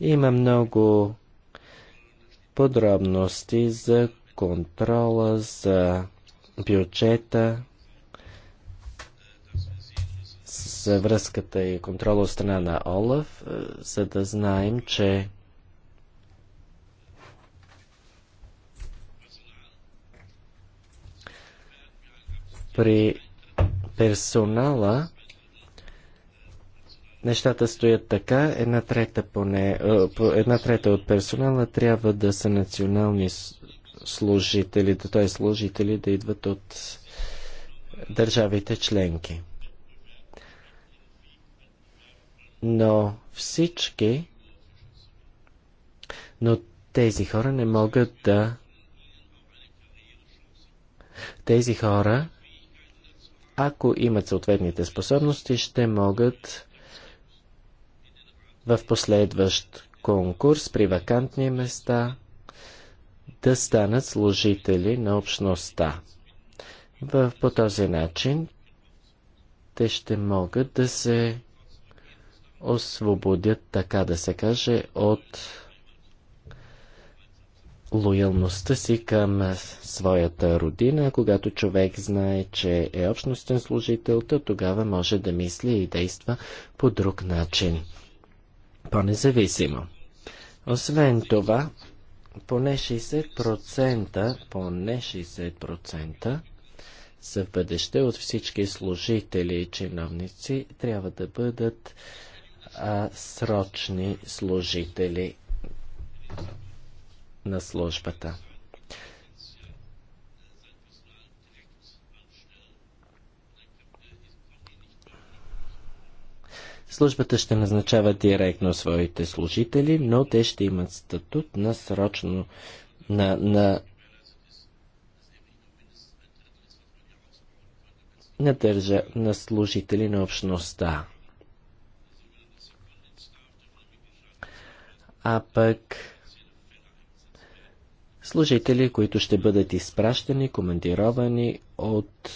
Има много подробности за контрола, за бюджета, за връзката и контрола от страна на Олаф, за да знаем, че При персонала нещата стоят така, една трета, поне, е, една трета от персонала трябва да са национални служители, т.е. служители да идват от държавите членки. Но всички, но тези хора не могат да. Тези хора ако имат съответните способности, ще могат в последващ конкурс при вакантни места да станат служители на общността. В, по този начин те ще могат да се освободят, така да се каже, от лоялността си към своята родина. Когато човек знае, че е общностен служител, то тогава може да мисли и действа по друг начин. По-независимо. Освен това, поне 60%, поне 60% за бъдеще от всички служители и чиновници трябва да бъдат а, срочни служители на службата. Службата ще назначава директно своите служители, но те ще имат статут на срочно на, на, на, държа, на служители на общността. А пък служители, които ще бъдат изпращани, командировани от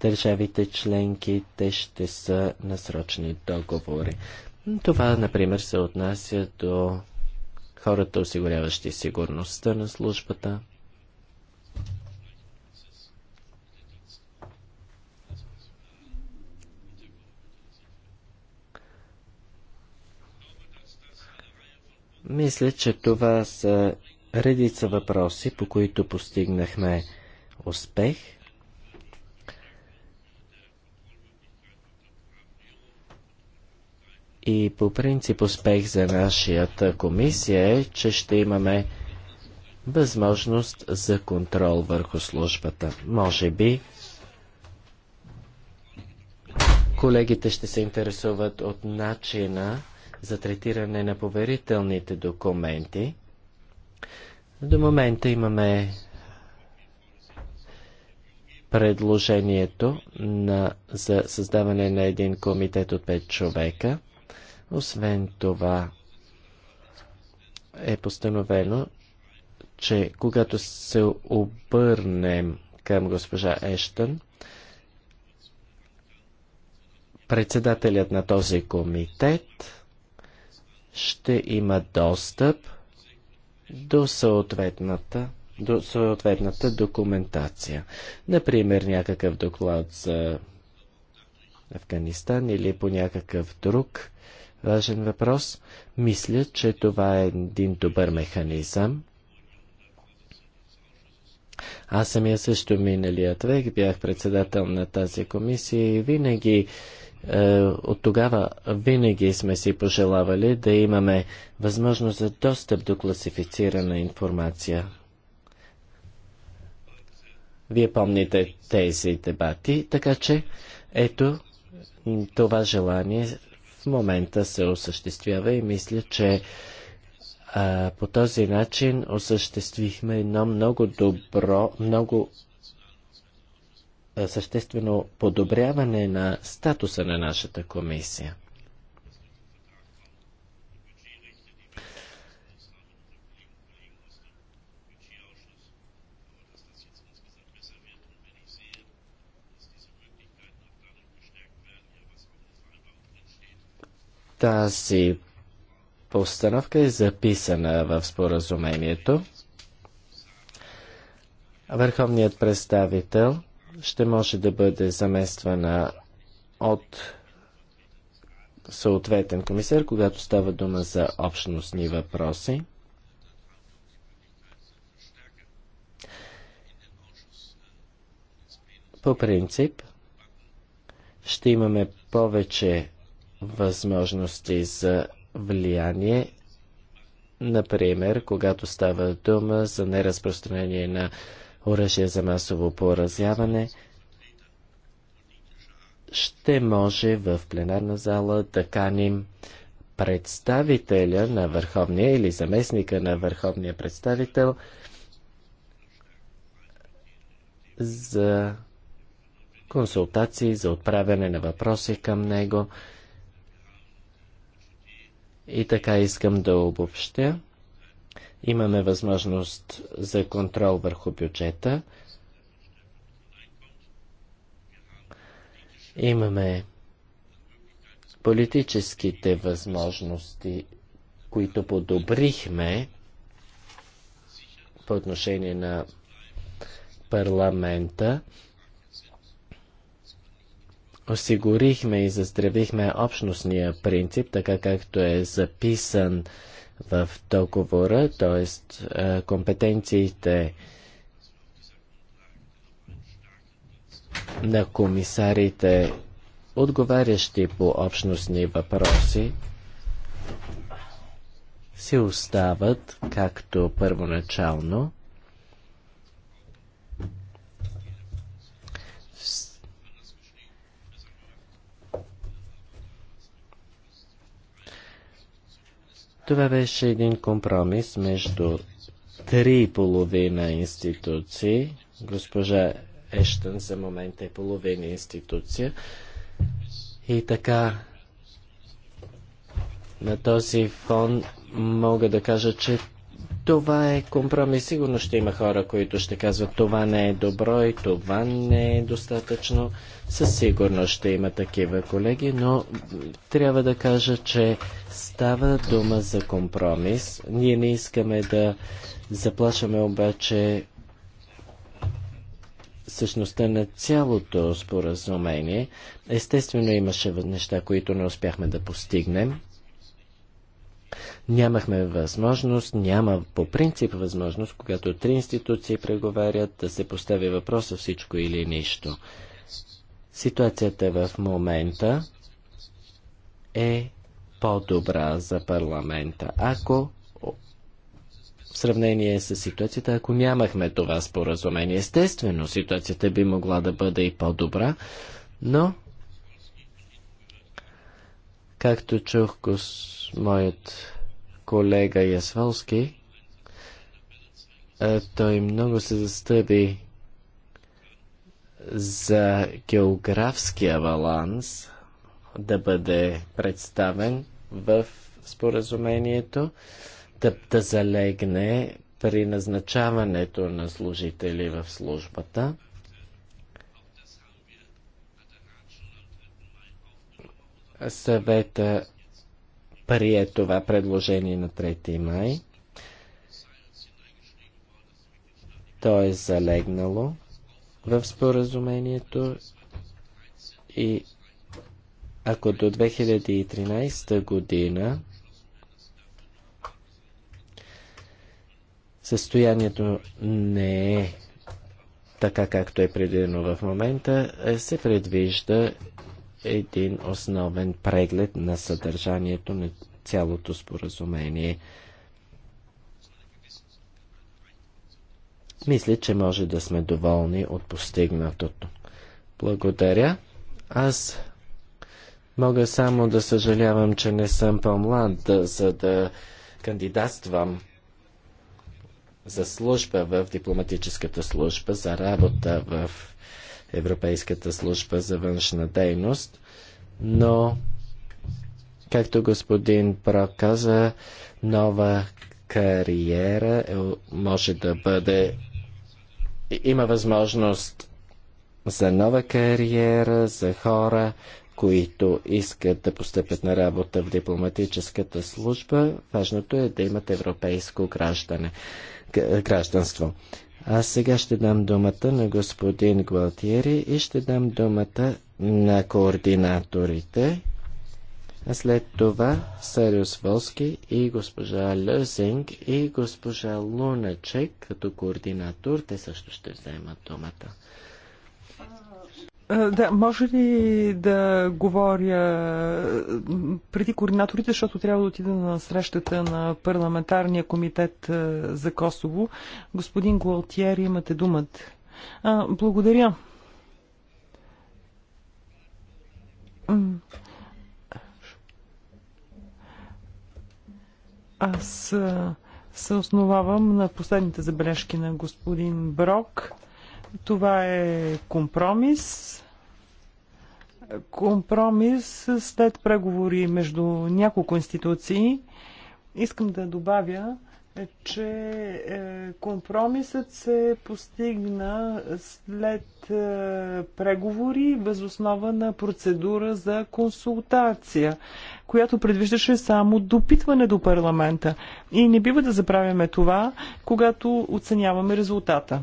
държавите членки, те ще са насрочни договори. Това, например, се отнася до хората, осигуряващи сигурността на службата. Мисля, че това са редица въпроси, по които постигнахме успех. И по принцип успех за нашата комисия е, че ще имаме възможност за контрол върху службата. Може би колегите ще се интересуват от начина за третиране на поверителните документи. До момента имаме предложението на, за създаване на един комитет от 5 човека. Освен това е постановено, че когато се обърнем към госпожа Ештън, председателят на този комитет ще има достъп до съответната до съответната документация. Например, някакъв доклад за Афганистан или по някакъв друг важен въпрос. Мисля, че това е един добър механизъм. Аз самия също миналият век бях председател на тази комисия и винаги е, от тогава винаги сме си пожелавали да имаме възможност за достъп до класифицирана информация. Вие помните тези дебати, така че ето това желание в момента се осъществява и мисля, че а, по този начин осъществихме едно много добро, много съществено подобряване на статуса на нашата комисия. Тази постановка е записана в споразумението. Върховният представител – ще може да бъде замествана от съответен комисар, когато става дума за общностни въпроси. По принцип, ще имаме повече възможности за влияние, например, когато става дума за неразпространение на Оръжие за масово поразяване, ще може в пленарна зала да каним представителя на върховния или заместника на върховния представител за консултации, за отправяне на въпроси към него. И така искам да обобщя. Имаме възможност за контрол върху бюджета. Имаме политическите възможности, които подобрихме по отношение на парламента. Осигурихме и заздравихме общностния принцип, така както е записан в договора, т.е. Е, компетенциите на комисарите, отговарящи по общностни въпроси, си остават както първоначално, Това беше един компромис между три половина институции. Госпожа Ештън за момента е половина институция. И така, на този фон мога да кажа, че това е компромис. Сигурно ще има хора, които ще казват това не е добро и това не е достатъчно. Със сигурност ще има такива колеги, но трябва да кажа, че Става дума за компромис. Ние не искаме да заплашаме обаче същността на цялото споразумение. Естествено имаше неща, които не успяхме да постигнем. Нямахме възможност, няма по принцип възможност, когато три институции преговарят да се постави въпроса всичко или нищо. Ситуацията в момента е по-добра за парламента, ако в сравнение с ситуацията, ако нямахме това споразумение. Естествено, ситуацията би могла да бъде и по-добра, но както чух гос... моят колега Ясволски, той много се застъби за географския баланс да бъде представен в споразумението, да, да залегне при назначаването на служители в службата. Съвета прие това предложение на 3 май. То е залегнало в споразумението и ако до 2013 година състоянието не е така както е предвидено в момента, е, се предвижда един основен преглед на съдържанието на цялото споразумение. Мисля, че може да сме доволни от постигнатото. Благодаря. Аз Мога само да съжалявам, че не съм по-млад, за да кандидатствам за служба в дипломатическата служба, за работа в Европейската служба за външна дейност, но, както господин Про каза, нова кариера е, може да бъде. Има възможност за нова кариера, за хора, които искат да постъпят на работа в дипломатическата служба, важното е да имат европейско граждане, гражданство. А сега ще дам думата на господин Гвалтиери и ще дам думата на координаторите. А след това Сариус Волски и госпожа Лъзинг и госпожа Луначек като координатор, те също ще вземат думата. Е, да, може ли да говоря е, преди координаторите, защото трябва да отида на срещата на парламентарния комитет е, за Косово. Господин Гуалтиер, имате думата. А, благодаря. Аз се основавам на последните забележки на господин Брок. Това е компромис. Компромис след преговори между няколко институции. Искам да добавя, е, че е, компромисът се постигна след е, преговори възоснова на процедура за консултация, която предвиждаше само допитване до парламента. И не бива да забравяме това, когато оценяваме резултата.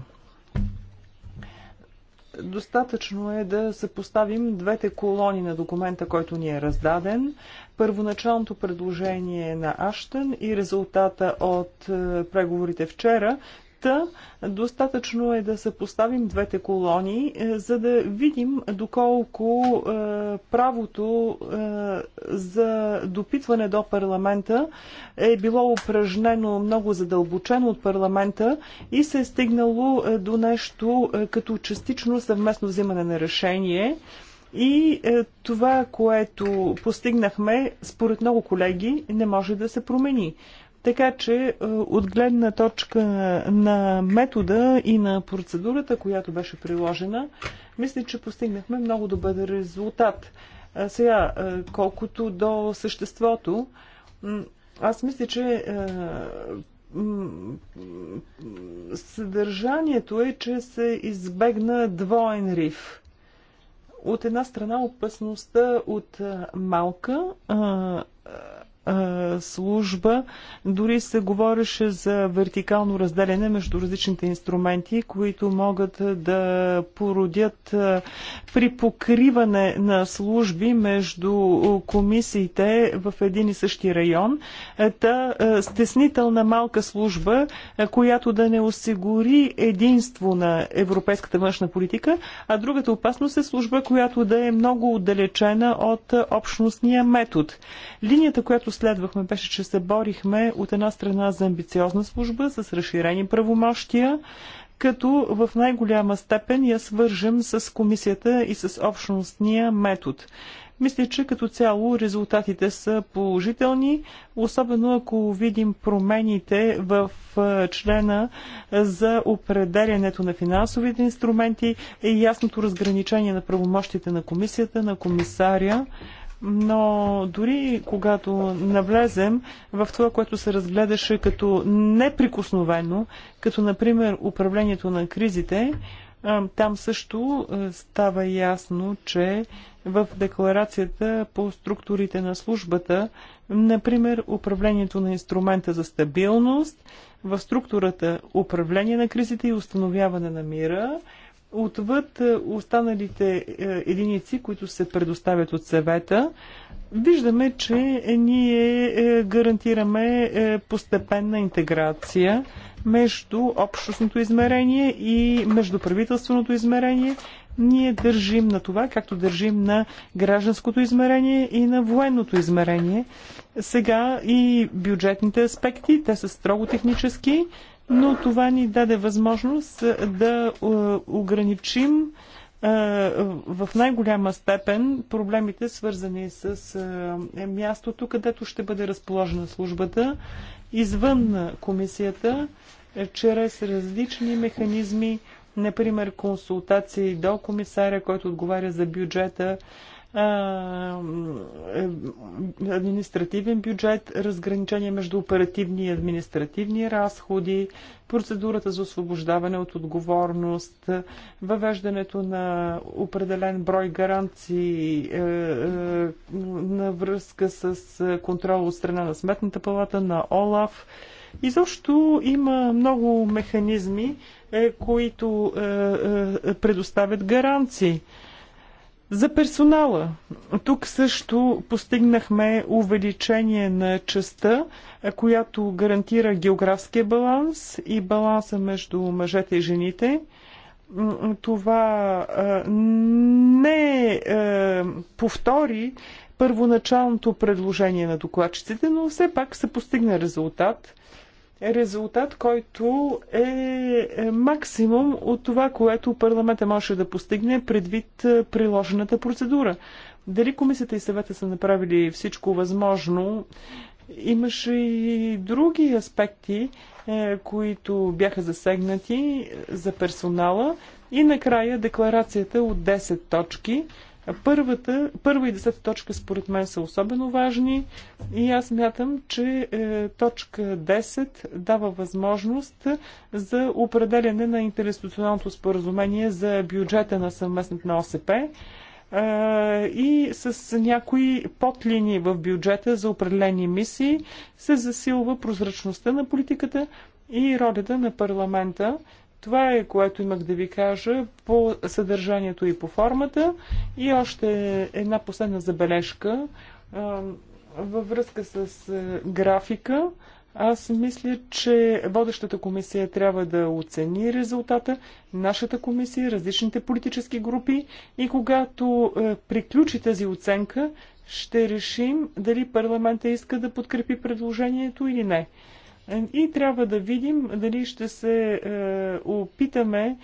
Достатъчно е да съпоставим двете колони на документа, който ни е раздаден, първоначалното предложение е на Аштън и резултата от е, преговорите вчера, Та достатъчно е да съпоставим двете колони, е, за да видим доколко е, правото е, за допитване до парламента е било упражнено много задълбочено от парламента и се е стигнало е, до нещо е, като частично съвместно взимане на решение. И е, това, което постигнахме, според много колеги, не може да се промени. Така че е, от гледна точка на метода и на процедурата, която беше приложена, мисля, че постигнахме много добър резултат. Сега, е, колкото до съществото, аз мисля, че е, съдържанието е, че се избегна двоен риф. От една страна опасността от малка служба. Дори се говореше за вертикално разделяне между различните инструменти, които могат да породят при покриване на служби между комисиите в един и същи район. Е, та стеснителна малка служба, която да не осигури единство на европейската външна политика, а другата опасност е служба, която да е много отдалечена от общностния метод. Линията, която Следвахме, беше, че се борихме от една страна за амбициозна служба с разширени правомощия, като в най-голяма степен я свържем с комисията и с общностния метод. Мисля, че като цяло резултатите са положителни, особено ако видим промените в члена за определянето на финансовите инструменти и ясното разграничение на правомощите на комисията, на комисаря но дори когато навлезем в това, което се разгледаше като неприкосновено, като например управлението на кризите, там също става ясно, че в декларацията по структурите на службата, например управлението на инструмента за стабилност, в структурата управление на кризите и установяване на мира, отвъд е, останалите е, единици, които се предоставят от съвета, виждаме, че ние е, гарантираме постепенна интеграция между общностното измерение и междуправителственото измерение. Ние държим на това, както държим на гражданското измерение и на военното измерение. Сега и бюджетните аспекти, те са строго технически но това ни даде възможност е, да е, ограничим е, в най-голяма степен проблемите, свързани с мястото, където ще бъде разположена службата, извън комисията, чрез различни механизми, например консултации до комисаря, който отговаря за бюджета, административен бюджет, разграничение между оперативни и административни разходи, процедурата за освобождаване от отговорност, въвеждането на определен брой гаранции е, е, на връзка с контрол от страна на Сметната палата, на ОЛАФ. Изобщо има много механизми, е, които предоставят гаранции. За персонала. Тук също постигнахме увеличение на частта, която гарантира географския баланс и баланса между мъжете и жените. Това не повтори първоначалното предложение на докладчиците, но все пак се постигна резултат – резултат, който е максимум от това, което парламента може да постигне предвид е, приложената процедура. Дали комисията и съвета са направили всичко възможно? Имаше и други аспекти, е, които бяха засегнати за персонала. И накрая декларацията от 10 точки – Първата, първа и десета точка според мен са особено важни и аз мятам, че е, точка 10 дава възможност за определяне на интернационалното споразумение за бюджета на съвместната на ОСП е, и с някои подлинии в бюджета за определени мисии се засилва прозрачността на политиката и ролята на парламента това е което имах да ви кажа по съдържанието и по формата. И още една последна забележка във връзка с графика. Аз мисля, че водещата комисия трябва да оцени резултата, нашата комисия, различните политически групи и когато приключи тази оценка, ще решим дали парламента иска да подкрепи предложението или не. И трябва да видим дали ще се е, опитаме е,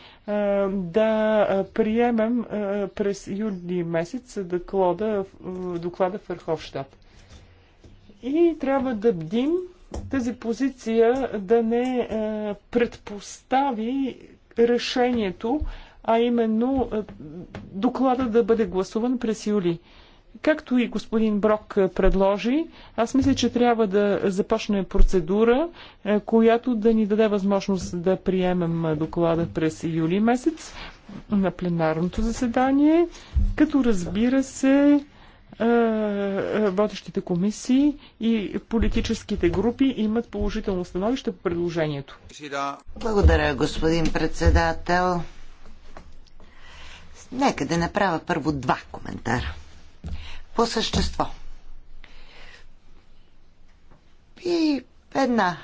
да приемем е, през юли месец доклада, доклада в Върховщад. И трябва да бдим тази позиция да не предпостави решението, а именно доклада да бъде гласуван през юли. Както и господин Брок е, предложи, аз мисля, че трябва да започне процедура, е, която да ни даде възможност да приемем е, доклада през юли месец на пленарното заседание, като разбира се водещите комисии и политическите групи имат положително становище по предложението. Благодаря, господин председател. Нека да направя първо два коментара по същество. И една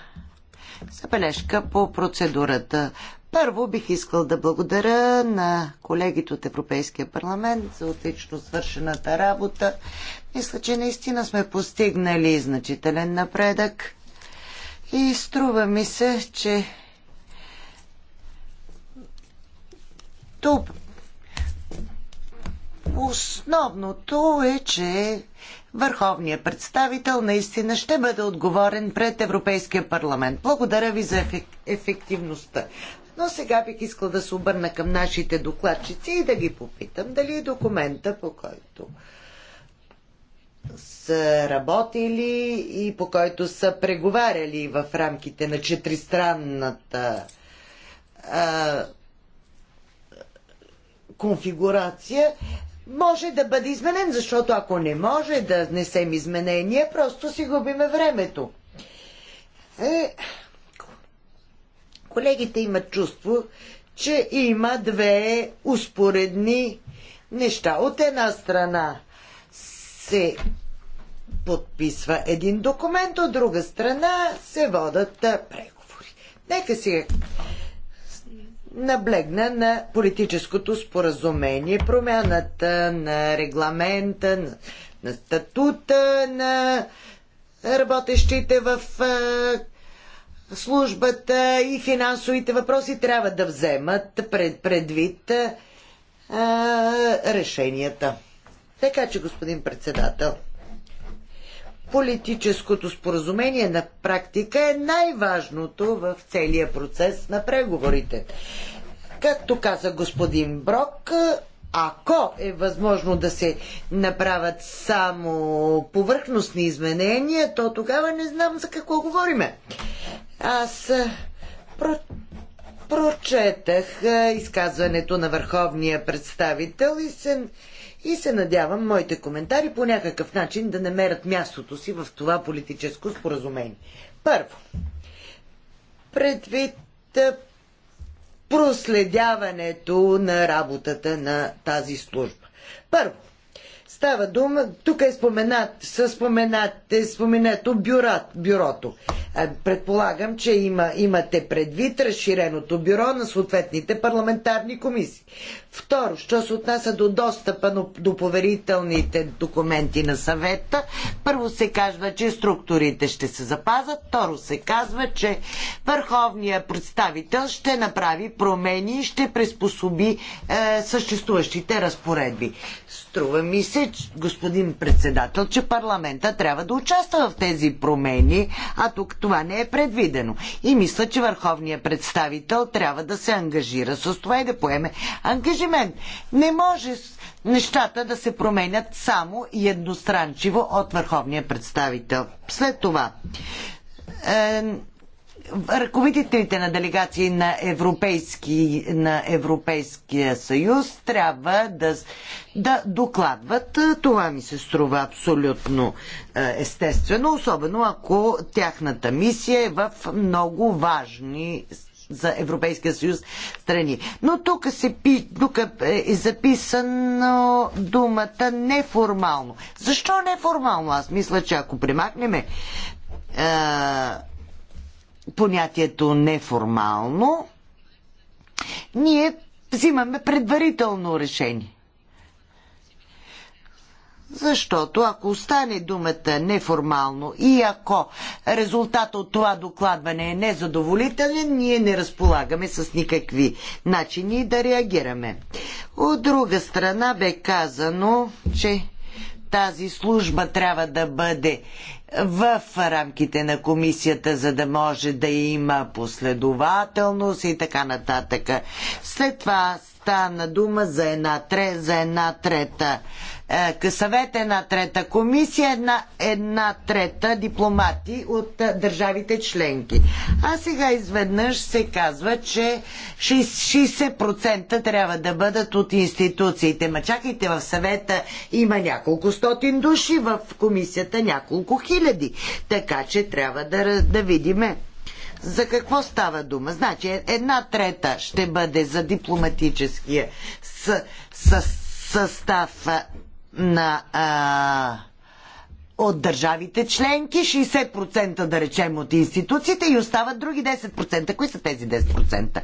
забележка по процедурата. Първо бих искал да благодаря на колегите от Европейския парламент за отлично свършената работа. Мисля, че наистина сме постигнали значителен напредък и струва ми се, че Основното е, че върховният представител наистина ще бъде отговорен пред Европейския парламент. Благодаря ви за ефек... ефективността. Но сега бих искал да се обърна към нашите докладчици и да ги попитам дали е документа, по който са работили и по който са преговаряли в рамките на четиристранната а, конфигурация, може да бъде изменен, защото ако не може да внесем изменения, просто си губиме времето. Е, колегите имат чувство, че има две успоредни неща. От една страна се подписва един документ, от друга страна се водат преговори. Нека сега наблегна на политическото споразумение, промяната на регламента, на, на статута на работещите в службата и финансовите въпроси трябва да вземат пред, предвид а, решенията. Така че, господин председател политическото споразумение на практика е най-важното в целия процес на преговорите. Както каза господин Брок, ако е възможно да се направят само повърхностни изменения, то тогава не знам за какво говориме. Аз про... прочетах изказването на върховния представител и се и се надявам моите коментари по някакъв начин да намерят мястото си в това политическо споразумение. Първо, предвид проследяването на работата на тази служба. Първо, става дума, тук е споменат, са споменат, е споменато бюрат, бюрото. Предполагам, че има, имате предвид разширеното бюро на съответните парламентарни комисии. Второ, що се отнася до достъпа до поверителните документи на съвета, първо се казва, че структурите ще се запазат, второ се казва, че върховният представител ще направи промени и ще приспособи е, съществуващите разпоредби. Струва ми се, господин председател, че парламента трябва да участва в тези промени, а тук това не е предвидено. И мисля, че върховният представител трябва да се ангажира с това и да поеме ангажиране ангажимент. Не може нещата да се променят само и едностранчиво от върховния представител. След това, е, ръководителите на делегации на, Европейски, на Европейския съюз трябва да, да докладват. Това ми се струва абсолютно е, естествено, особено ако тяхната мисия е в много важни за Европейския съюз страни. Но тук, се, тук е записано думата неформално. Защо неформално? Аз мисля, че ако е, понятието неформално, ние взимаме предварително решение. Защото ако остане думата неформално и ако резултатът от това докладване е незадоволителен, ние не разполагаме с никакви начини да реагираме. От друга страна бе казано, че тази служба трябва да бъде в рамките на комисията, за да може да има последователност и така нататък. След това стана дума за една, за една трета е, съвет, една трета комисия, една, една трета дипломати от е, държавите членки. А сега изведнъж се казва, че 60% трябва да бъдат от институциите. Ма чакайте, в съвета има няколко стотин души, в комисията няколко хиляди. Така че трябва да, да видиме. За какво става дума? Значи е, една трета ще бъде за дипломатическия с, с, състав на а, от държавите членки, 60% да речем от институциите и остават други 10%. Кои са тези 10%?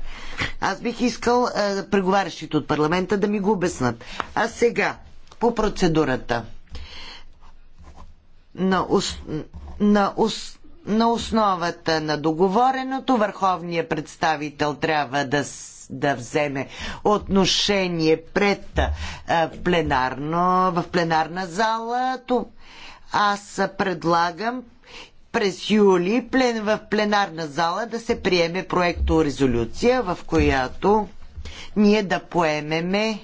Аз бих искал а, преговарящите от парламента да ми го обяснат. А сега, по процедурата. На, ос, на, ос, на основата на договореното, върховният представител трябва да да вземе отношение пред пленарно, в пленарна зала. Аз предлагам през юли плен, в пленарна зала да се приеме проекто резолюция, в която ние да поемеме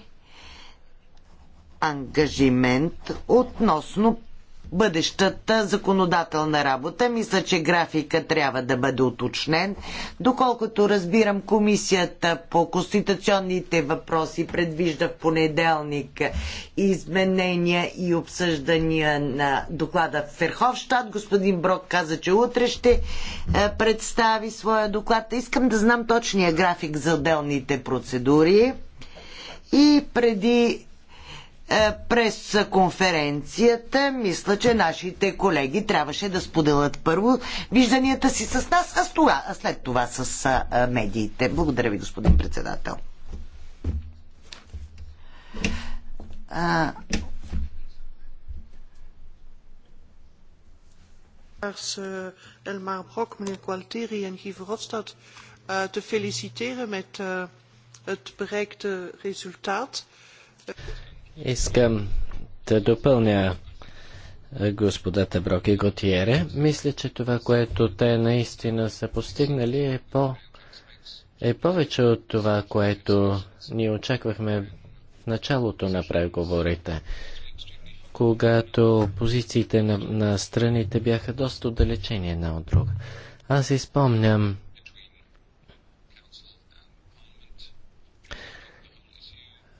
ангажимент относно бъдещата законодателна работа. Мисля, че графика трябва да бъде уточнен. Доколкото разбирам, комисията по конституционните въпроси предвижда в понеделник изменения и обсъждания на доклада в Ферховщад. Господин Брок каза, че утре ще е, представи своя доклад. Искам да знам точния график за отделните процедури. И преди е, през конференцията, мисля, че нашите колеги трябваше да споделят първо вижданията си с нас, а, това, а след това с медиите. Благодаря ви, господин председател. Аз Елмар Brok, мене Gualtieri и Guy Verhofstadt eh, te feliciteren met eh, het Искам да допълня господата Брок и Готиере. Мисля, че това, което те наистина са постигнали е, по, е повече от това, което ние очаквахме в началото на преговорите, когато позициите на, на страните бяха доста отдалечени една от друга. Аз изпомням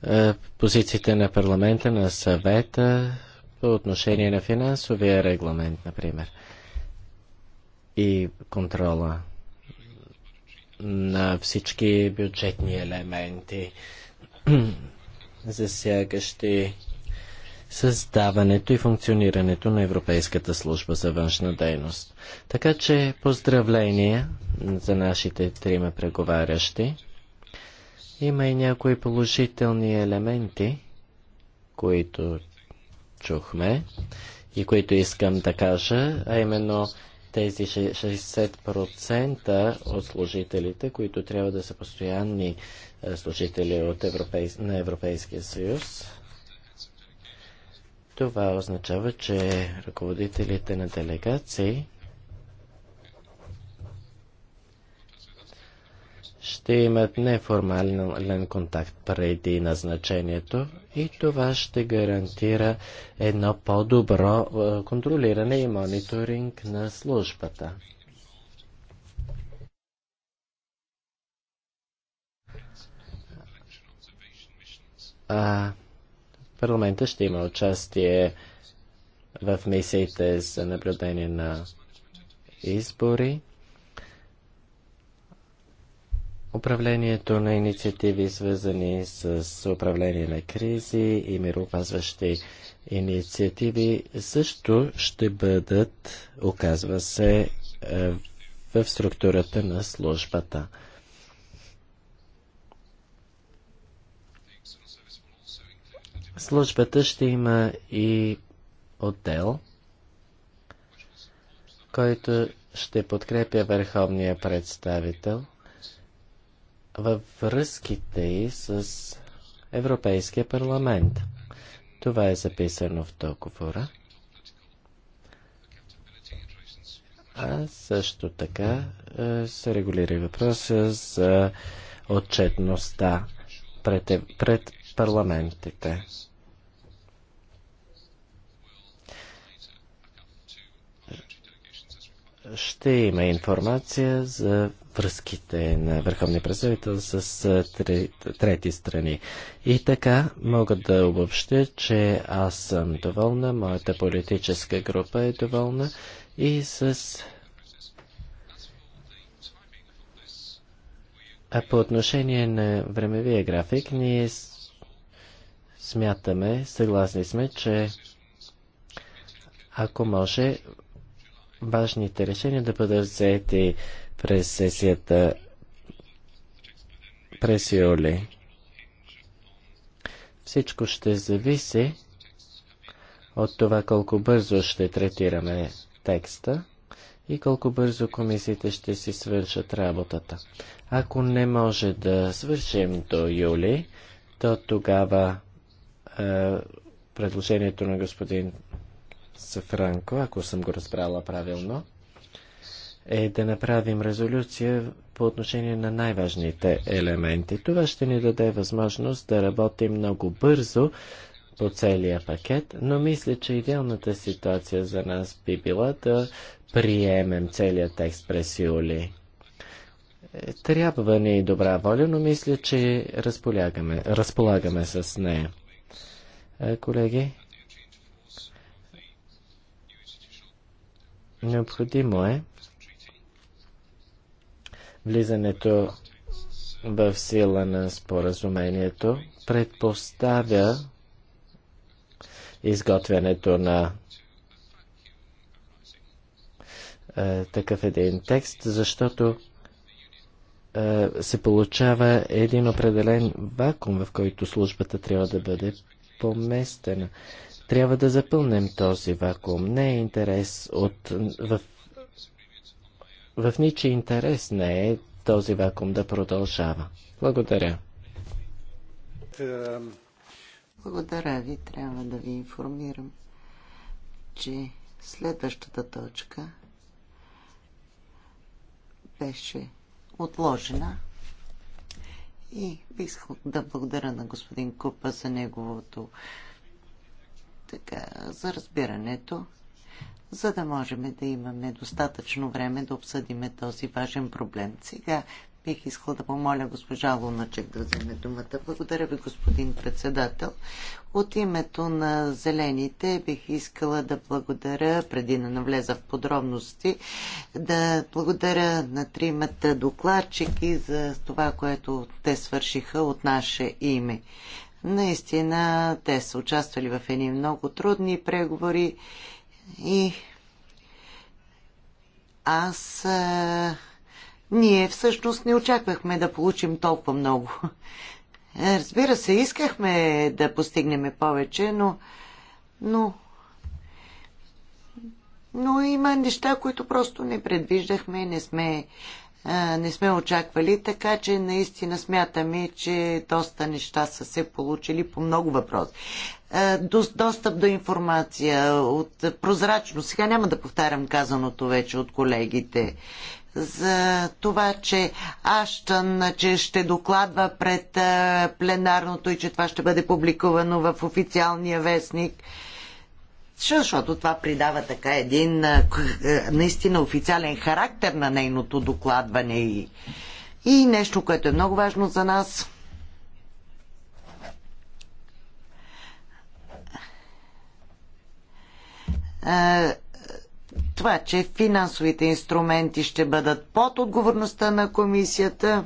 Е, позициите на парламента, на съвета по отношение на финансовия регламент, например, и контрола на всички бюджетни елементи, (clears throat) засягащи създаването и функционирането на Европейската служба за външна дейност. Така че поздравления за нашите трима преговарящи. Има и някои положителни елементи, които чухме и които искам да кажа, а именно тези 60% от служителите, които трябва да са постоянни е, служители от Европейс... на Европейския съюз. Това означава, че ръководителите на делегации ще имат неформален контакт преди назначението и това ще гарантира едно по-добро е, контролиране и мониторинг на службата. А, парламента ще има участие в мисиите за наблюдение на избори. Управлението на инициативи, свързани с управление на кризи и мироопазващи инициативи, също ще бъдат, оказва се, е, в структурата на службата. Службата ще има и отдел, който ще подкрепя върховния представител – във връзките й с Европейския парламент. Това е записано в договора. А също така е, се регулира и въпроса за отчетността пред, пред парламентите. Ще има информация за връзките на върховния представител с трети страни. И така мога да обобщя, че аз съм доволна, моята политическа група е доволна и с А по отношение на времевия график, ние смятаме, съгласни сме, че ако може важните решения да бъдат взети през сесията през юли. Всичко ще зависи от това колко бързо ще третираме текста и колко бързо комисиите ще си свършат работата. Ако не може да свършим до юли, то тогава е, предложението на господин Сафранко, ако съм го разбрала правилно, е да направим резолюция по отношение на най-важните елементи. Това ще ни даде възможност да работим много бързо по целия пакет, но мисля, че идеалната ситуация за нас би била да приемем целият текст през юли. Е, трябва ни добра воля, но мисля, че разполагаме, разполагаме с нея. Е, колеги, необходимо е Влизането в сила на споразумението предпоставя изготвянето на е, такъв един текст, защото е, се получава един определен вакуум, в който службата трябва да бъде поместена. Трябва да запълнем този вакуум. Не е интерес от, в в ничи интерес не е този вакуум да продължава. Благодаря. Благодаря ви. Трябва да ви информирам, че следващата точка беше отложена и бих да благодаря на господин Купа за неговото така, за разбирането за да можем да имаме достатъчно време да обсъдиме този важен проблем. Сега бих искала да помоля госпожа Луначек да вземе думата. Благодаря ви, господин председател. От името на Зелените бих искала да благодаря, преди да навлеза в подробности, да благодаря на тримата докладчики за това, което те свършиха от наше име. Наистина, те са участвали в едни много трудни преговори и аз... А, е, ние всъщност не очаквахме да получим толкова много. Разбира се, искахме да постигнем повече, но... но но има неща, които просто не предвиждахме, не сме, а, е, не сме очаквали, така че наистина смятаме, че доста неща са се получили по много въпроси. Е, достъп до информация, от прозрачност. Сега няма да повтарям казаното вече от колегите за това, че Аштън че ще докладва пред е, пленарното и че това ще бъде публикувано в официалния вестник. Защото това придава така един е, наистина официален характер на нейното докладване и, и нещо, което е много важно за нас това, че финансовите инструменти ще бъдат под отговорността на комисията.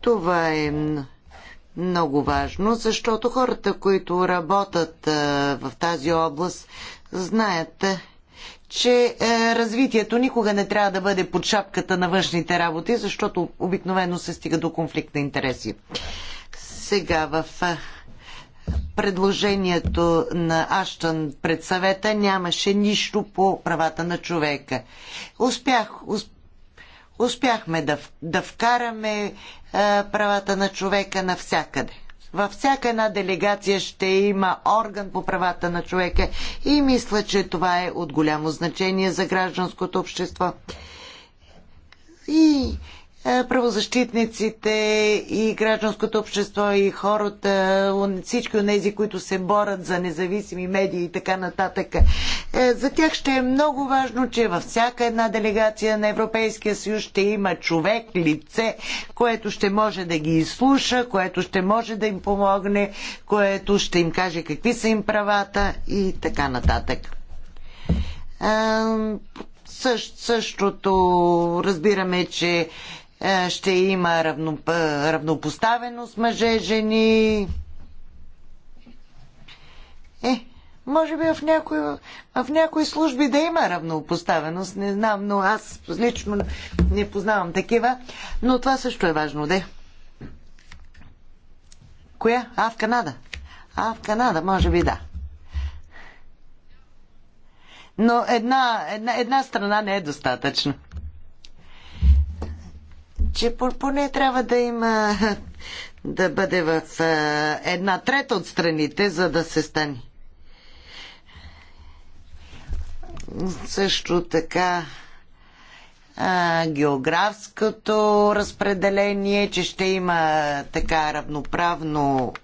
Това е много важно, защото хората, които работят в тази област, знаят, че развитието никога не трябва да бъде под шапката на външните работи, защото обикновено се стига до конфликт на интереси. Сега в предложението на Аштън пред съвета нямаше нищо по правата на човека. Успях, успяхме да, да вкараме а, е, правата на човека навсякъде. Във всяка една делегация ще има орган по правата на човека и мисля, че това е от голямо значение за гражданското общество. И е, правозащитниците и гражданското общество и хората, всички от тези, които се борят за независими медии и така нататък. Е, за тях ще е много важно, че във всяка една делегация на Европейския съюз ще има човек, лице, което ще може да ги изслуша, което ще може да им помогне, което ще им каже какви са им правата и така нататък. Същото разбираме, че е, ще има е, равнопоставеност мъже, жени. Е, може би в някои, в някои служби да има равнопоставеност, не знам, но аз лично не познавам такива. Но това също е важно, де. Коя? А, в Канада. А, в Канада, може би да. Но една, една, една страна не е достатъчна че поне трябва да има (laughs) да бъде в една трета от страните, за да се стане. Също така а, географското разпределение, че ще има така равноправно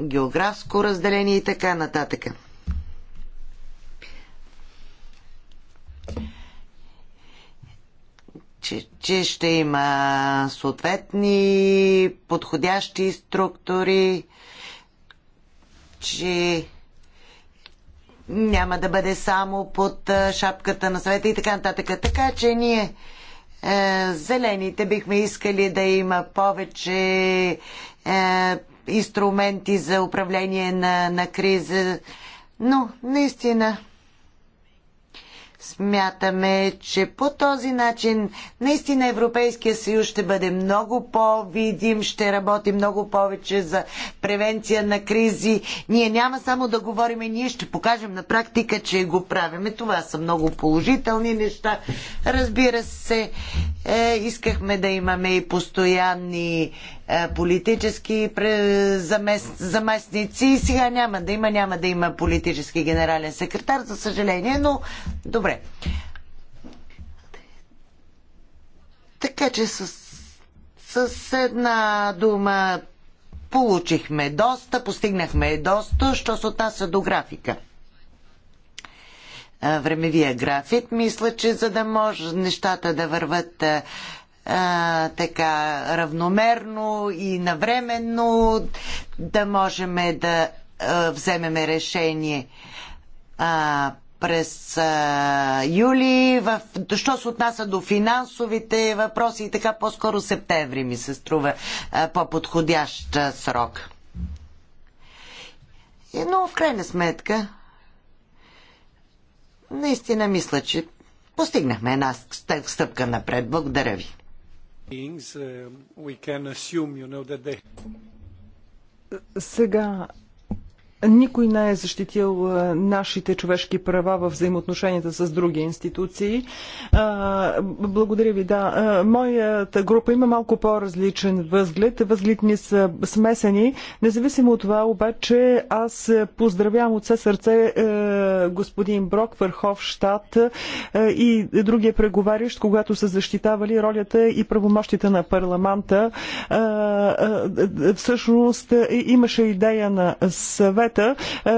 географско разделение и така нататък. че, че ще има съответни подходящи структури, че няма да бъде само под шапката на съвета и така нататък. Така че ние е, зелените бихме искали да има повече е, инструменти за управление на, на криза, но наистина Смятаме, че по този начин наистина Европейския съюз ще бъде много по-видим, ще работи много повече за превенция на кризи. Ние няма само да говорим, ние ще покажем на практика, че го правиме. Това са много положителни неща. Разбира се, е, искахме да имаме и постоянни е, политически заместници. Сега няма да има, няма да има политически генерален секретар, за съжаление, но добре добре. Така че с, с една дума получихме доста, постигнахме доста, що се отнася до графика времевия график. Мисля, че за да може нещата да върват а, така равномерно и навременно, да можем да а, вземеме решение а, през а, юли, в, що се отнася до финансовите въпроси и така, по-скоро септември ми се струва по-подходящ срок. И, е, но в крайна сметка, наистина мисля, че постигнахме една стъпка напред. Благодаря ви. Uh, Сега никой не е защитил нашите човешки права в взаимоотношенията с други институции. Благодаря ви, да. Моята група има малко по-различен възглед. Възглед ни са смесени. Независимо от това, обаче, аз поздравявам от все сърце е, господин Брок, Върхов Штат, е, и другия преговарящ, когато са защитавали ролята и правомощите на парламента. Е, всъщност имаше идея на съвет света, е,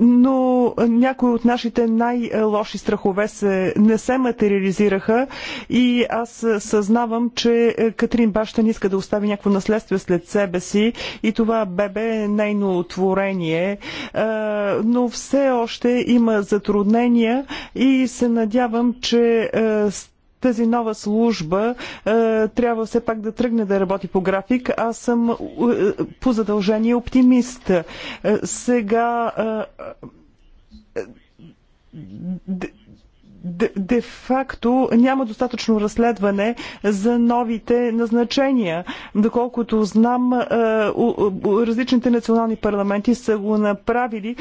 но някои от нашите най-лоши страхове се, не се материализираха и аз съзнавам, че Катрин Бащан иска да остави някакво наследство след себе си и това бебе е нейно творение, е, но все още има затруднения и се надявам, че е, тази нова служба е, трябва все пак да тръгне да работи по график. Аз съм е, по задължение оптимист. Е, сега де-факто няма достатъчно разследване за новите назначения. Доколкото знам, е, различните национални парламенти са го направили.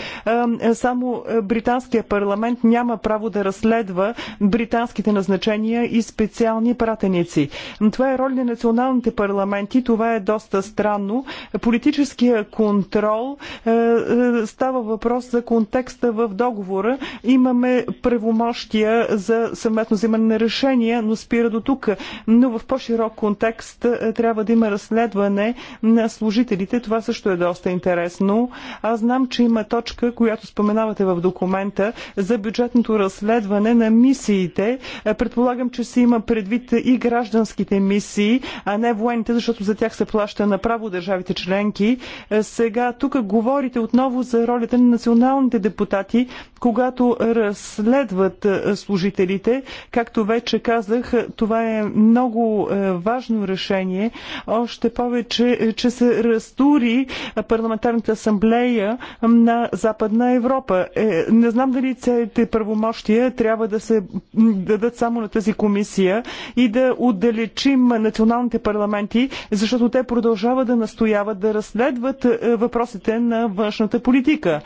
Е, само британския парламент няма право да разследва британските назначения и специални пратеници. Това е роля на националните парламенти. Това е доста странно. Политическия контрол е, става въпрос за контекста в договора. Имаме правомощия за съвместно взимане на решения, но спира до тук. Но в по-широк контекст е, трябва да има разследване на служителите. Това също е доста интересно. Аз знам, че има точка, която споменавате в документа за бюджетното разследване на мисиите. Е, предполагам, че се има предвид и гражданските мисии, а не военните, защото за тях се плаща направо държавите членки. Е, сега тук говорите отново за ролята на националните депутати, когато разследват служителите. Както вече казах, това е много е, важно решение, още повече, е, че се разтури парламентарната асамблея на Западна Европа. Е, не знам дали целите правомощия трябва да се дадат само на тази комисия и да отдалечим националните парламенти, защото те продължават да настояват да разследват въпросите на външната политика.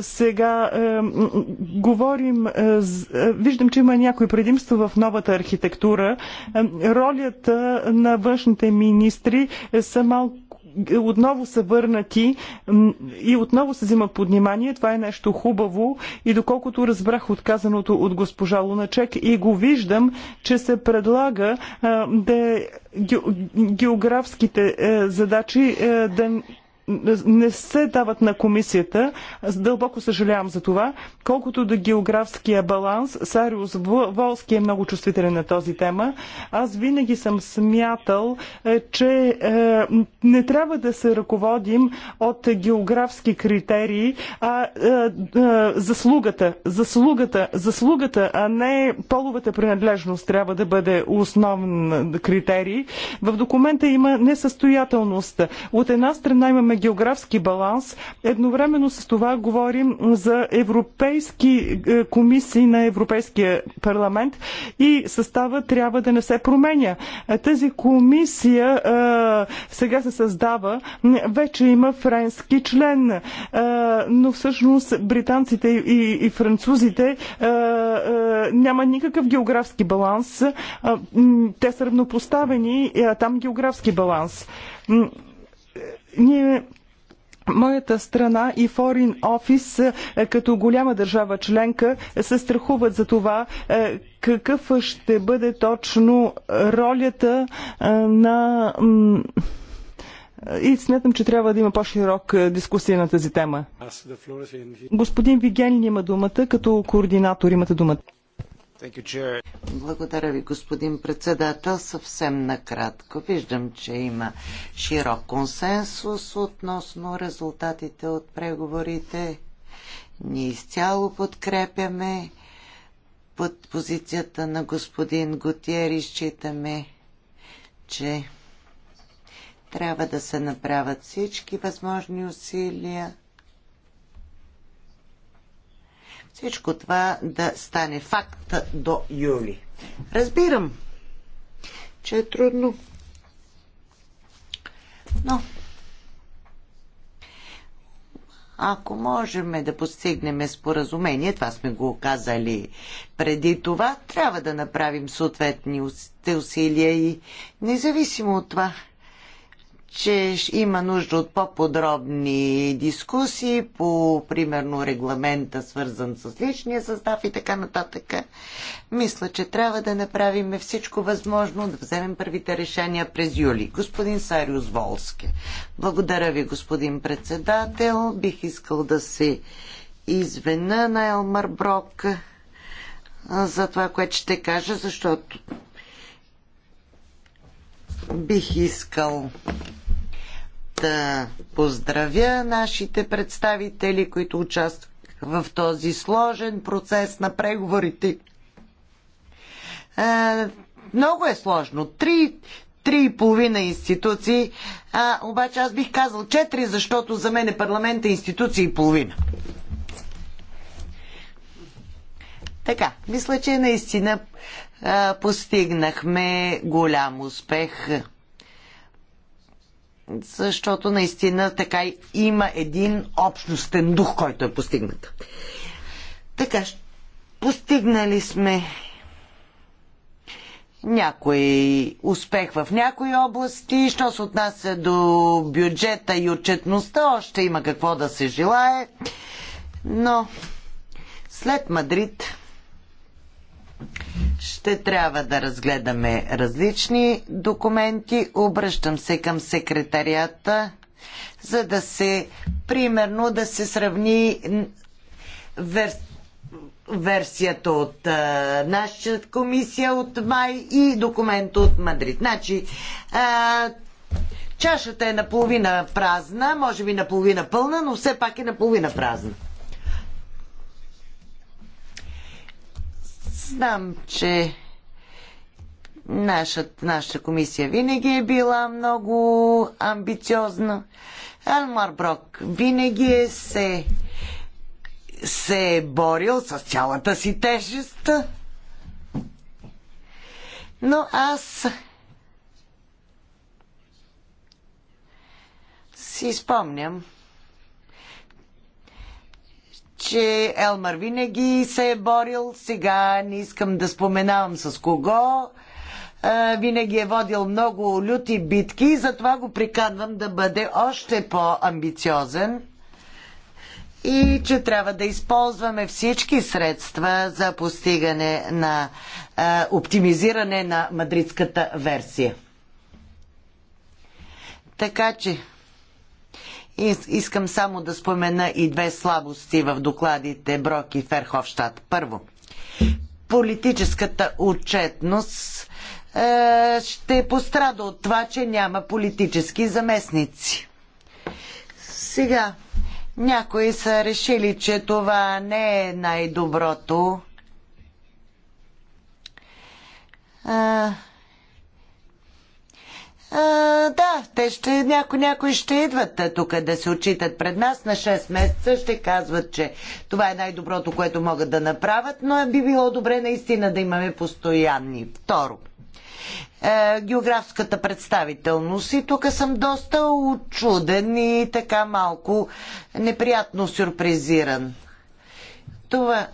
Сега говорим. Виждам, че има някои предимства в новата архитектура. Ролята на външните министри са малко отново са върнати и отново се взима под внимание. Това е нещо хубаво и доколкото разбрах отказаното от госпожа Луначек и го виждам, че се предлага да е географските е, задачи е, да не се дават на комисията. Дълбоко съжалявам за това. Колкото до географския баланс, Сариус Волски е много чувствителен на този тема. Аз винаги съм смятал, е, че е, не трябва да се ръководим от географски критерии, а е, заслугата, заслугата, заслугата, а не половата принадлежност трябва да бъде основен критерий. В документа има несъстоятелност. От една страна имаме географски баланс. Едновременно с това говорим за европейски е, комисии на Европейския парламент и състава трябва да не се променя. Е, тази комисия е, сега се създава, вече има френски член, но всъщност британците и французите няма никакъв географски баланс. Те са равнопоставени, там географски баланс. Ние Моята страна и Foreign Office е, като голяма държава членка се страхуват за това е, какъв ще бъде точно ролята е, на и смятам, че трябва да има по-широк дискусия на тази тема. Господин Вигенин има думата, като координатор имате думата. Благодаря ви, господин председател. Съвсем накратко. Виждам, че има широк консенсус относно резултатите от преговорите. Ние изцяло подкрепяме под позицията на господин Готиери. Считаме, че трябва да се направят всички възможни усилия всичко това да стане факт до юли. Разбирам, че е трудно. Но ако можем да постигнем споразумение, това сме го казали преди това, трябва да направим съответни усилия и независимо от това че има нужда от по-подробни дискусии по, примерно, регламента, свързан с личния състав и така нататък. Мисля, че трябва да направим всичко възможно, да вземем първите решения през юли. Господин Сариус Волски. Благодаря ви, господин председател. Бих искал да се извена на Елмар Брок за това, което ще кажа, защото бих искал да поздравя нашите представители, които участваха в този сложен процес на преговорите. А, много е сложно. Три, три и половина институции, а, обаче аз бих казал четири, защото за мен е парламента институции и половина. Така, мисля, че наистина а, постигнахме голям успех защото наистина така има един общностен дух, който е постигнат. Така, постигнали сме някой успех в някои области. Що се отнася до бюджета и отчетността, още има какво да се желае. Но след Мадрид ще трябва да разгледаме различни документи. Обръщам се към секретарията, за да се, примерно, да се сравни вер... версията от а, нашата комисия от май и документа от Мадрид. Значи, а, чашата е наполовина празна, може би наполовина пълна, но все пак е наполовина празна. Знам, че нашата, нашата комисия винаги е била много амбициозна. Елмар Брок винаги е се, се е борил с цялата си тежест. Но аз си спомням, че Елмар винаги се е борил, сега не искам да споменавам с кого. Винаги е водил много люти битки и затова го приканвам да бъде още по-амбициозен и че трябва да използваме всички средства за постигане на а, оптимизиране на мадридската версия. Така че Искам само да спомена и две слабости в докладите Брок и Ферховщад. Първо, политическата отчетност е, ще пострада от това, че няма политически заместници. Сега, някои са решили, че това не е най-доброто. Е, а, да, те ще, няко, някои ще идват тук да се отчитат пред нас на 6 месеца, ще казват, че това е най-доброто, което могат да направят, но би било добре наистина да имаме постоянни. Второ, е, географската представителност и тук съм доста очуден и така малко неприятно сюрпризиран. Това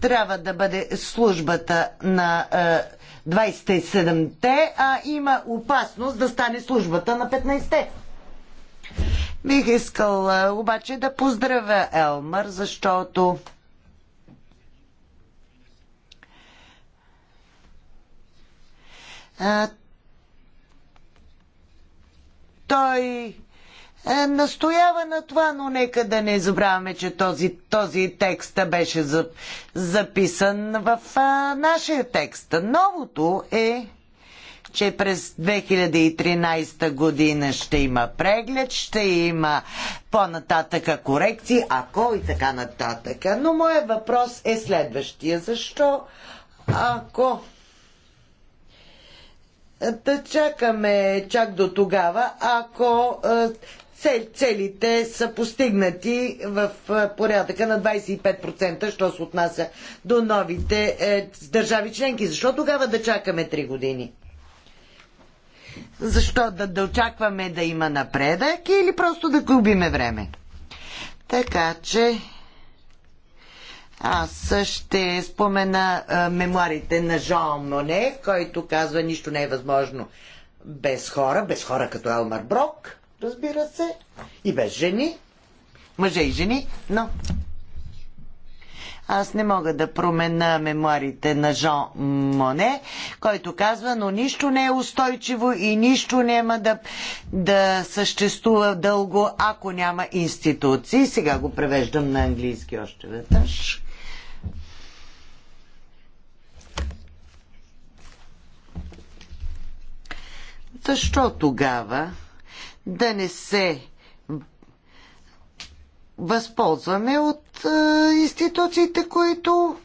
трябва да бъде службата на е, 27-те, а има опасност да стане службата на 15-те. Бих искал обаче да поздравя Елмър, защото той е, настоява на това, но нека да не забравяме, че този, този текст беше записан в а, нашия текст. Новото е, че през 2013 година ще има преглед, ще има по-нататъка корекции, ако и така нататък. Но моят въпрос е следващия. Защо ако да чакаме чак до тогава, ако целите са постигнати в порядъка на 25%, що се отнася до новите е, държави членки. Защо тогава да чакаме 3 години? Защо да, да очакваме да има напредък или просто да губиме време? Така че аз ще спомена а, мемуарите на Жан Моне, който казва нищо не е възможно без хора, без хора като Елмар Брок – разбира се, и без жени, мъже и жени, но аз не мога да промена мемуарите на Жон Моне, който казва, но нищо не е устойчиво и нищо няма да, да съществува дълго, ако няма институции. Сега го превеждам на английски още веднъж. Защо тогава да не се възползваме от институциите, които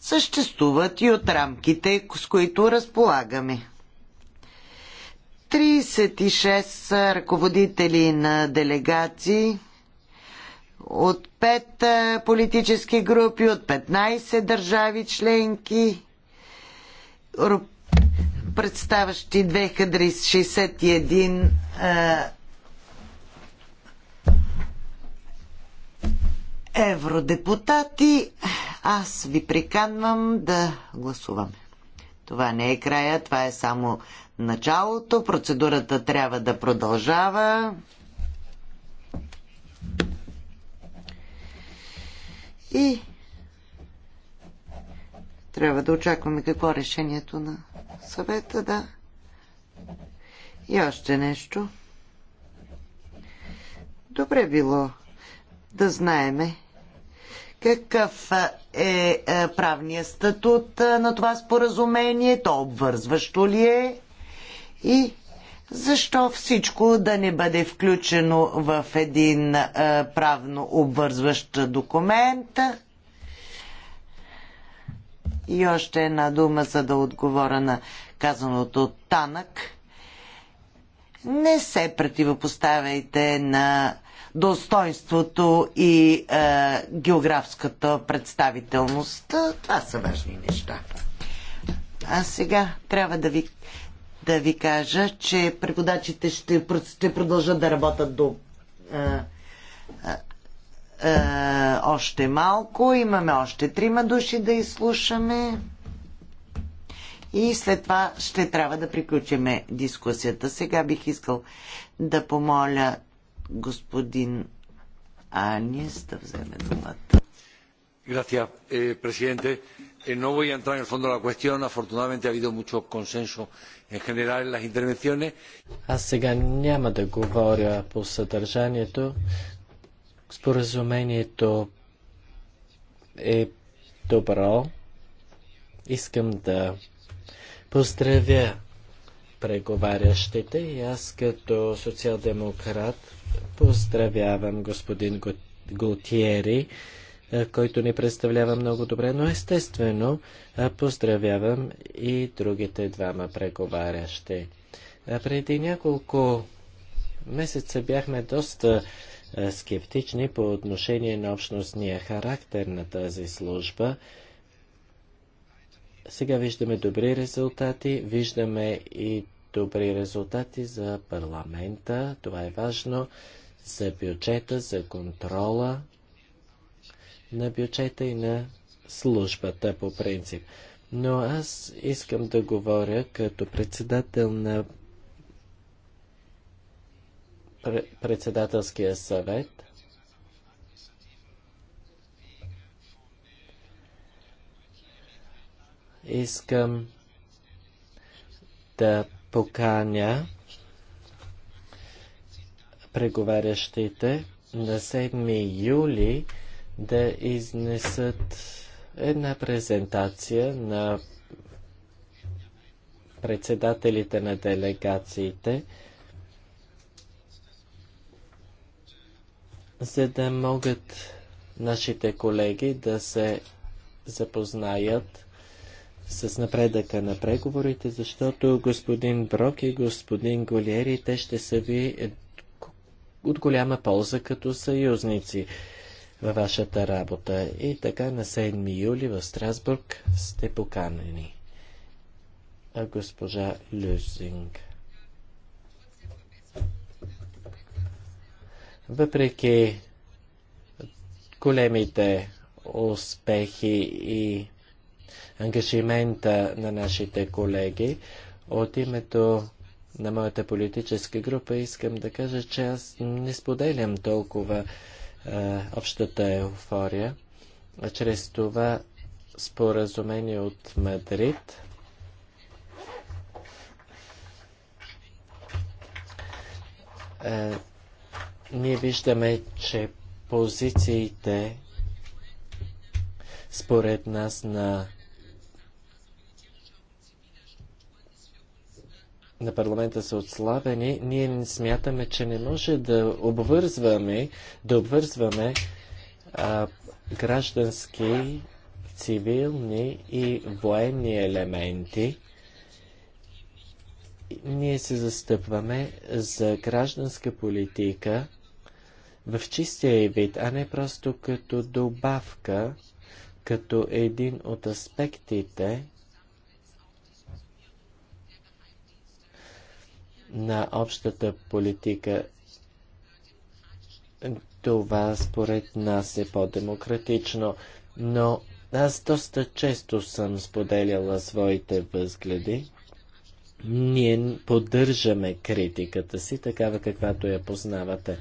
съществуват и от рамките, с които разполагаме. 36 ръководители на делегации от 5 политически групи, от 15 държави членки, представащи 261 евродепутати, аз ви приканвам да гласуваме. Това не е края, това е само началото. Процедурата трябва да продължава. И трябва да очакваме какво е решението на съвета, да. И още нещо. Добре било да знаеме какъв е правният статут на това споразумение, то обвързващо ли е и защо всичко да не бъде включено в един правно обвързващ документ. И още една дума, за да отговоря на казаното от Танък. Не се противопоставяйте на достоинството и е, географската представителност. Това са важни неща. А сега трябва да ви, да ви кажа, че преводачите ще, ще продължат да работят до е, е, е още малко. Имаме още трима души да изслушаме. И след това ще трябва да приключиме дискусията. Сега бих искал да помоля Господин Анис да вземе думата. Gracias, eh, presidente. Eh, no voy a entrar en el fondo de la cuestión. Afortunadamente ha habido mucho consenso en general en las intervenciones. Аз сега няма да говоря по съдържанието. Споразумението е добро. Искам да поздравя преговарящите и аз като социал-демократ Поздравявам господин Голтиери, който ни представлява много добре, но естествено поздравявам и другите двама преговарящи. Преди няколко месеца бяхме доста скептични по отношение на общностния характер на тази служба. Сега виждаме добри резултати, виждаме и добри резултати за парламента. Това е важно за бюджета, за контрола на бюджета и на службата по принцип. Но аз искам да говоря като председател на председателския съвет. Искам да поканя преговарящите на 7 юли да изнесат една презентация на председателите на делегациите, за да могат нашите колеги да се запознаят с напредъка на преговорите, защото господин Брок и господин Голиери, те ще са ви от голяма полза като съюзници във вашата работа. И така на 7 юли в Страсбург сте поканени. А госпожа Люзинг. Въпреки големите успехи и ангажимента на нашите колеги. От името на моята политическа група искам да кажа, че аз не споделям толкова е, общата еуфория. Чрез това споразумение от Мадрид е, ние виждаме, че позициите според нас на на парламента са отслабени, ние смятаме, че не може да обвързваме, да обвързваме а, граждански, цивилни и военни елементи. Ние се застъпваме за гражданска политика в чистия и вид, а не просто като добавка, като един от аспектите на общата политика. Това според нас е по-демократично, но аз доста често съм споделяла своите възгледи. Ние поддържаме критиката си, такава каквато я познавате.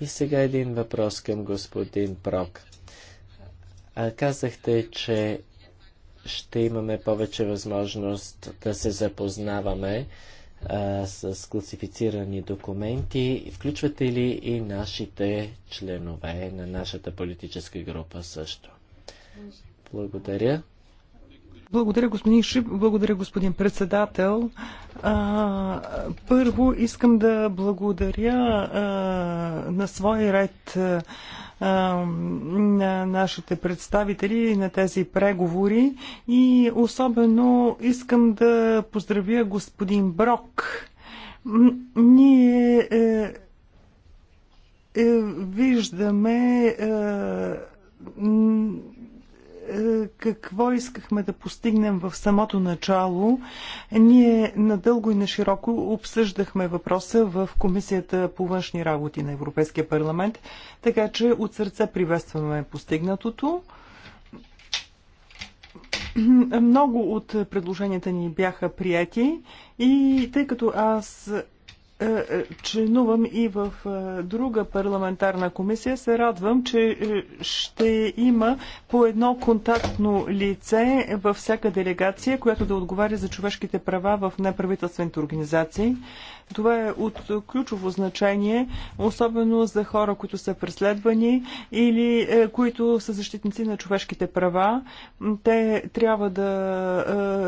И сега един въпрос към господин Прок. А, казахте, че ще имаме повече възможност да се запознаваме а, с класифицирани документи. Включвате ли и нашите членове на нашата политическа група също? Благодаря. Благодаря, господин Шип. Благодаря, господин председател. А, първо искам да благодаря а, на свой ред а, на нашите представители на тези преговори и особено искам да поздравя господин Брок. Ние е, е, виждаме е, какво искахме да постигнем в самото начало. Ние надълго и на широко обсъждахме въпроса в Комисията по външни работи на Европейския парламент, така че от сърце приветстваме постигнатото. Много от предложенията ни бяха прияти и тъй като аз е, е, членувам и в е, друга парламентарна комисия. Се радвам, че ще има по едно контактно лице във всяка делегация, която да отговаря за човешките права в неправителствените организации. Това е от ключово значение, особено за хора, които са преследвани или които са защитници на човешките права. Те трябва да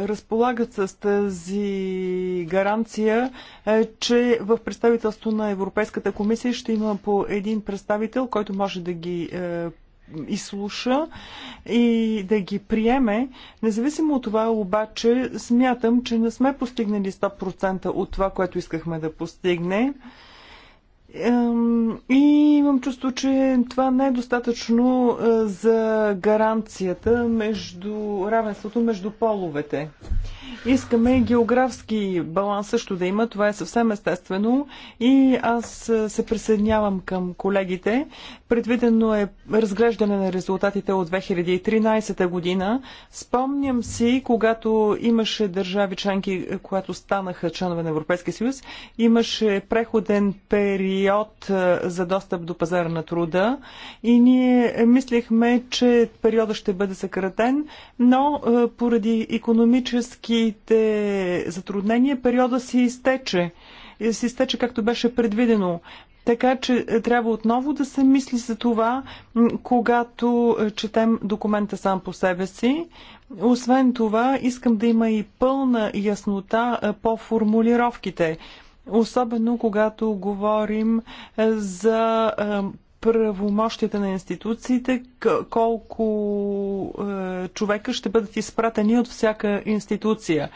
разполагат с тази гаранция, че в представителство на Европейската комисия ще има по един представител, който може да ги е, изслуша и да ги приеме. Независимо от това, обаче, смятам, че не сме постигнали 100% от това, което искахме да постигне. И имам чувство, че това не е достатъчно е, за гаранцията между равенството между половете. Искаме географски баланс също да има. Това е съвсем естествено. И аз се присъединявам към колегите. Предвидено е разглеждане на резултатите от 2013 година. Спомням си, когато имаше държави членки, които станаха членове на Европейския съюз, имаше преходен период за достъп до пазара на труда и ние мислихме, че периода ще бъде съкратен, но поради економически техническите затруднения, периода си изтече. Си изтече както беше предвидено. Така че е, трябва отново да се мисли за това, когато е, четем документа сам по себе си. Освен това, искам да има и пълна яснота е, по формулировките особено когато говорим за правомощията на институциите, колко е, човека ще бъдат изпратени от всяка институция.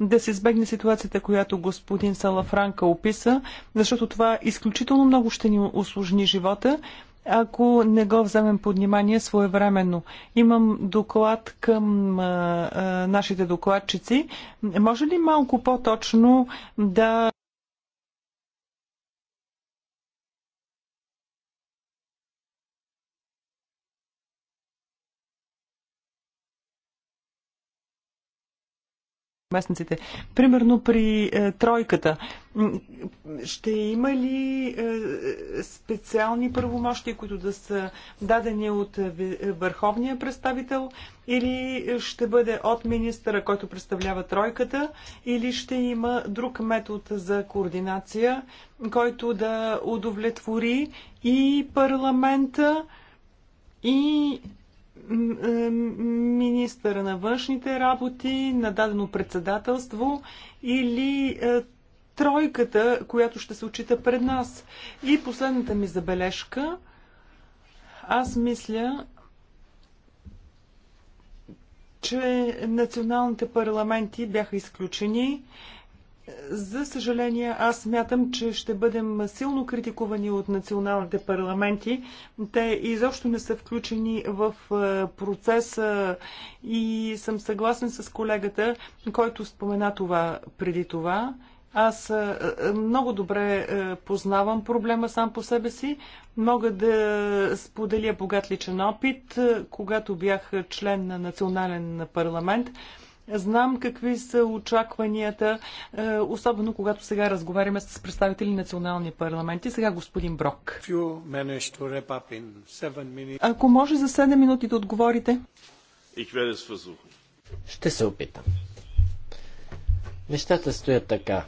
Да се избегне ситуацията, която господин Салафранка описа, защото това изключително много ще ни осложни живота, ако не го вземем под внимание своевременно. Имам доклад към а, е, а, е, нашите докладчици. Може ли малко по-точно да местниците. Примерно при е, тройката. Ще има ли е, специални правомощи, които да са дадени от е, е, върховния представител или ще бъде от министъра, който представлява тройката, или ще има друг метод за координация, който да удовлетвори и парламента, и министъра на външните работи, на дадено председателство или е, тройката, която ще се очита пред нас. И последната ми забележка. Аз мисля, че националните парламенти бяха изключени. За съжаление, аз мятам, че ще бъдем силно критикувани от националните парламенти. Те изобщо не са включени в е, процеса и съм съгласен с колегата, който спомена това преди това. Аз е, много добре е, познавам проблема сам по себе си. Мога да споделя богат личен опит, когато бях член на национален парламент. Знам какви са очакванията, е, особено когато сега разговаряме с представители на национални парламенти. сега господин Брок. Ако може за 7 минути да отговорите. Ще се опитам. Нещата стоят така.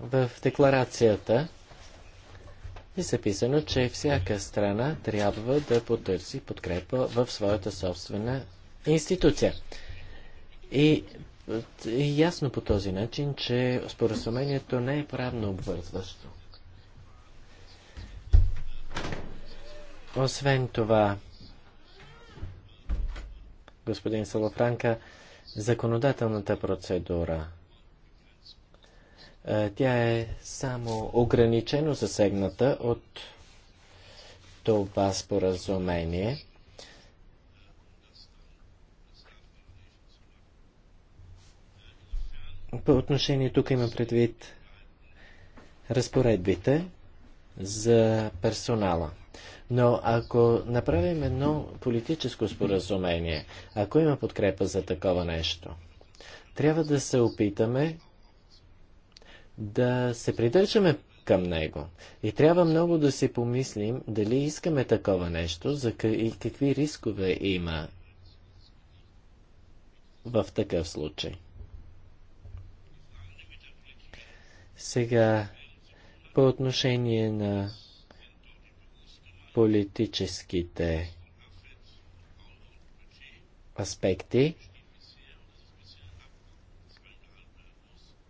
В декларацията е записано, че всяка страна трябва да потърси подкрепа в своята собствена институция. И е ясно по този начин, че споразумението не е правно обвързващо. Освен това, господин Салофранка, законодателната процедура – е, тя е само ограничено засегната от това споразумение. По отношение тук има предвид разпоредбите за персонала. Но ако направим едно политическо споразумение, ако има подкрепа за такова нещо, трябва да се опитаме да се придържаме към него. И трябва много да си помислим дали искаме такова нещо за и какви рискове има в такъв случай. Сега, по отношение на политическите аспекти,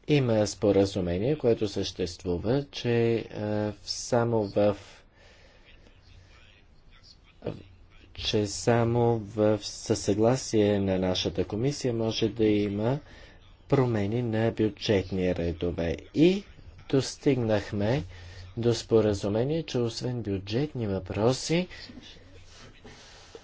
Има споразумение, което съществува, че е, само в че само в със съгласие на нашата комисия може да има промени на бюджетни редове. И достигнахме до споразумение, че освен бюджетни въпроси,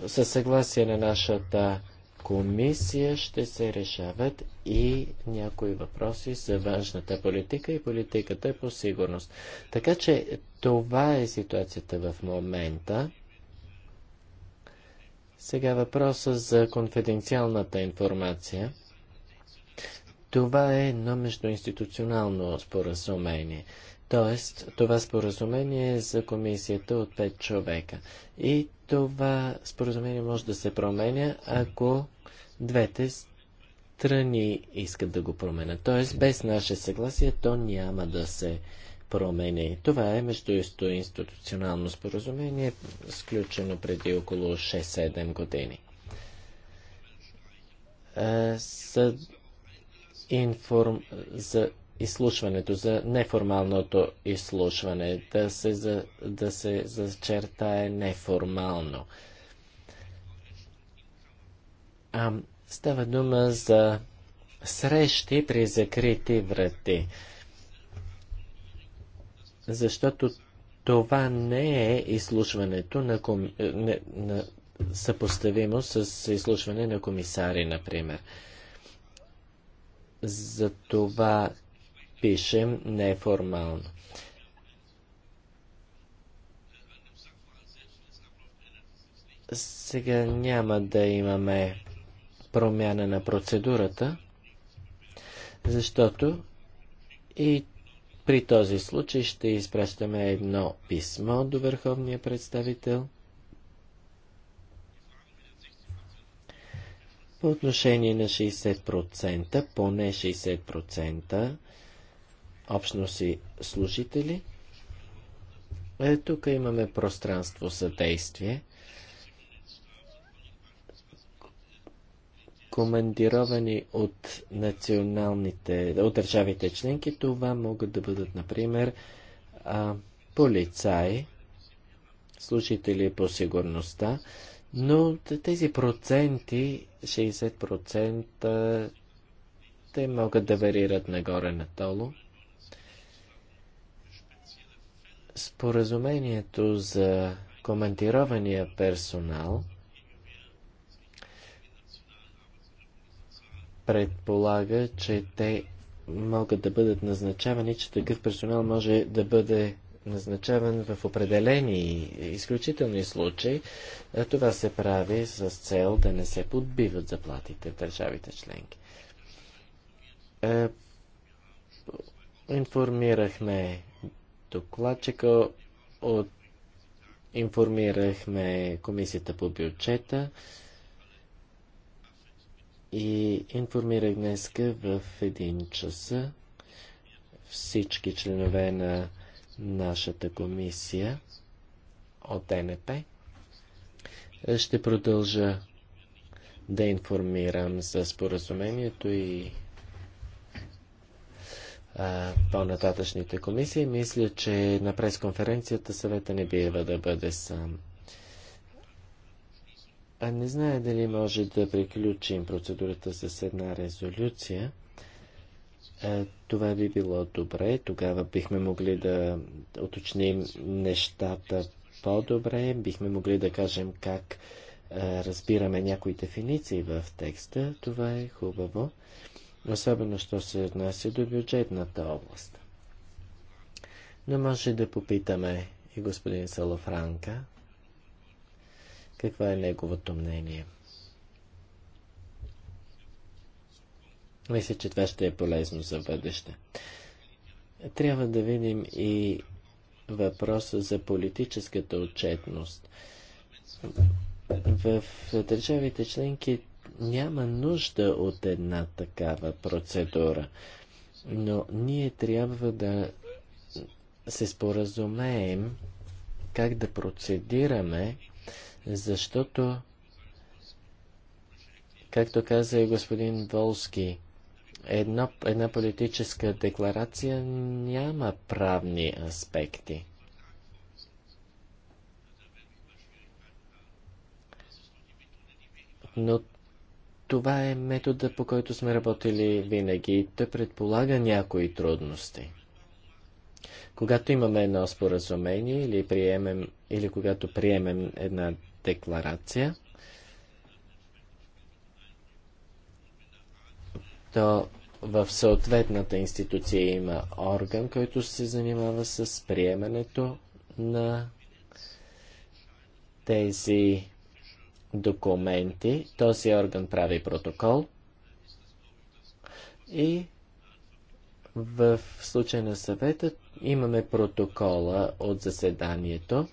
със съгласие на нашата комисия, комисия ще се решават и някои въпроси за външната политика и политиката по сигурност. Така че това е ситуацията в момента. Сега въпроса за конфиденциалната информация. Това е едно междуинституционално споразумение. Тоест, това споразумение е за комисията от 5 човека. И това споразумение може да се променя, ако двете страни искат да го променят. Тоест, без наше съгласие то няма да се промени. Това е институционално споразумение, сключено преди около 6-7 години. За, информ... за изслушването, за неформалното изслушване, да се, за... да се зачертае неформално. А, става дума за срещи при закрити врати. Защото това не е изслушването на, ком... не, на съпоставимо с изслушване на комисари, например. За това пишем неформално. Сега няма да имаме промяна на процедурата, защото и при този случай ще изпращаме едно писмо до върховния представител по отношение на 60%, поне 60% общности служители. Е, тук имаме пространство за действие. командировани от националните, от държавите членки. Това могат да бъдат, например, а, полицаи, служители по сигурността, но тези проценти, 60%, те могат да варират нагоре-надолу. Споразумението за командирования персонал – предполага, че те могат да бъдат назначавани, че такъв персонал може да бъде назначаван в определени изключителни случаи. Това се прави с цел да не се подбиват заплатите в държавите членки. информирахме докладчика от информирахме комисията по бюджета и информирах днеска в един час всички членове на нашата комисия от ДНП. Ще продължа да информирам за споразумението и по-нататъчните комисии. Мисля, че на пресконференцията съвета не бива да бъде сам. А не зная дали може да приключим процедурата с една резолюция. Това би било добре. Тогава бихме могли да уточним нещата по-добре. Бихме могли да кажем как разбираме някои дефиниции в текста. Това е хубаво. Особено, що се отнася до бюджетната област. Но може да попитаме и господин Салофранка какво е неговото мнение? Мисля, че това ще е полезно за бъдеще. Трябва да видим и въпроса за политическата отчетност. В държавите членки няма нужда от една такава процедура, но ние трябва да се споразумеем как да процедираме защото, както каза и господин Волски, една, една политическа декларация няма правни аспекти. Но това е метода, по който сме работили винаги. Той предполага някои трудности. Когато имаме едно споразумение или, приемем, или когато приемем една декларация, то в съответната институция има орган, който се занимава с приемането на тези документи. Този орган прави протокол и в случай на съвета имаме протокола от заседанието,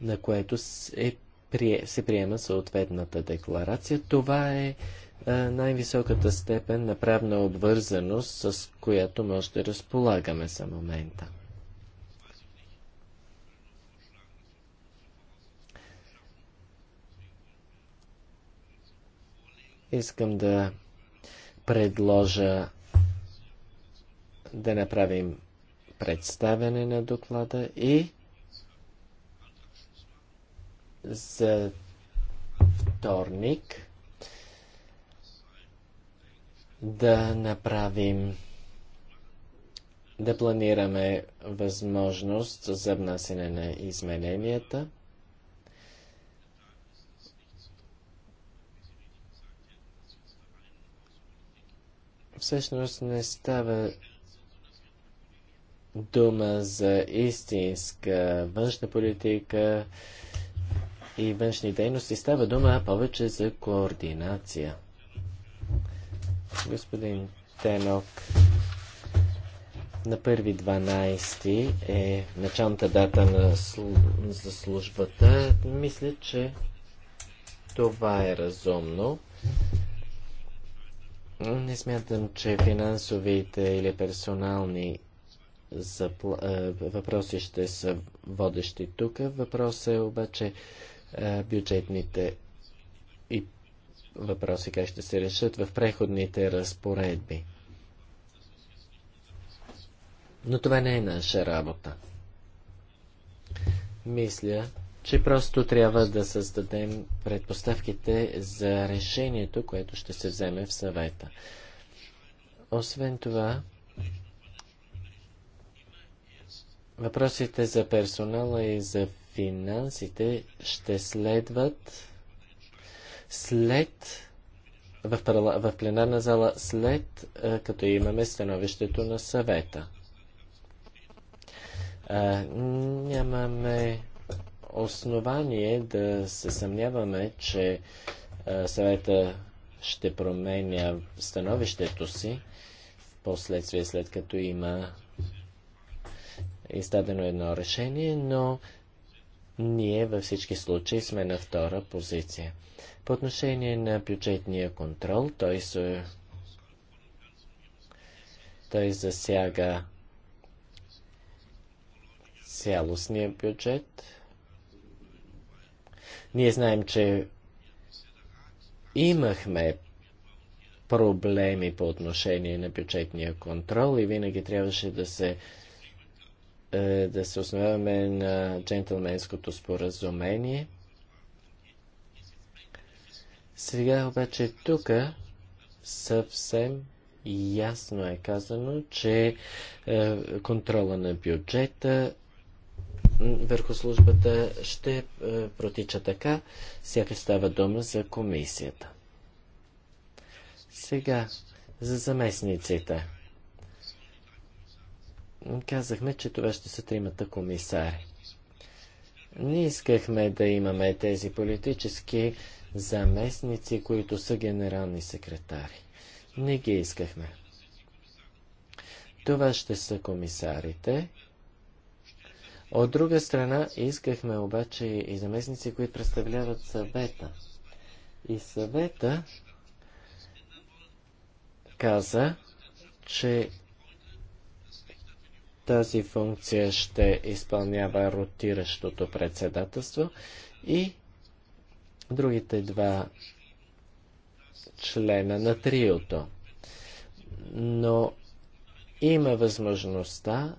на което е се приема съответната декларация. Това е най-високата степен на правна обвързаност, с която може да разполагаме за момента. Искам да предложа да направим представяне на доклада и за вторник да направим да планираме възможност за внасене на измененията. Всъщност не става дума за истинска външна политика, и външни дейности става дума повече за координация. Господин Тенок, на 1.12 е началната дата на сл... за службата. Мисля, че това е разумно. Не смятам, че финансовите или персонални запла... Е, въпроси ще са водещи тук. Въпросът е обаче е, бюджетните и въпроси как ще се решат в преходните разпоредби. Но това не е наша работа. Мисля, че просто трябва да създадем предпоставките за решението, което ще се вземе в съвета. Освен това, въпросите за персонала и за финансите ще следват след в, в пленарна зала след като имаме становището на съвета. А, нямаме основание да се съмняваме, че а, съвета ще променя становището си в последствие, след като има издадено едно решение, но ние във всички случаи сме на втора позиция. По отношение на бюджетния контрол, той, се... той засяга цялостния бюджет. Ние знаем, че имахме проблеми по отношение на бюджетния контрол и винаги трябваше да се е, да се основаваме на джентълменското споразумение. Сега обаче тук съвсем ясно е казано, че е, контрола на бюджета върху службата ще е, протича така, Всяка става дума за комисията. Сега за заместниците казахме, че това ще са тримата комисари. Ние искахме да имаме тези политически заместници, които са генерални секретари. Не ги искахме. Това ще са комисарите. От друга страна, искахме обаче и заместници, които представляват съвета. И съвета каза, че тази функция ще изпълнява ротиращото председателство и другите два члена на триото. Но има възможността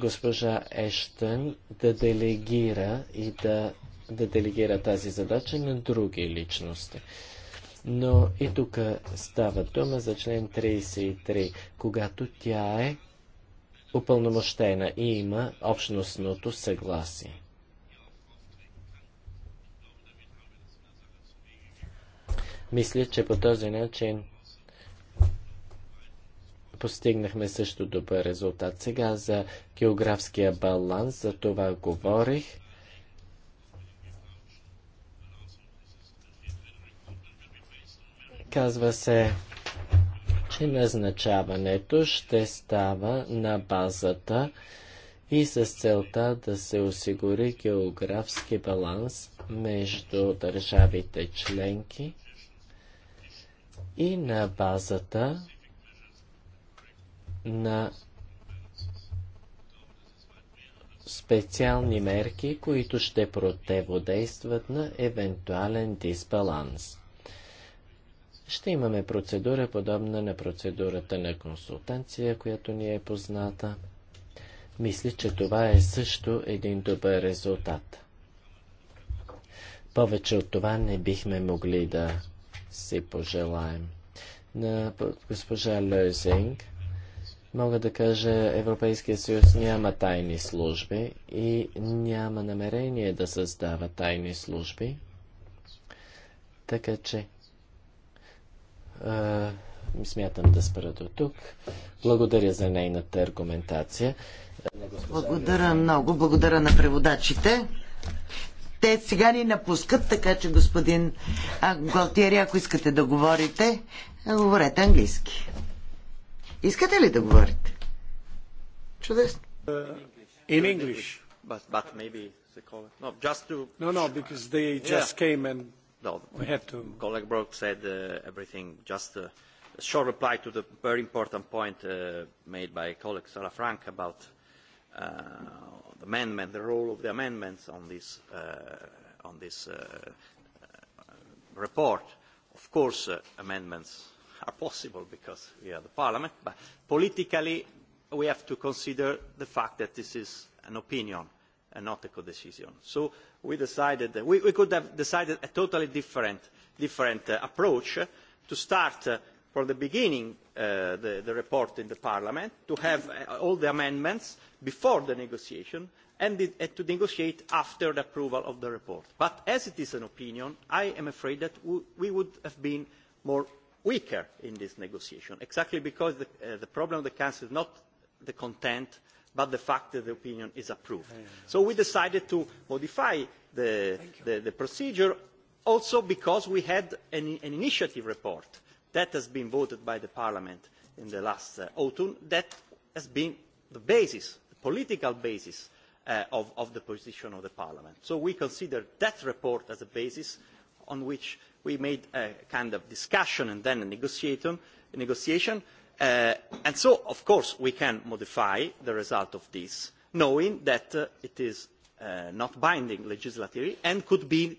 госпожа Ештън да делегира и да, да делегира тази задача на други личности. Но и тук става дума за член 33, когато тя е упълномощена и има общностното съгласие. Мисля, че по този начин постигнахме също добър резултат. Сега за географския баланс, за това говорих. Казва се, назначаването ще става на базата и с целта да се осигури географски баланс между държавите членки и на базата на специални мерки, които ще противодействат на евентуален дисбаланс ще имаме процедура, подобна на процедурата на консултация, която ни е позната. Мисля, че това е също един добър резултат. Повече от това не бихме могли да си пожелаем. На госпожа Лезинг мога да кажа, Европейския съюз няма тайни служби и няма намерение да създава тайни служби. Така че Смятам да спра до тук. Благодаря за нейната аргументация. Благодаря много. Благодаря на преводачите. Те сега ни напускат, така че господин Галтиери, ако искате да говорите, говорете английски. Искате ли да говорите? Чудесно. Uh, in English. But, but maybe they call. No, just to... No, no, because they just yeah. came and No, we have to. Colleague Brock said uh, everything. Just a short reply to the very important point uh, made by colleague Salafranca about uh, the amendment, the role of the amendments on this uh, on this uh, report. Of course, uh, amendments are possible because we are the Parliament, but politically we have to consider the fact that this is an opinion and not a codecision. So we decided that we, we could have decided a totally different, different uh, approach to start uh, from the beginning uh, the, the report in the Parliament, to have uh, all the amendments before the negotiation, and, and to negotiate after the approval of the report. But as it is an opinion, I am afraid that we would have been more weaker in this negotiation, exactly because the, uh, the problem of the Council is not the content but the fact that the opinion is approved. So we decided to modify the, the, the procedure also because we had an, an initiative report that has been voted by the Parliament in the last uh, autumn that has been the basis, the political basis uh, of, of the position of the Parliament. So we consider that report as a basis on which we made a kind of discussion and then a negotiation, a negotiation and so, of course, we can modify the result of this, knowing that it is not binding legislatively and could be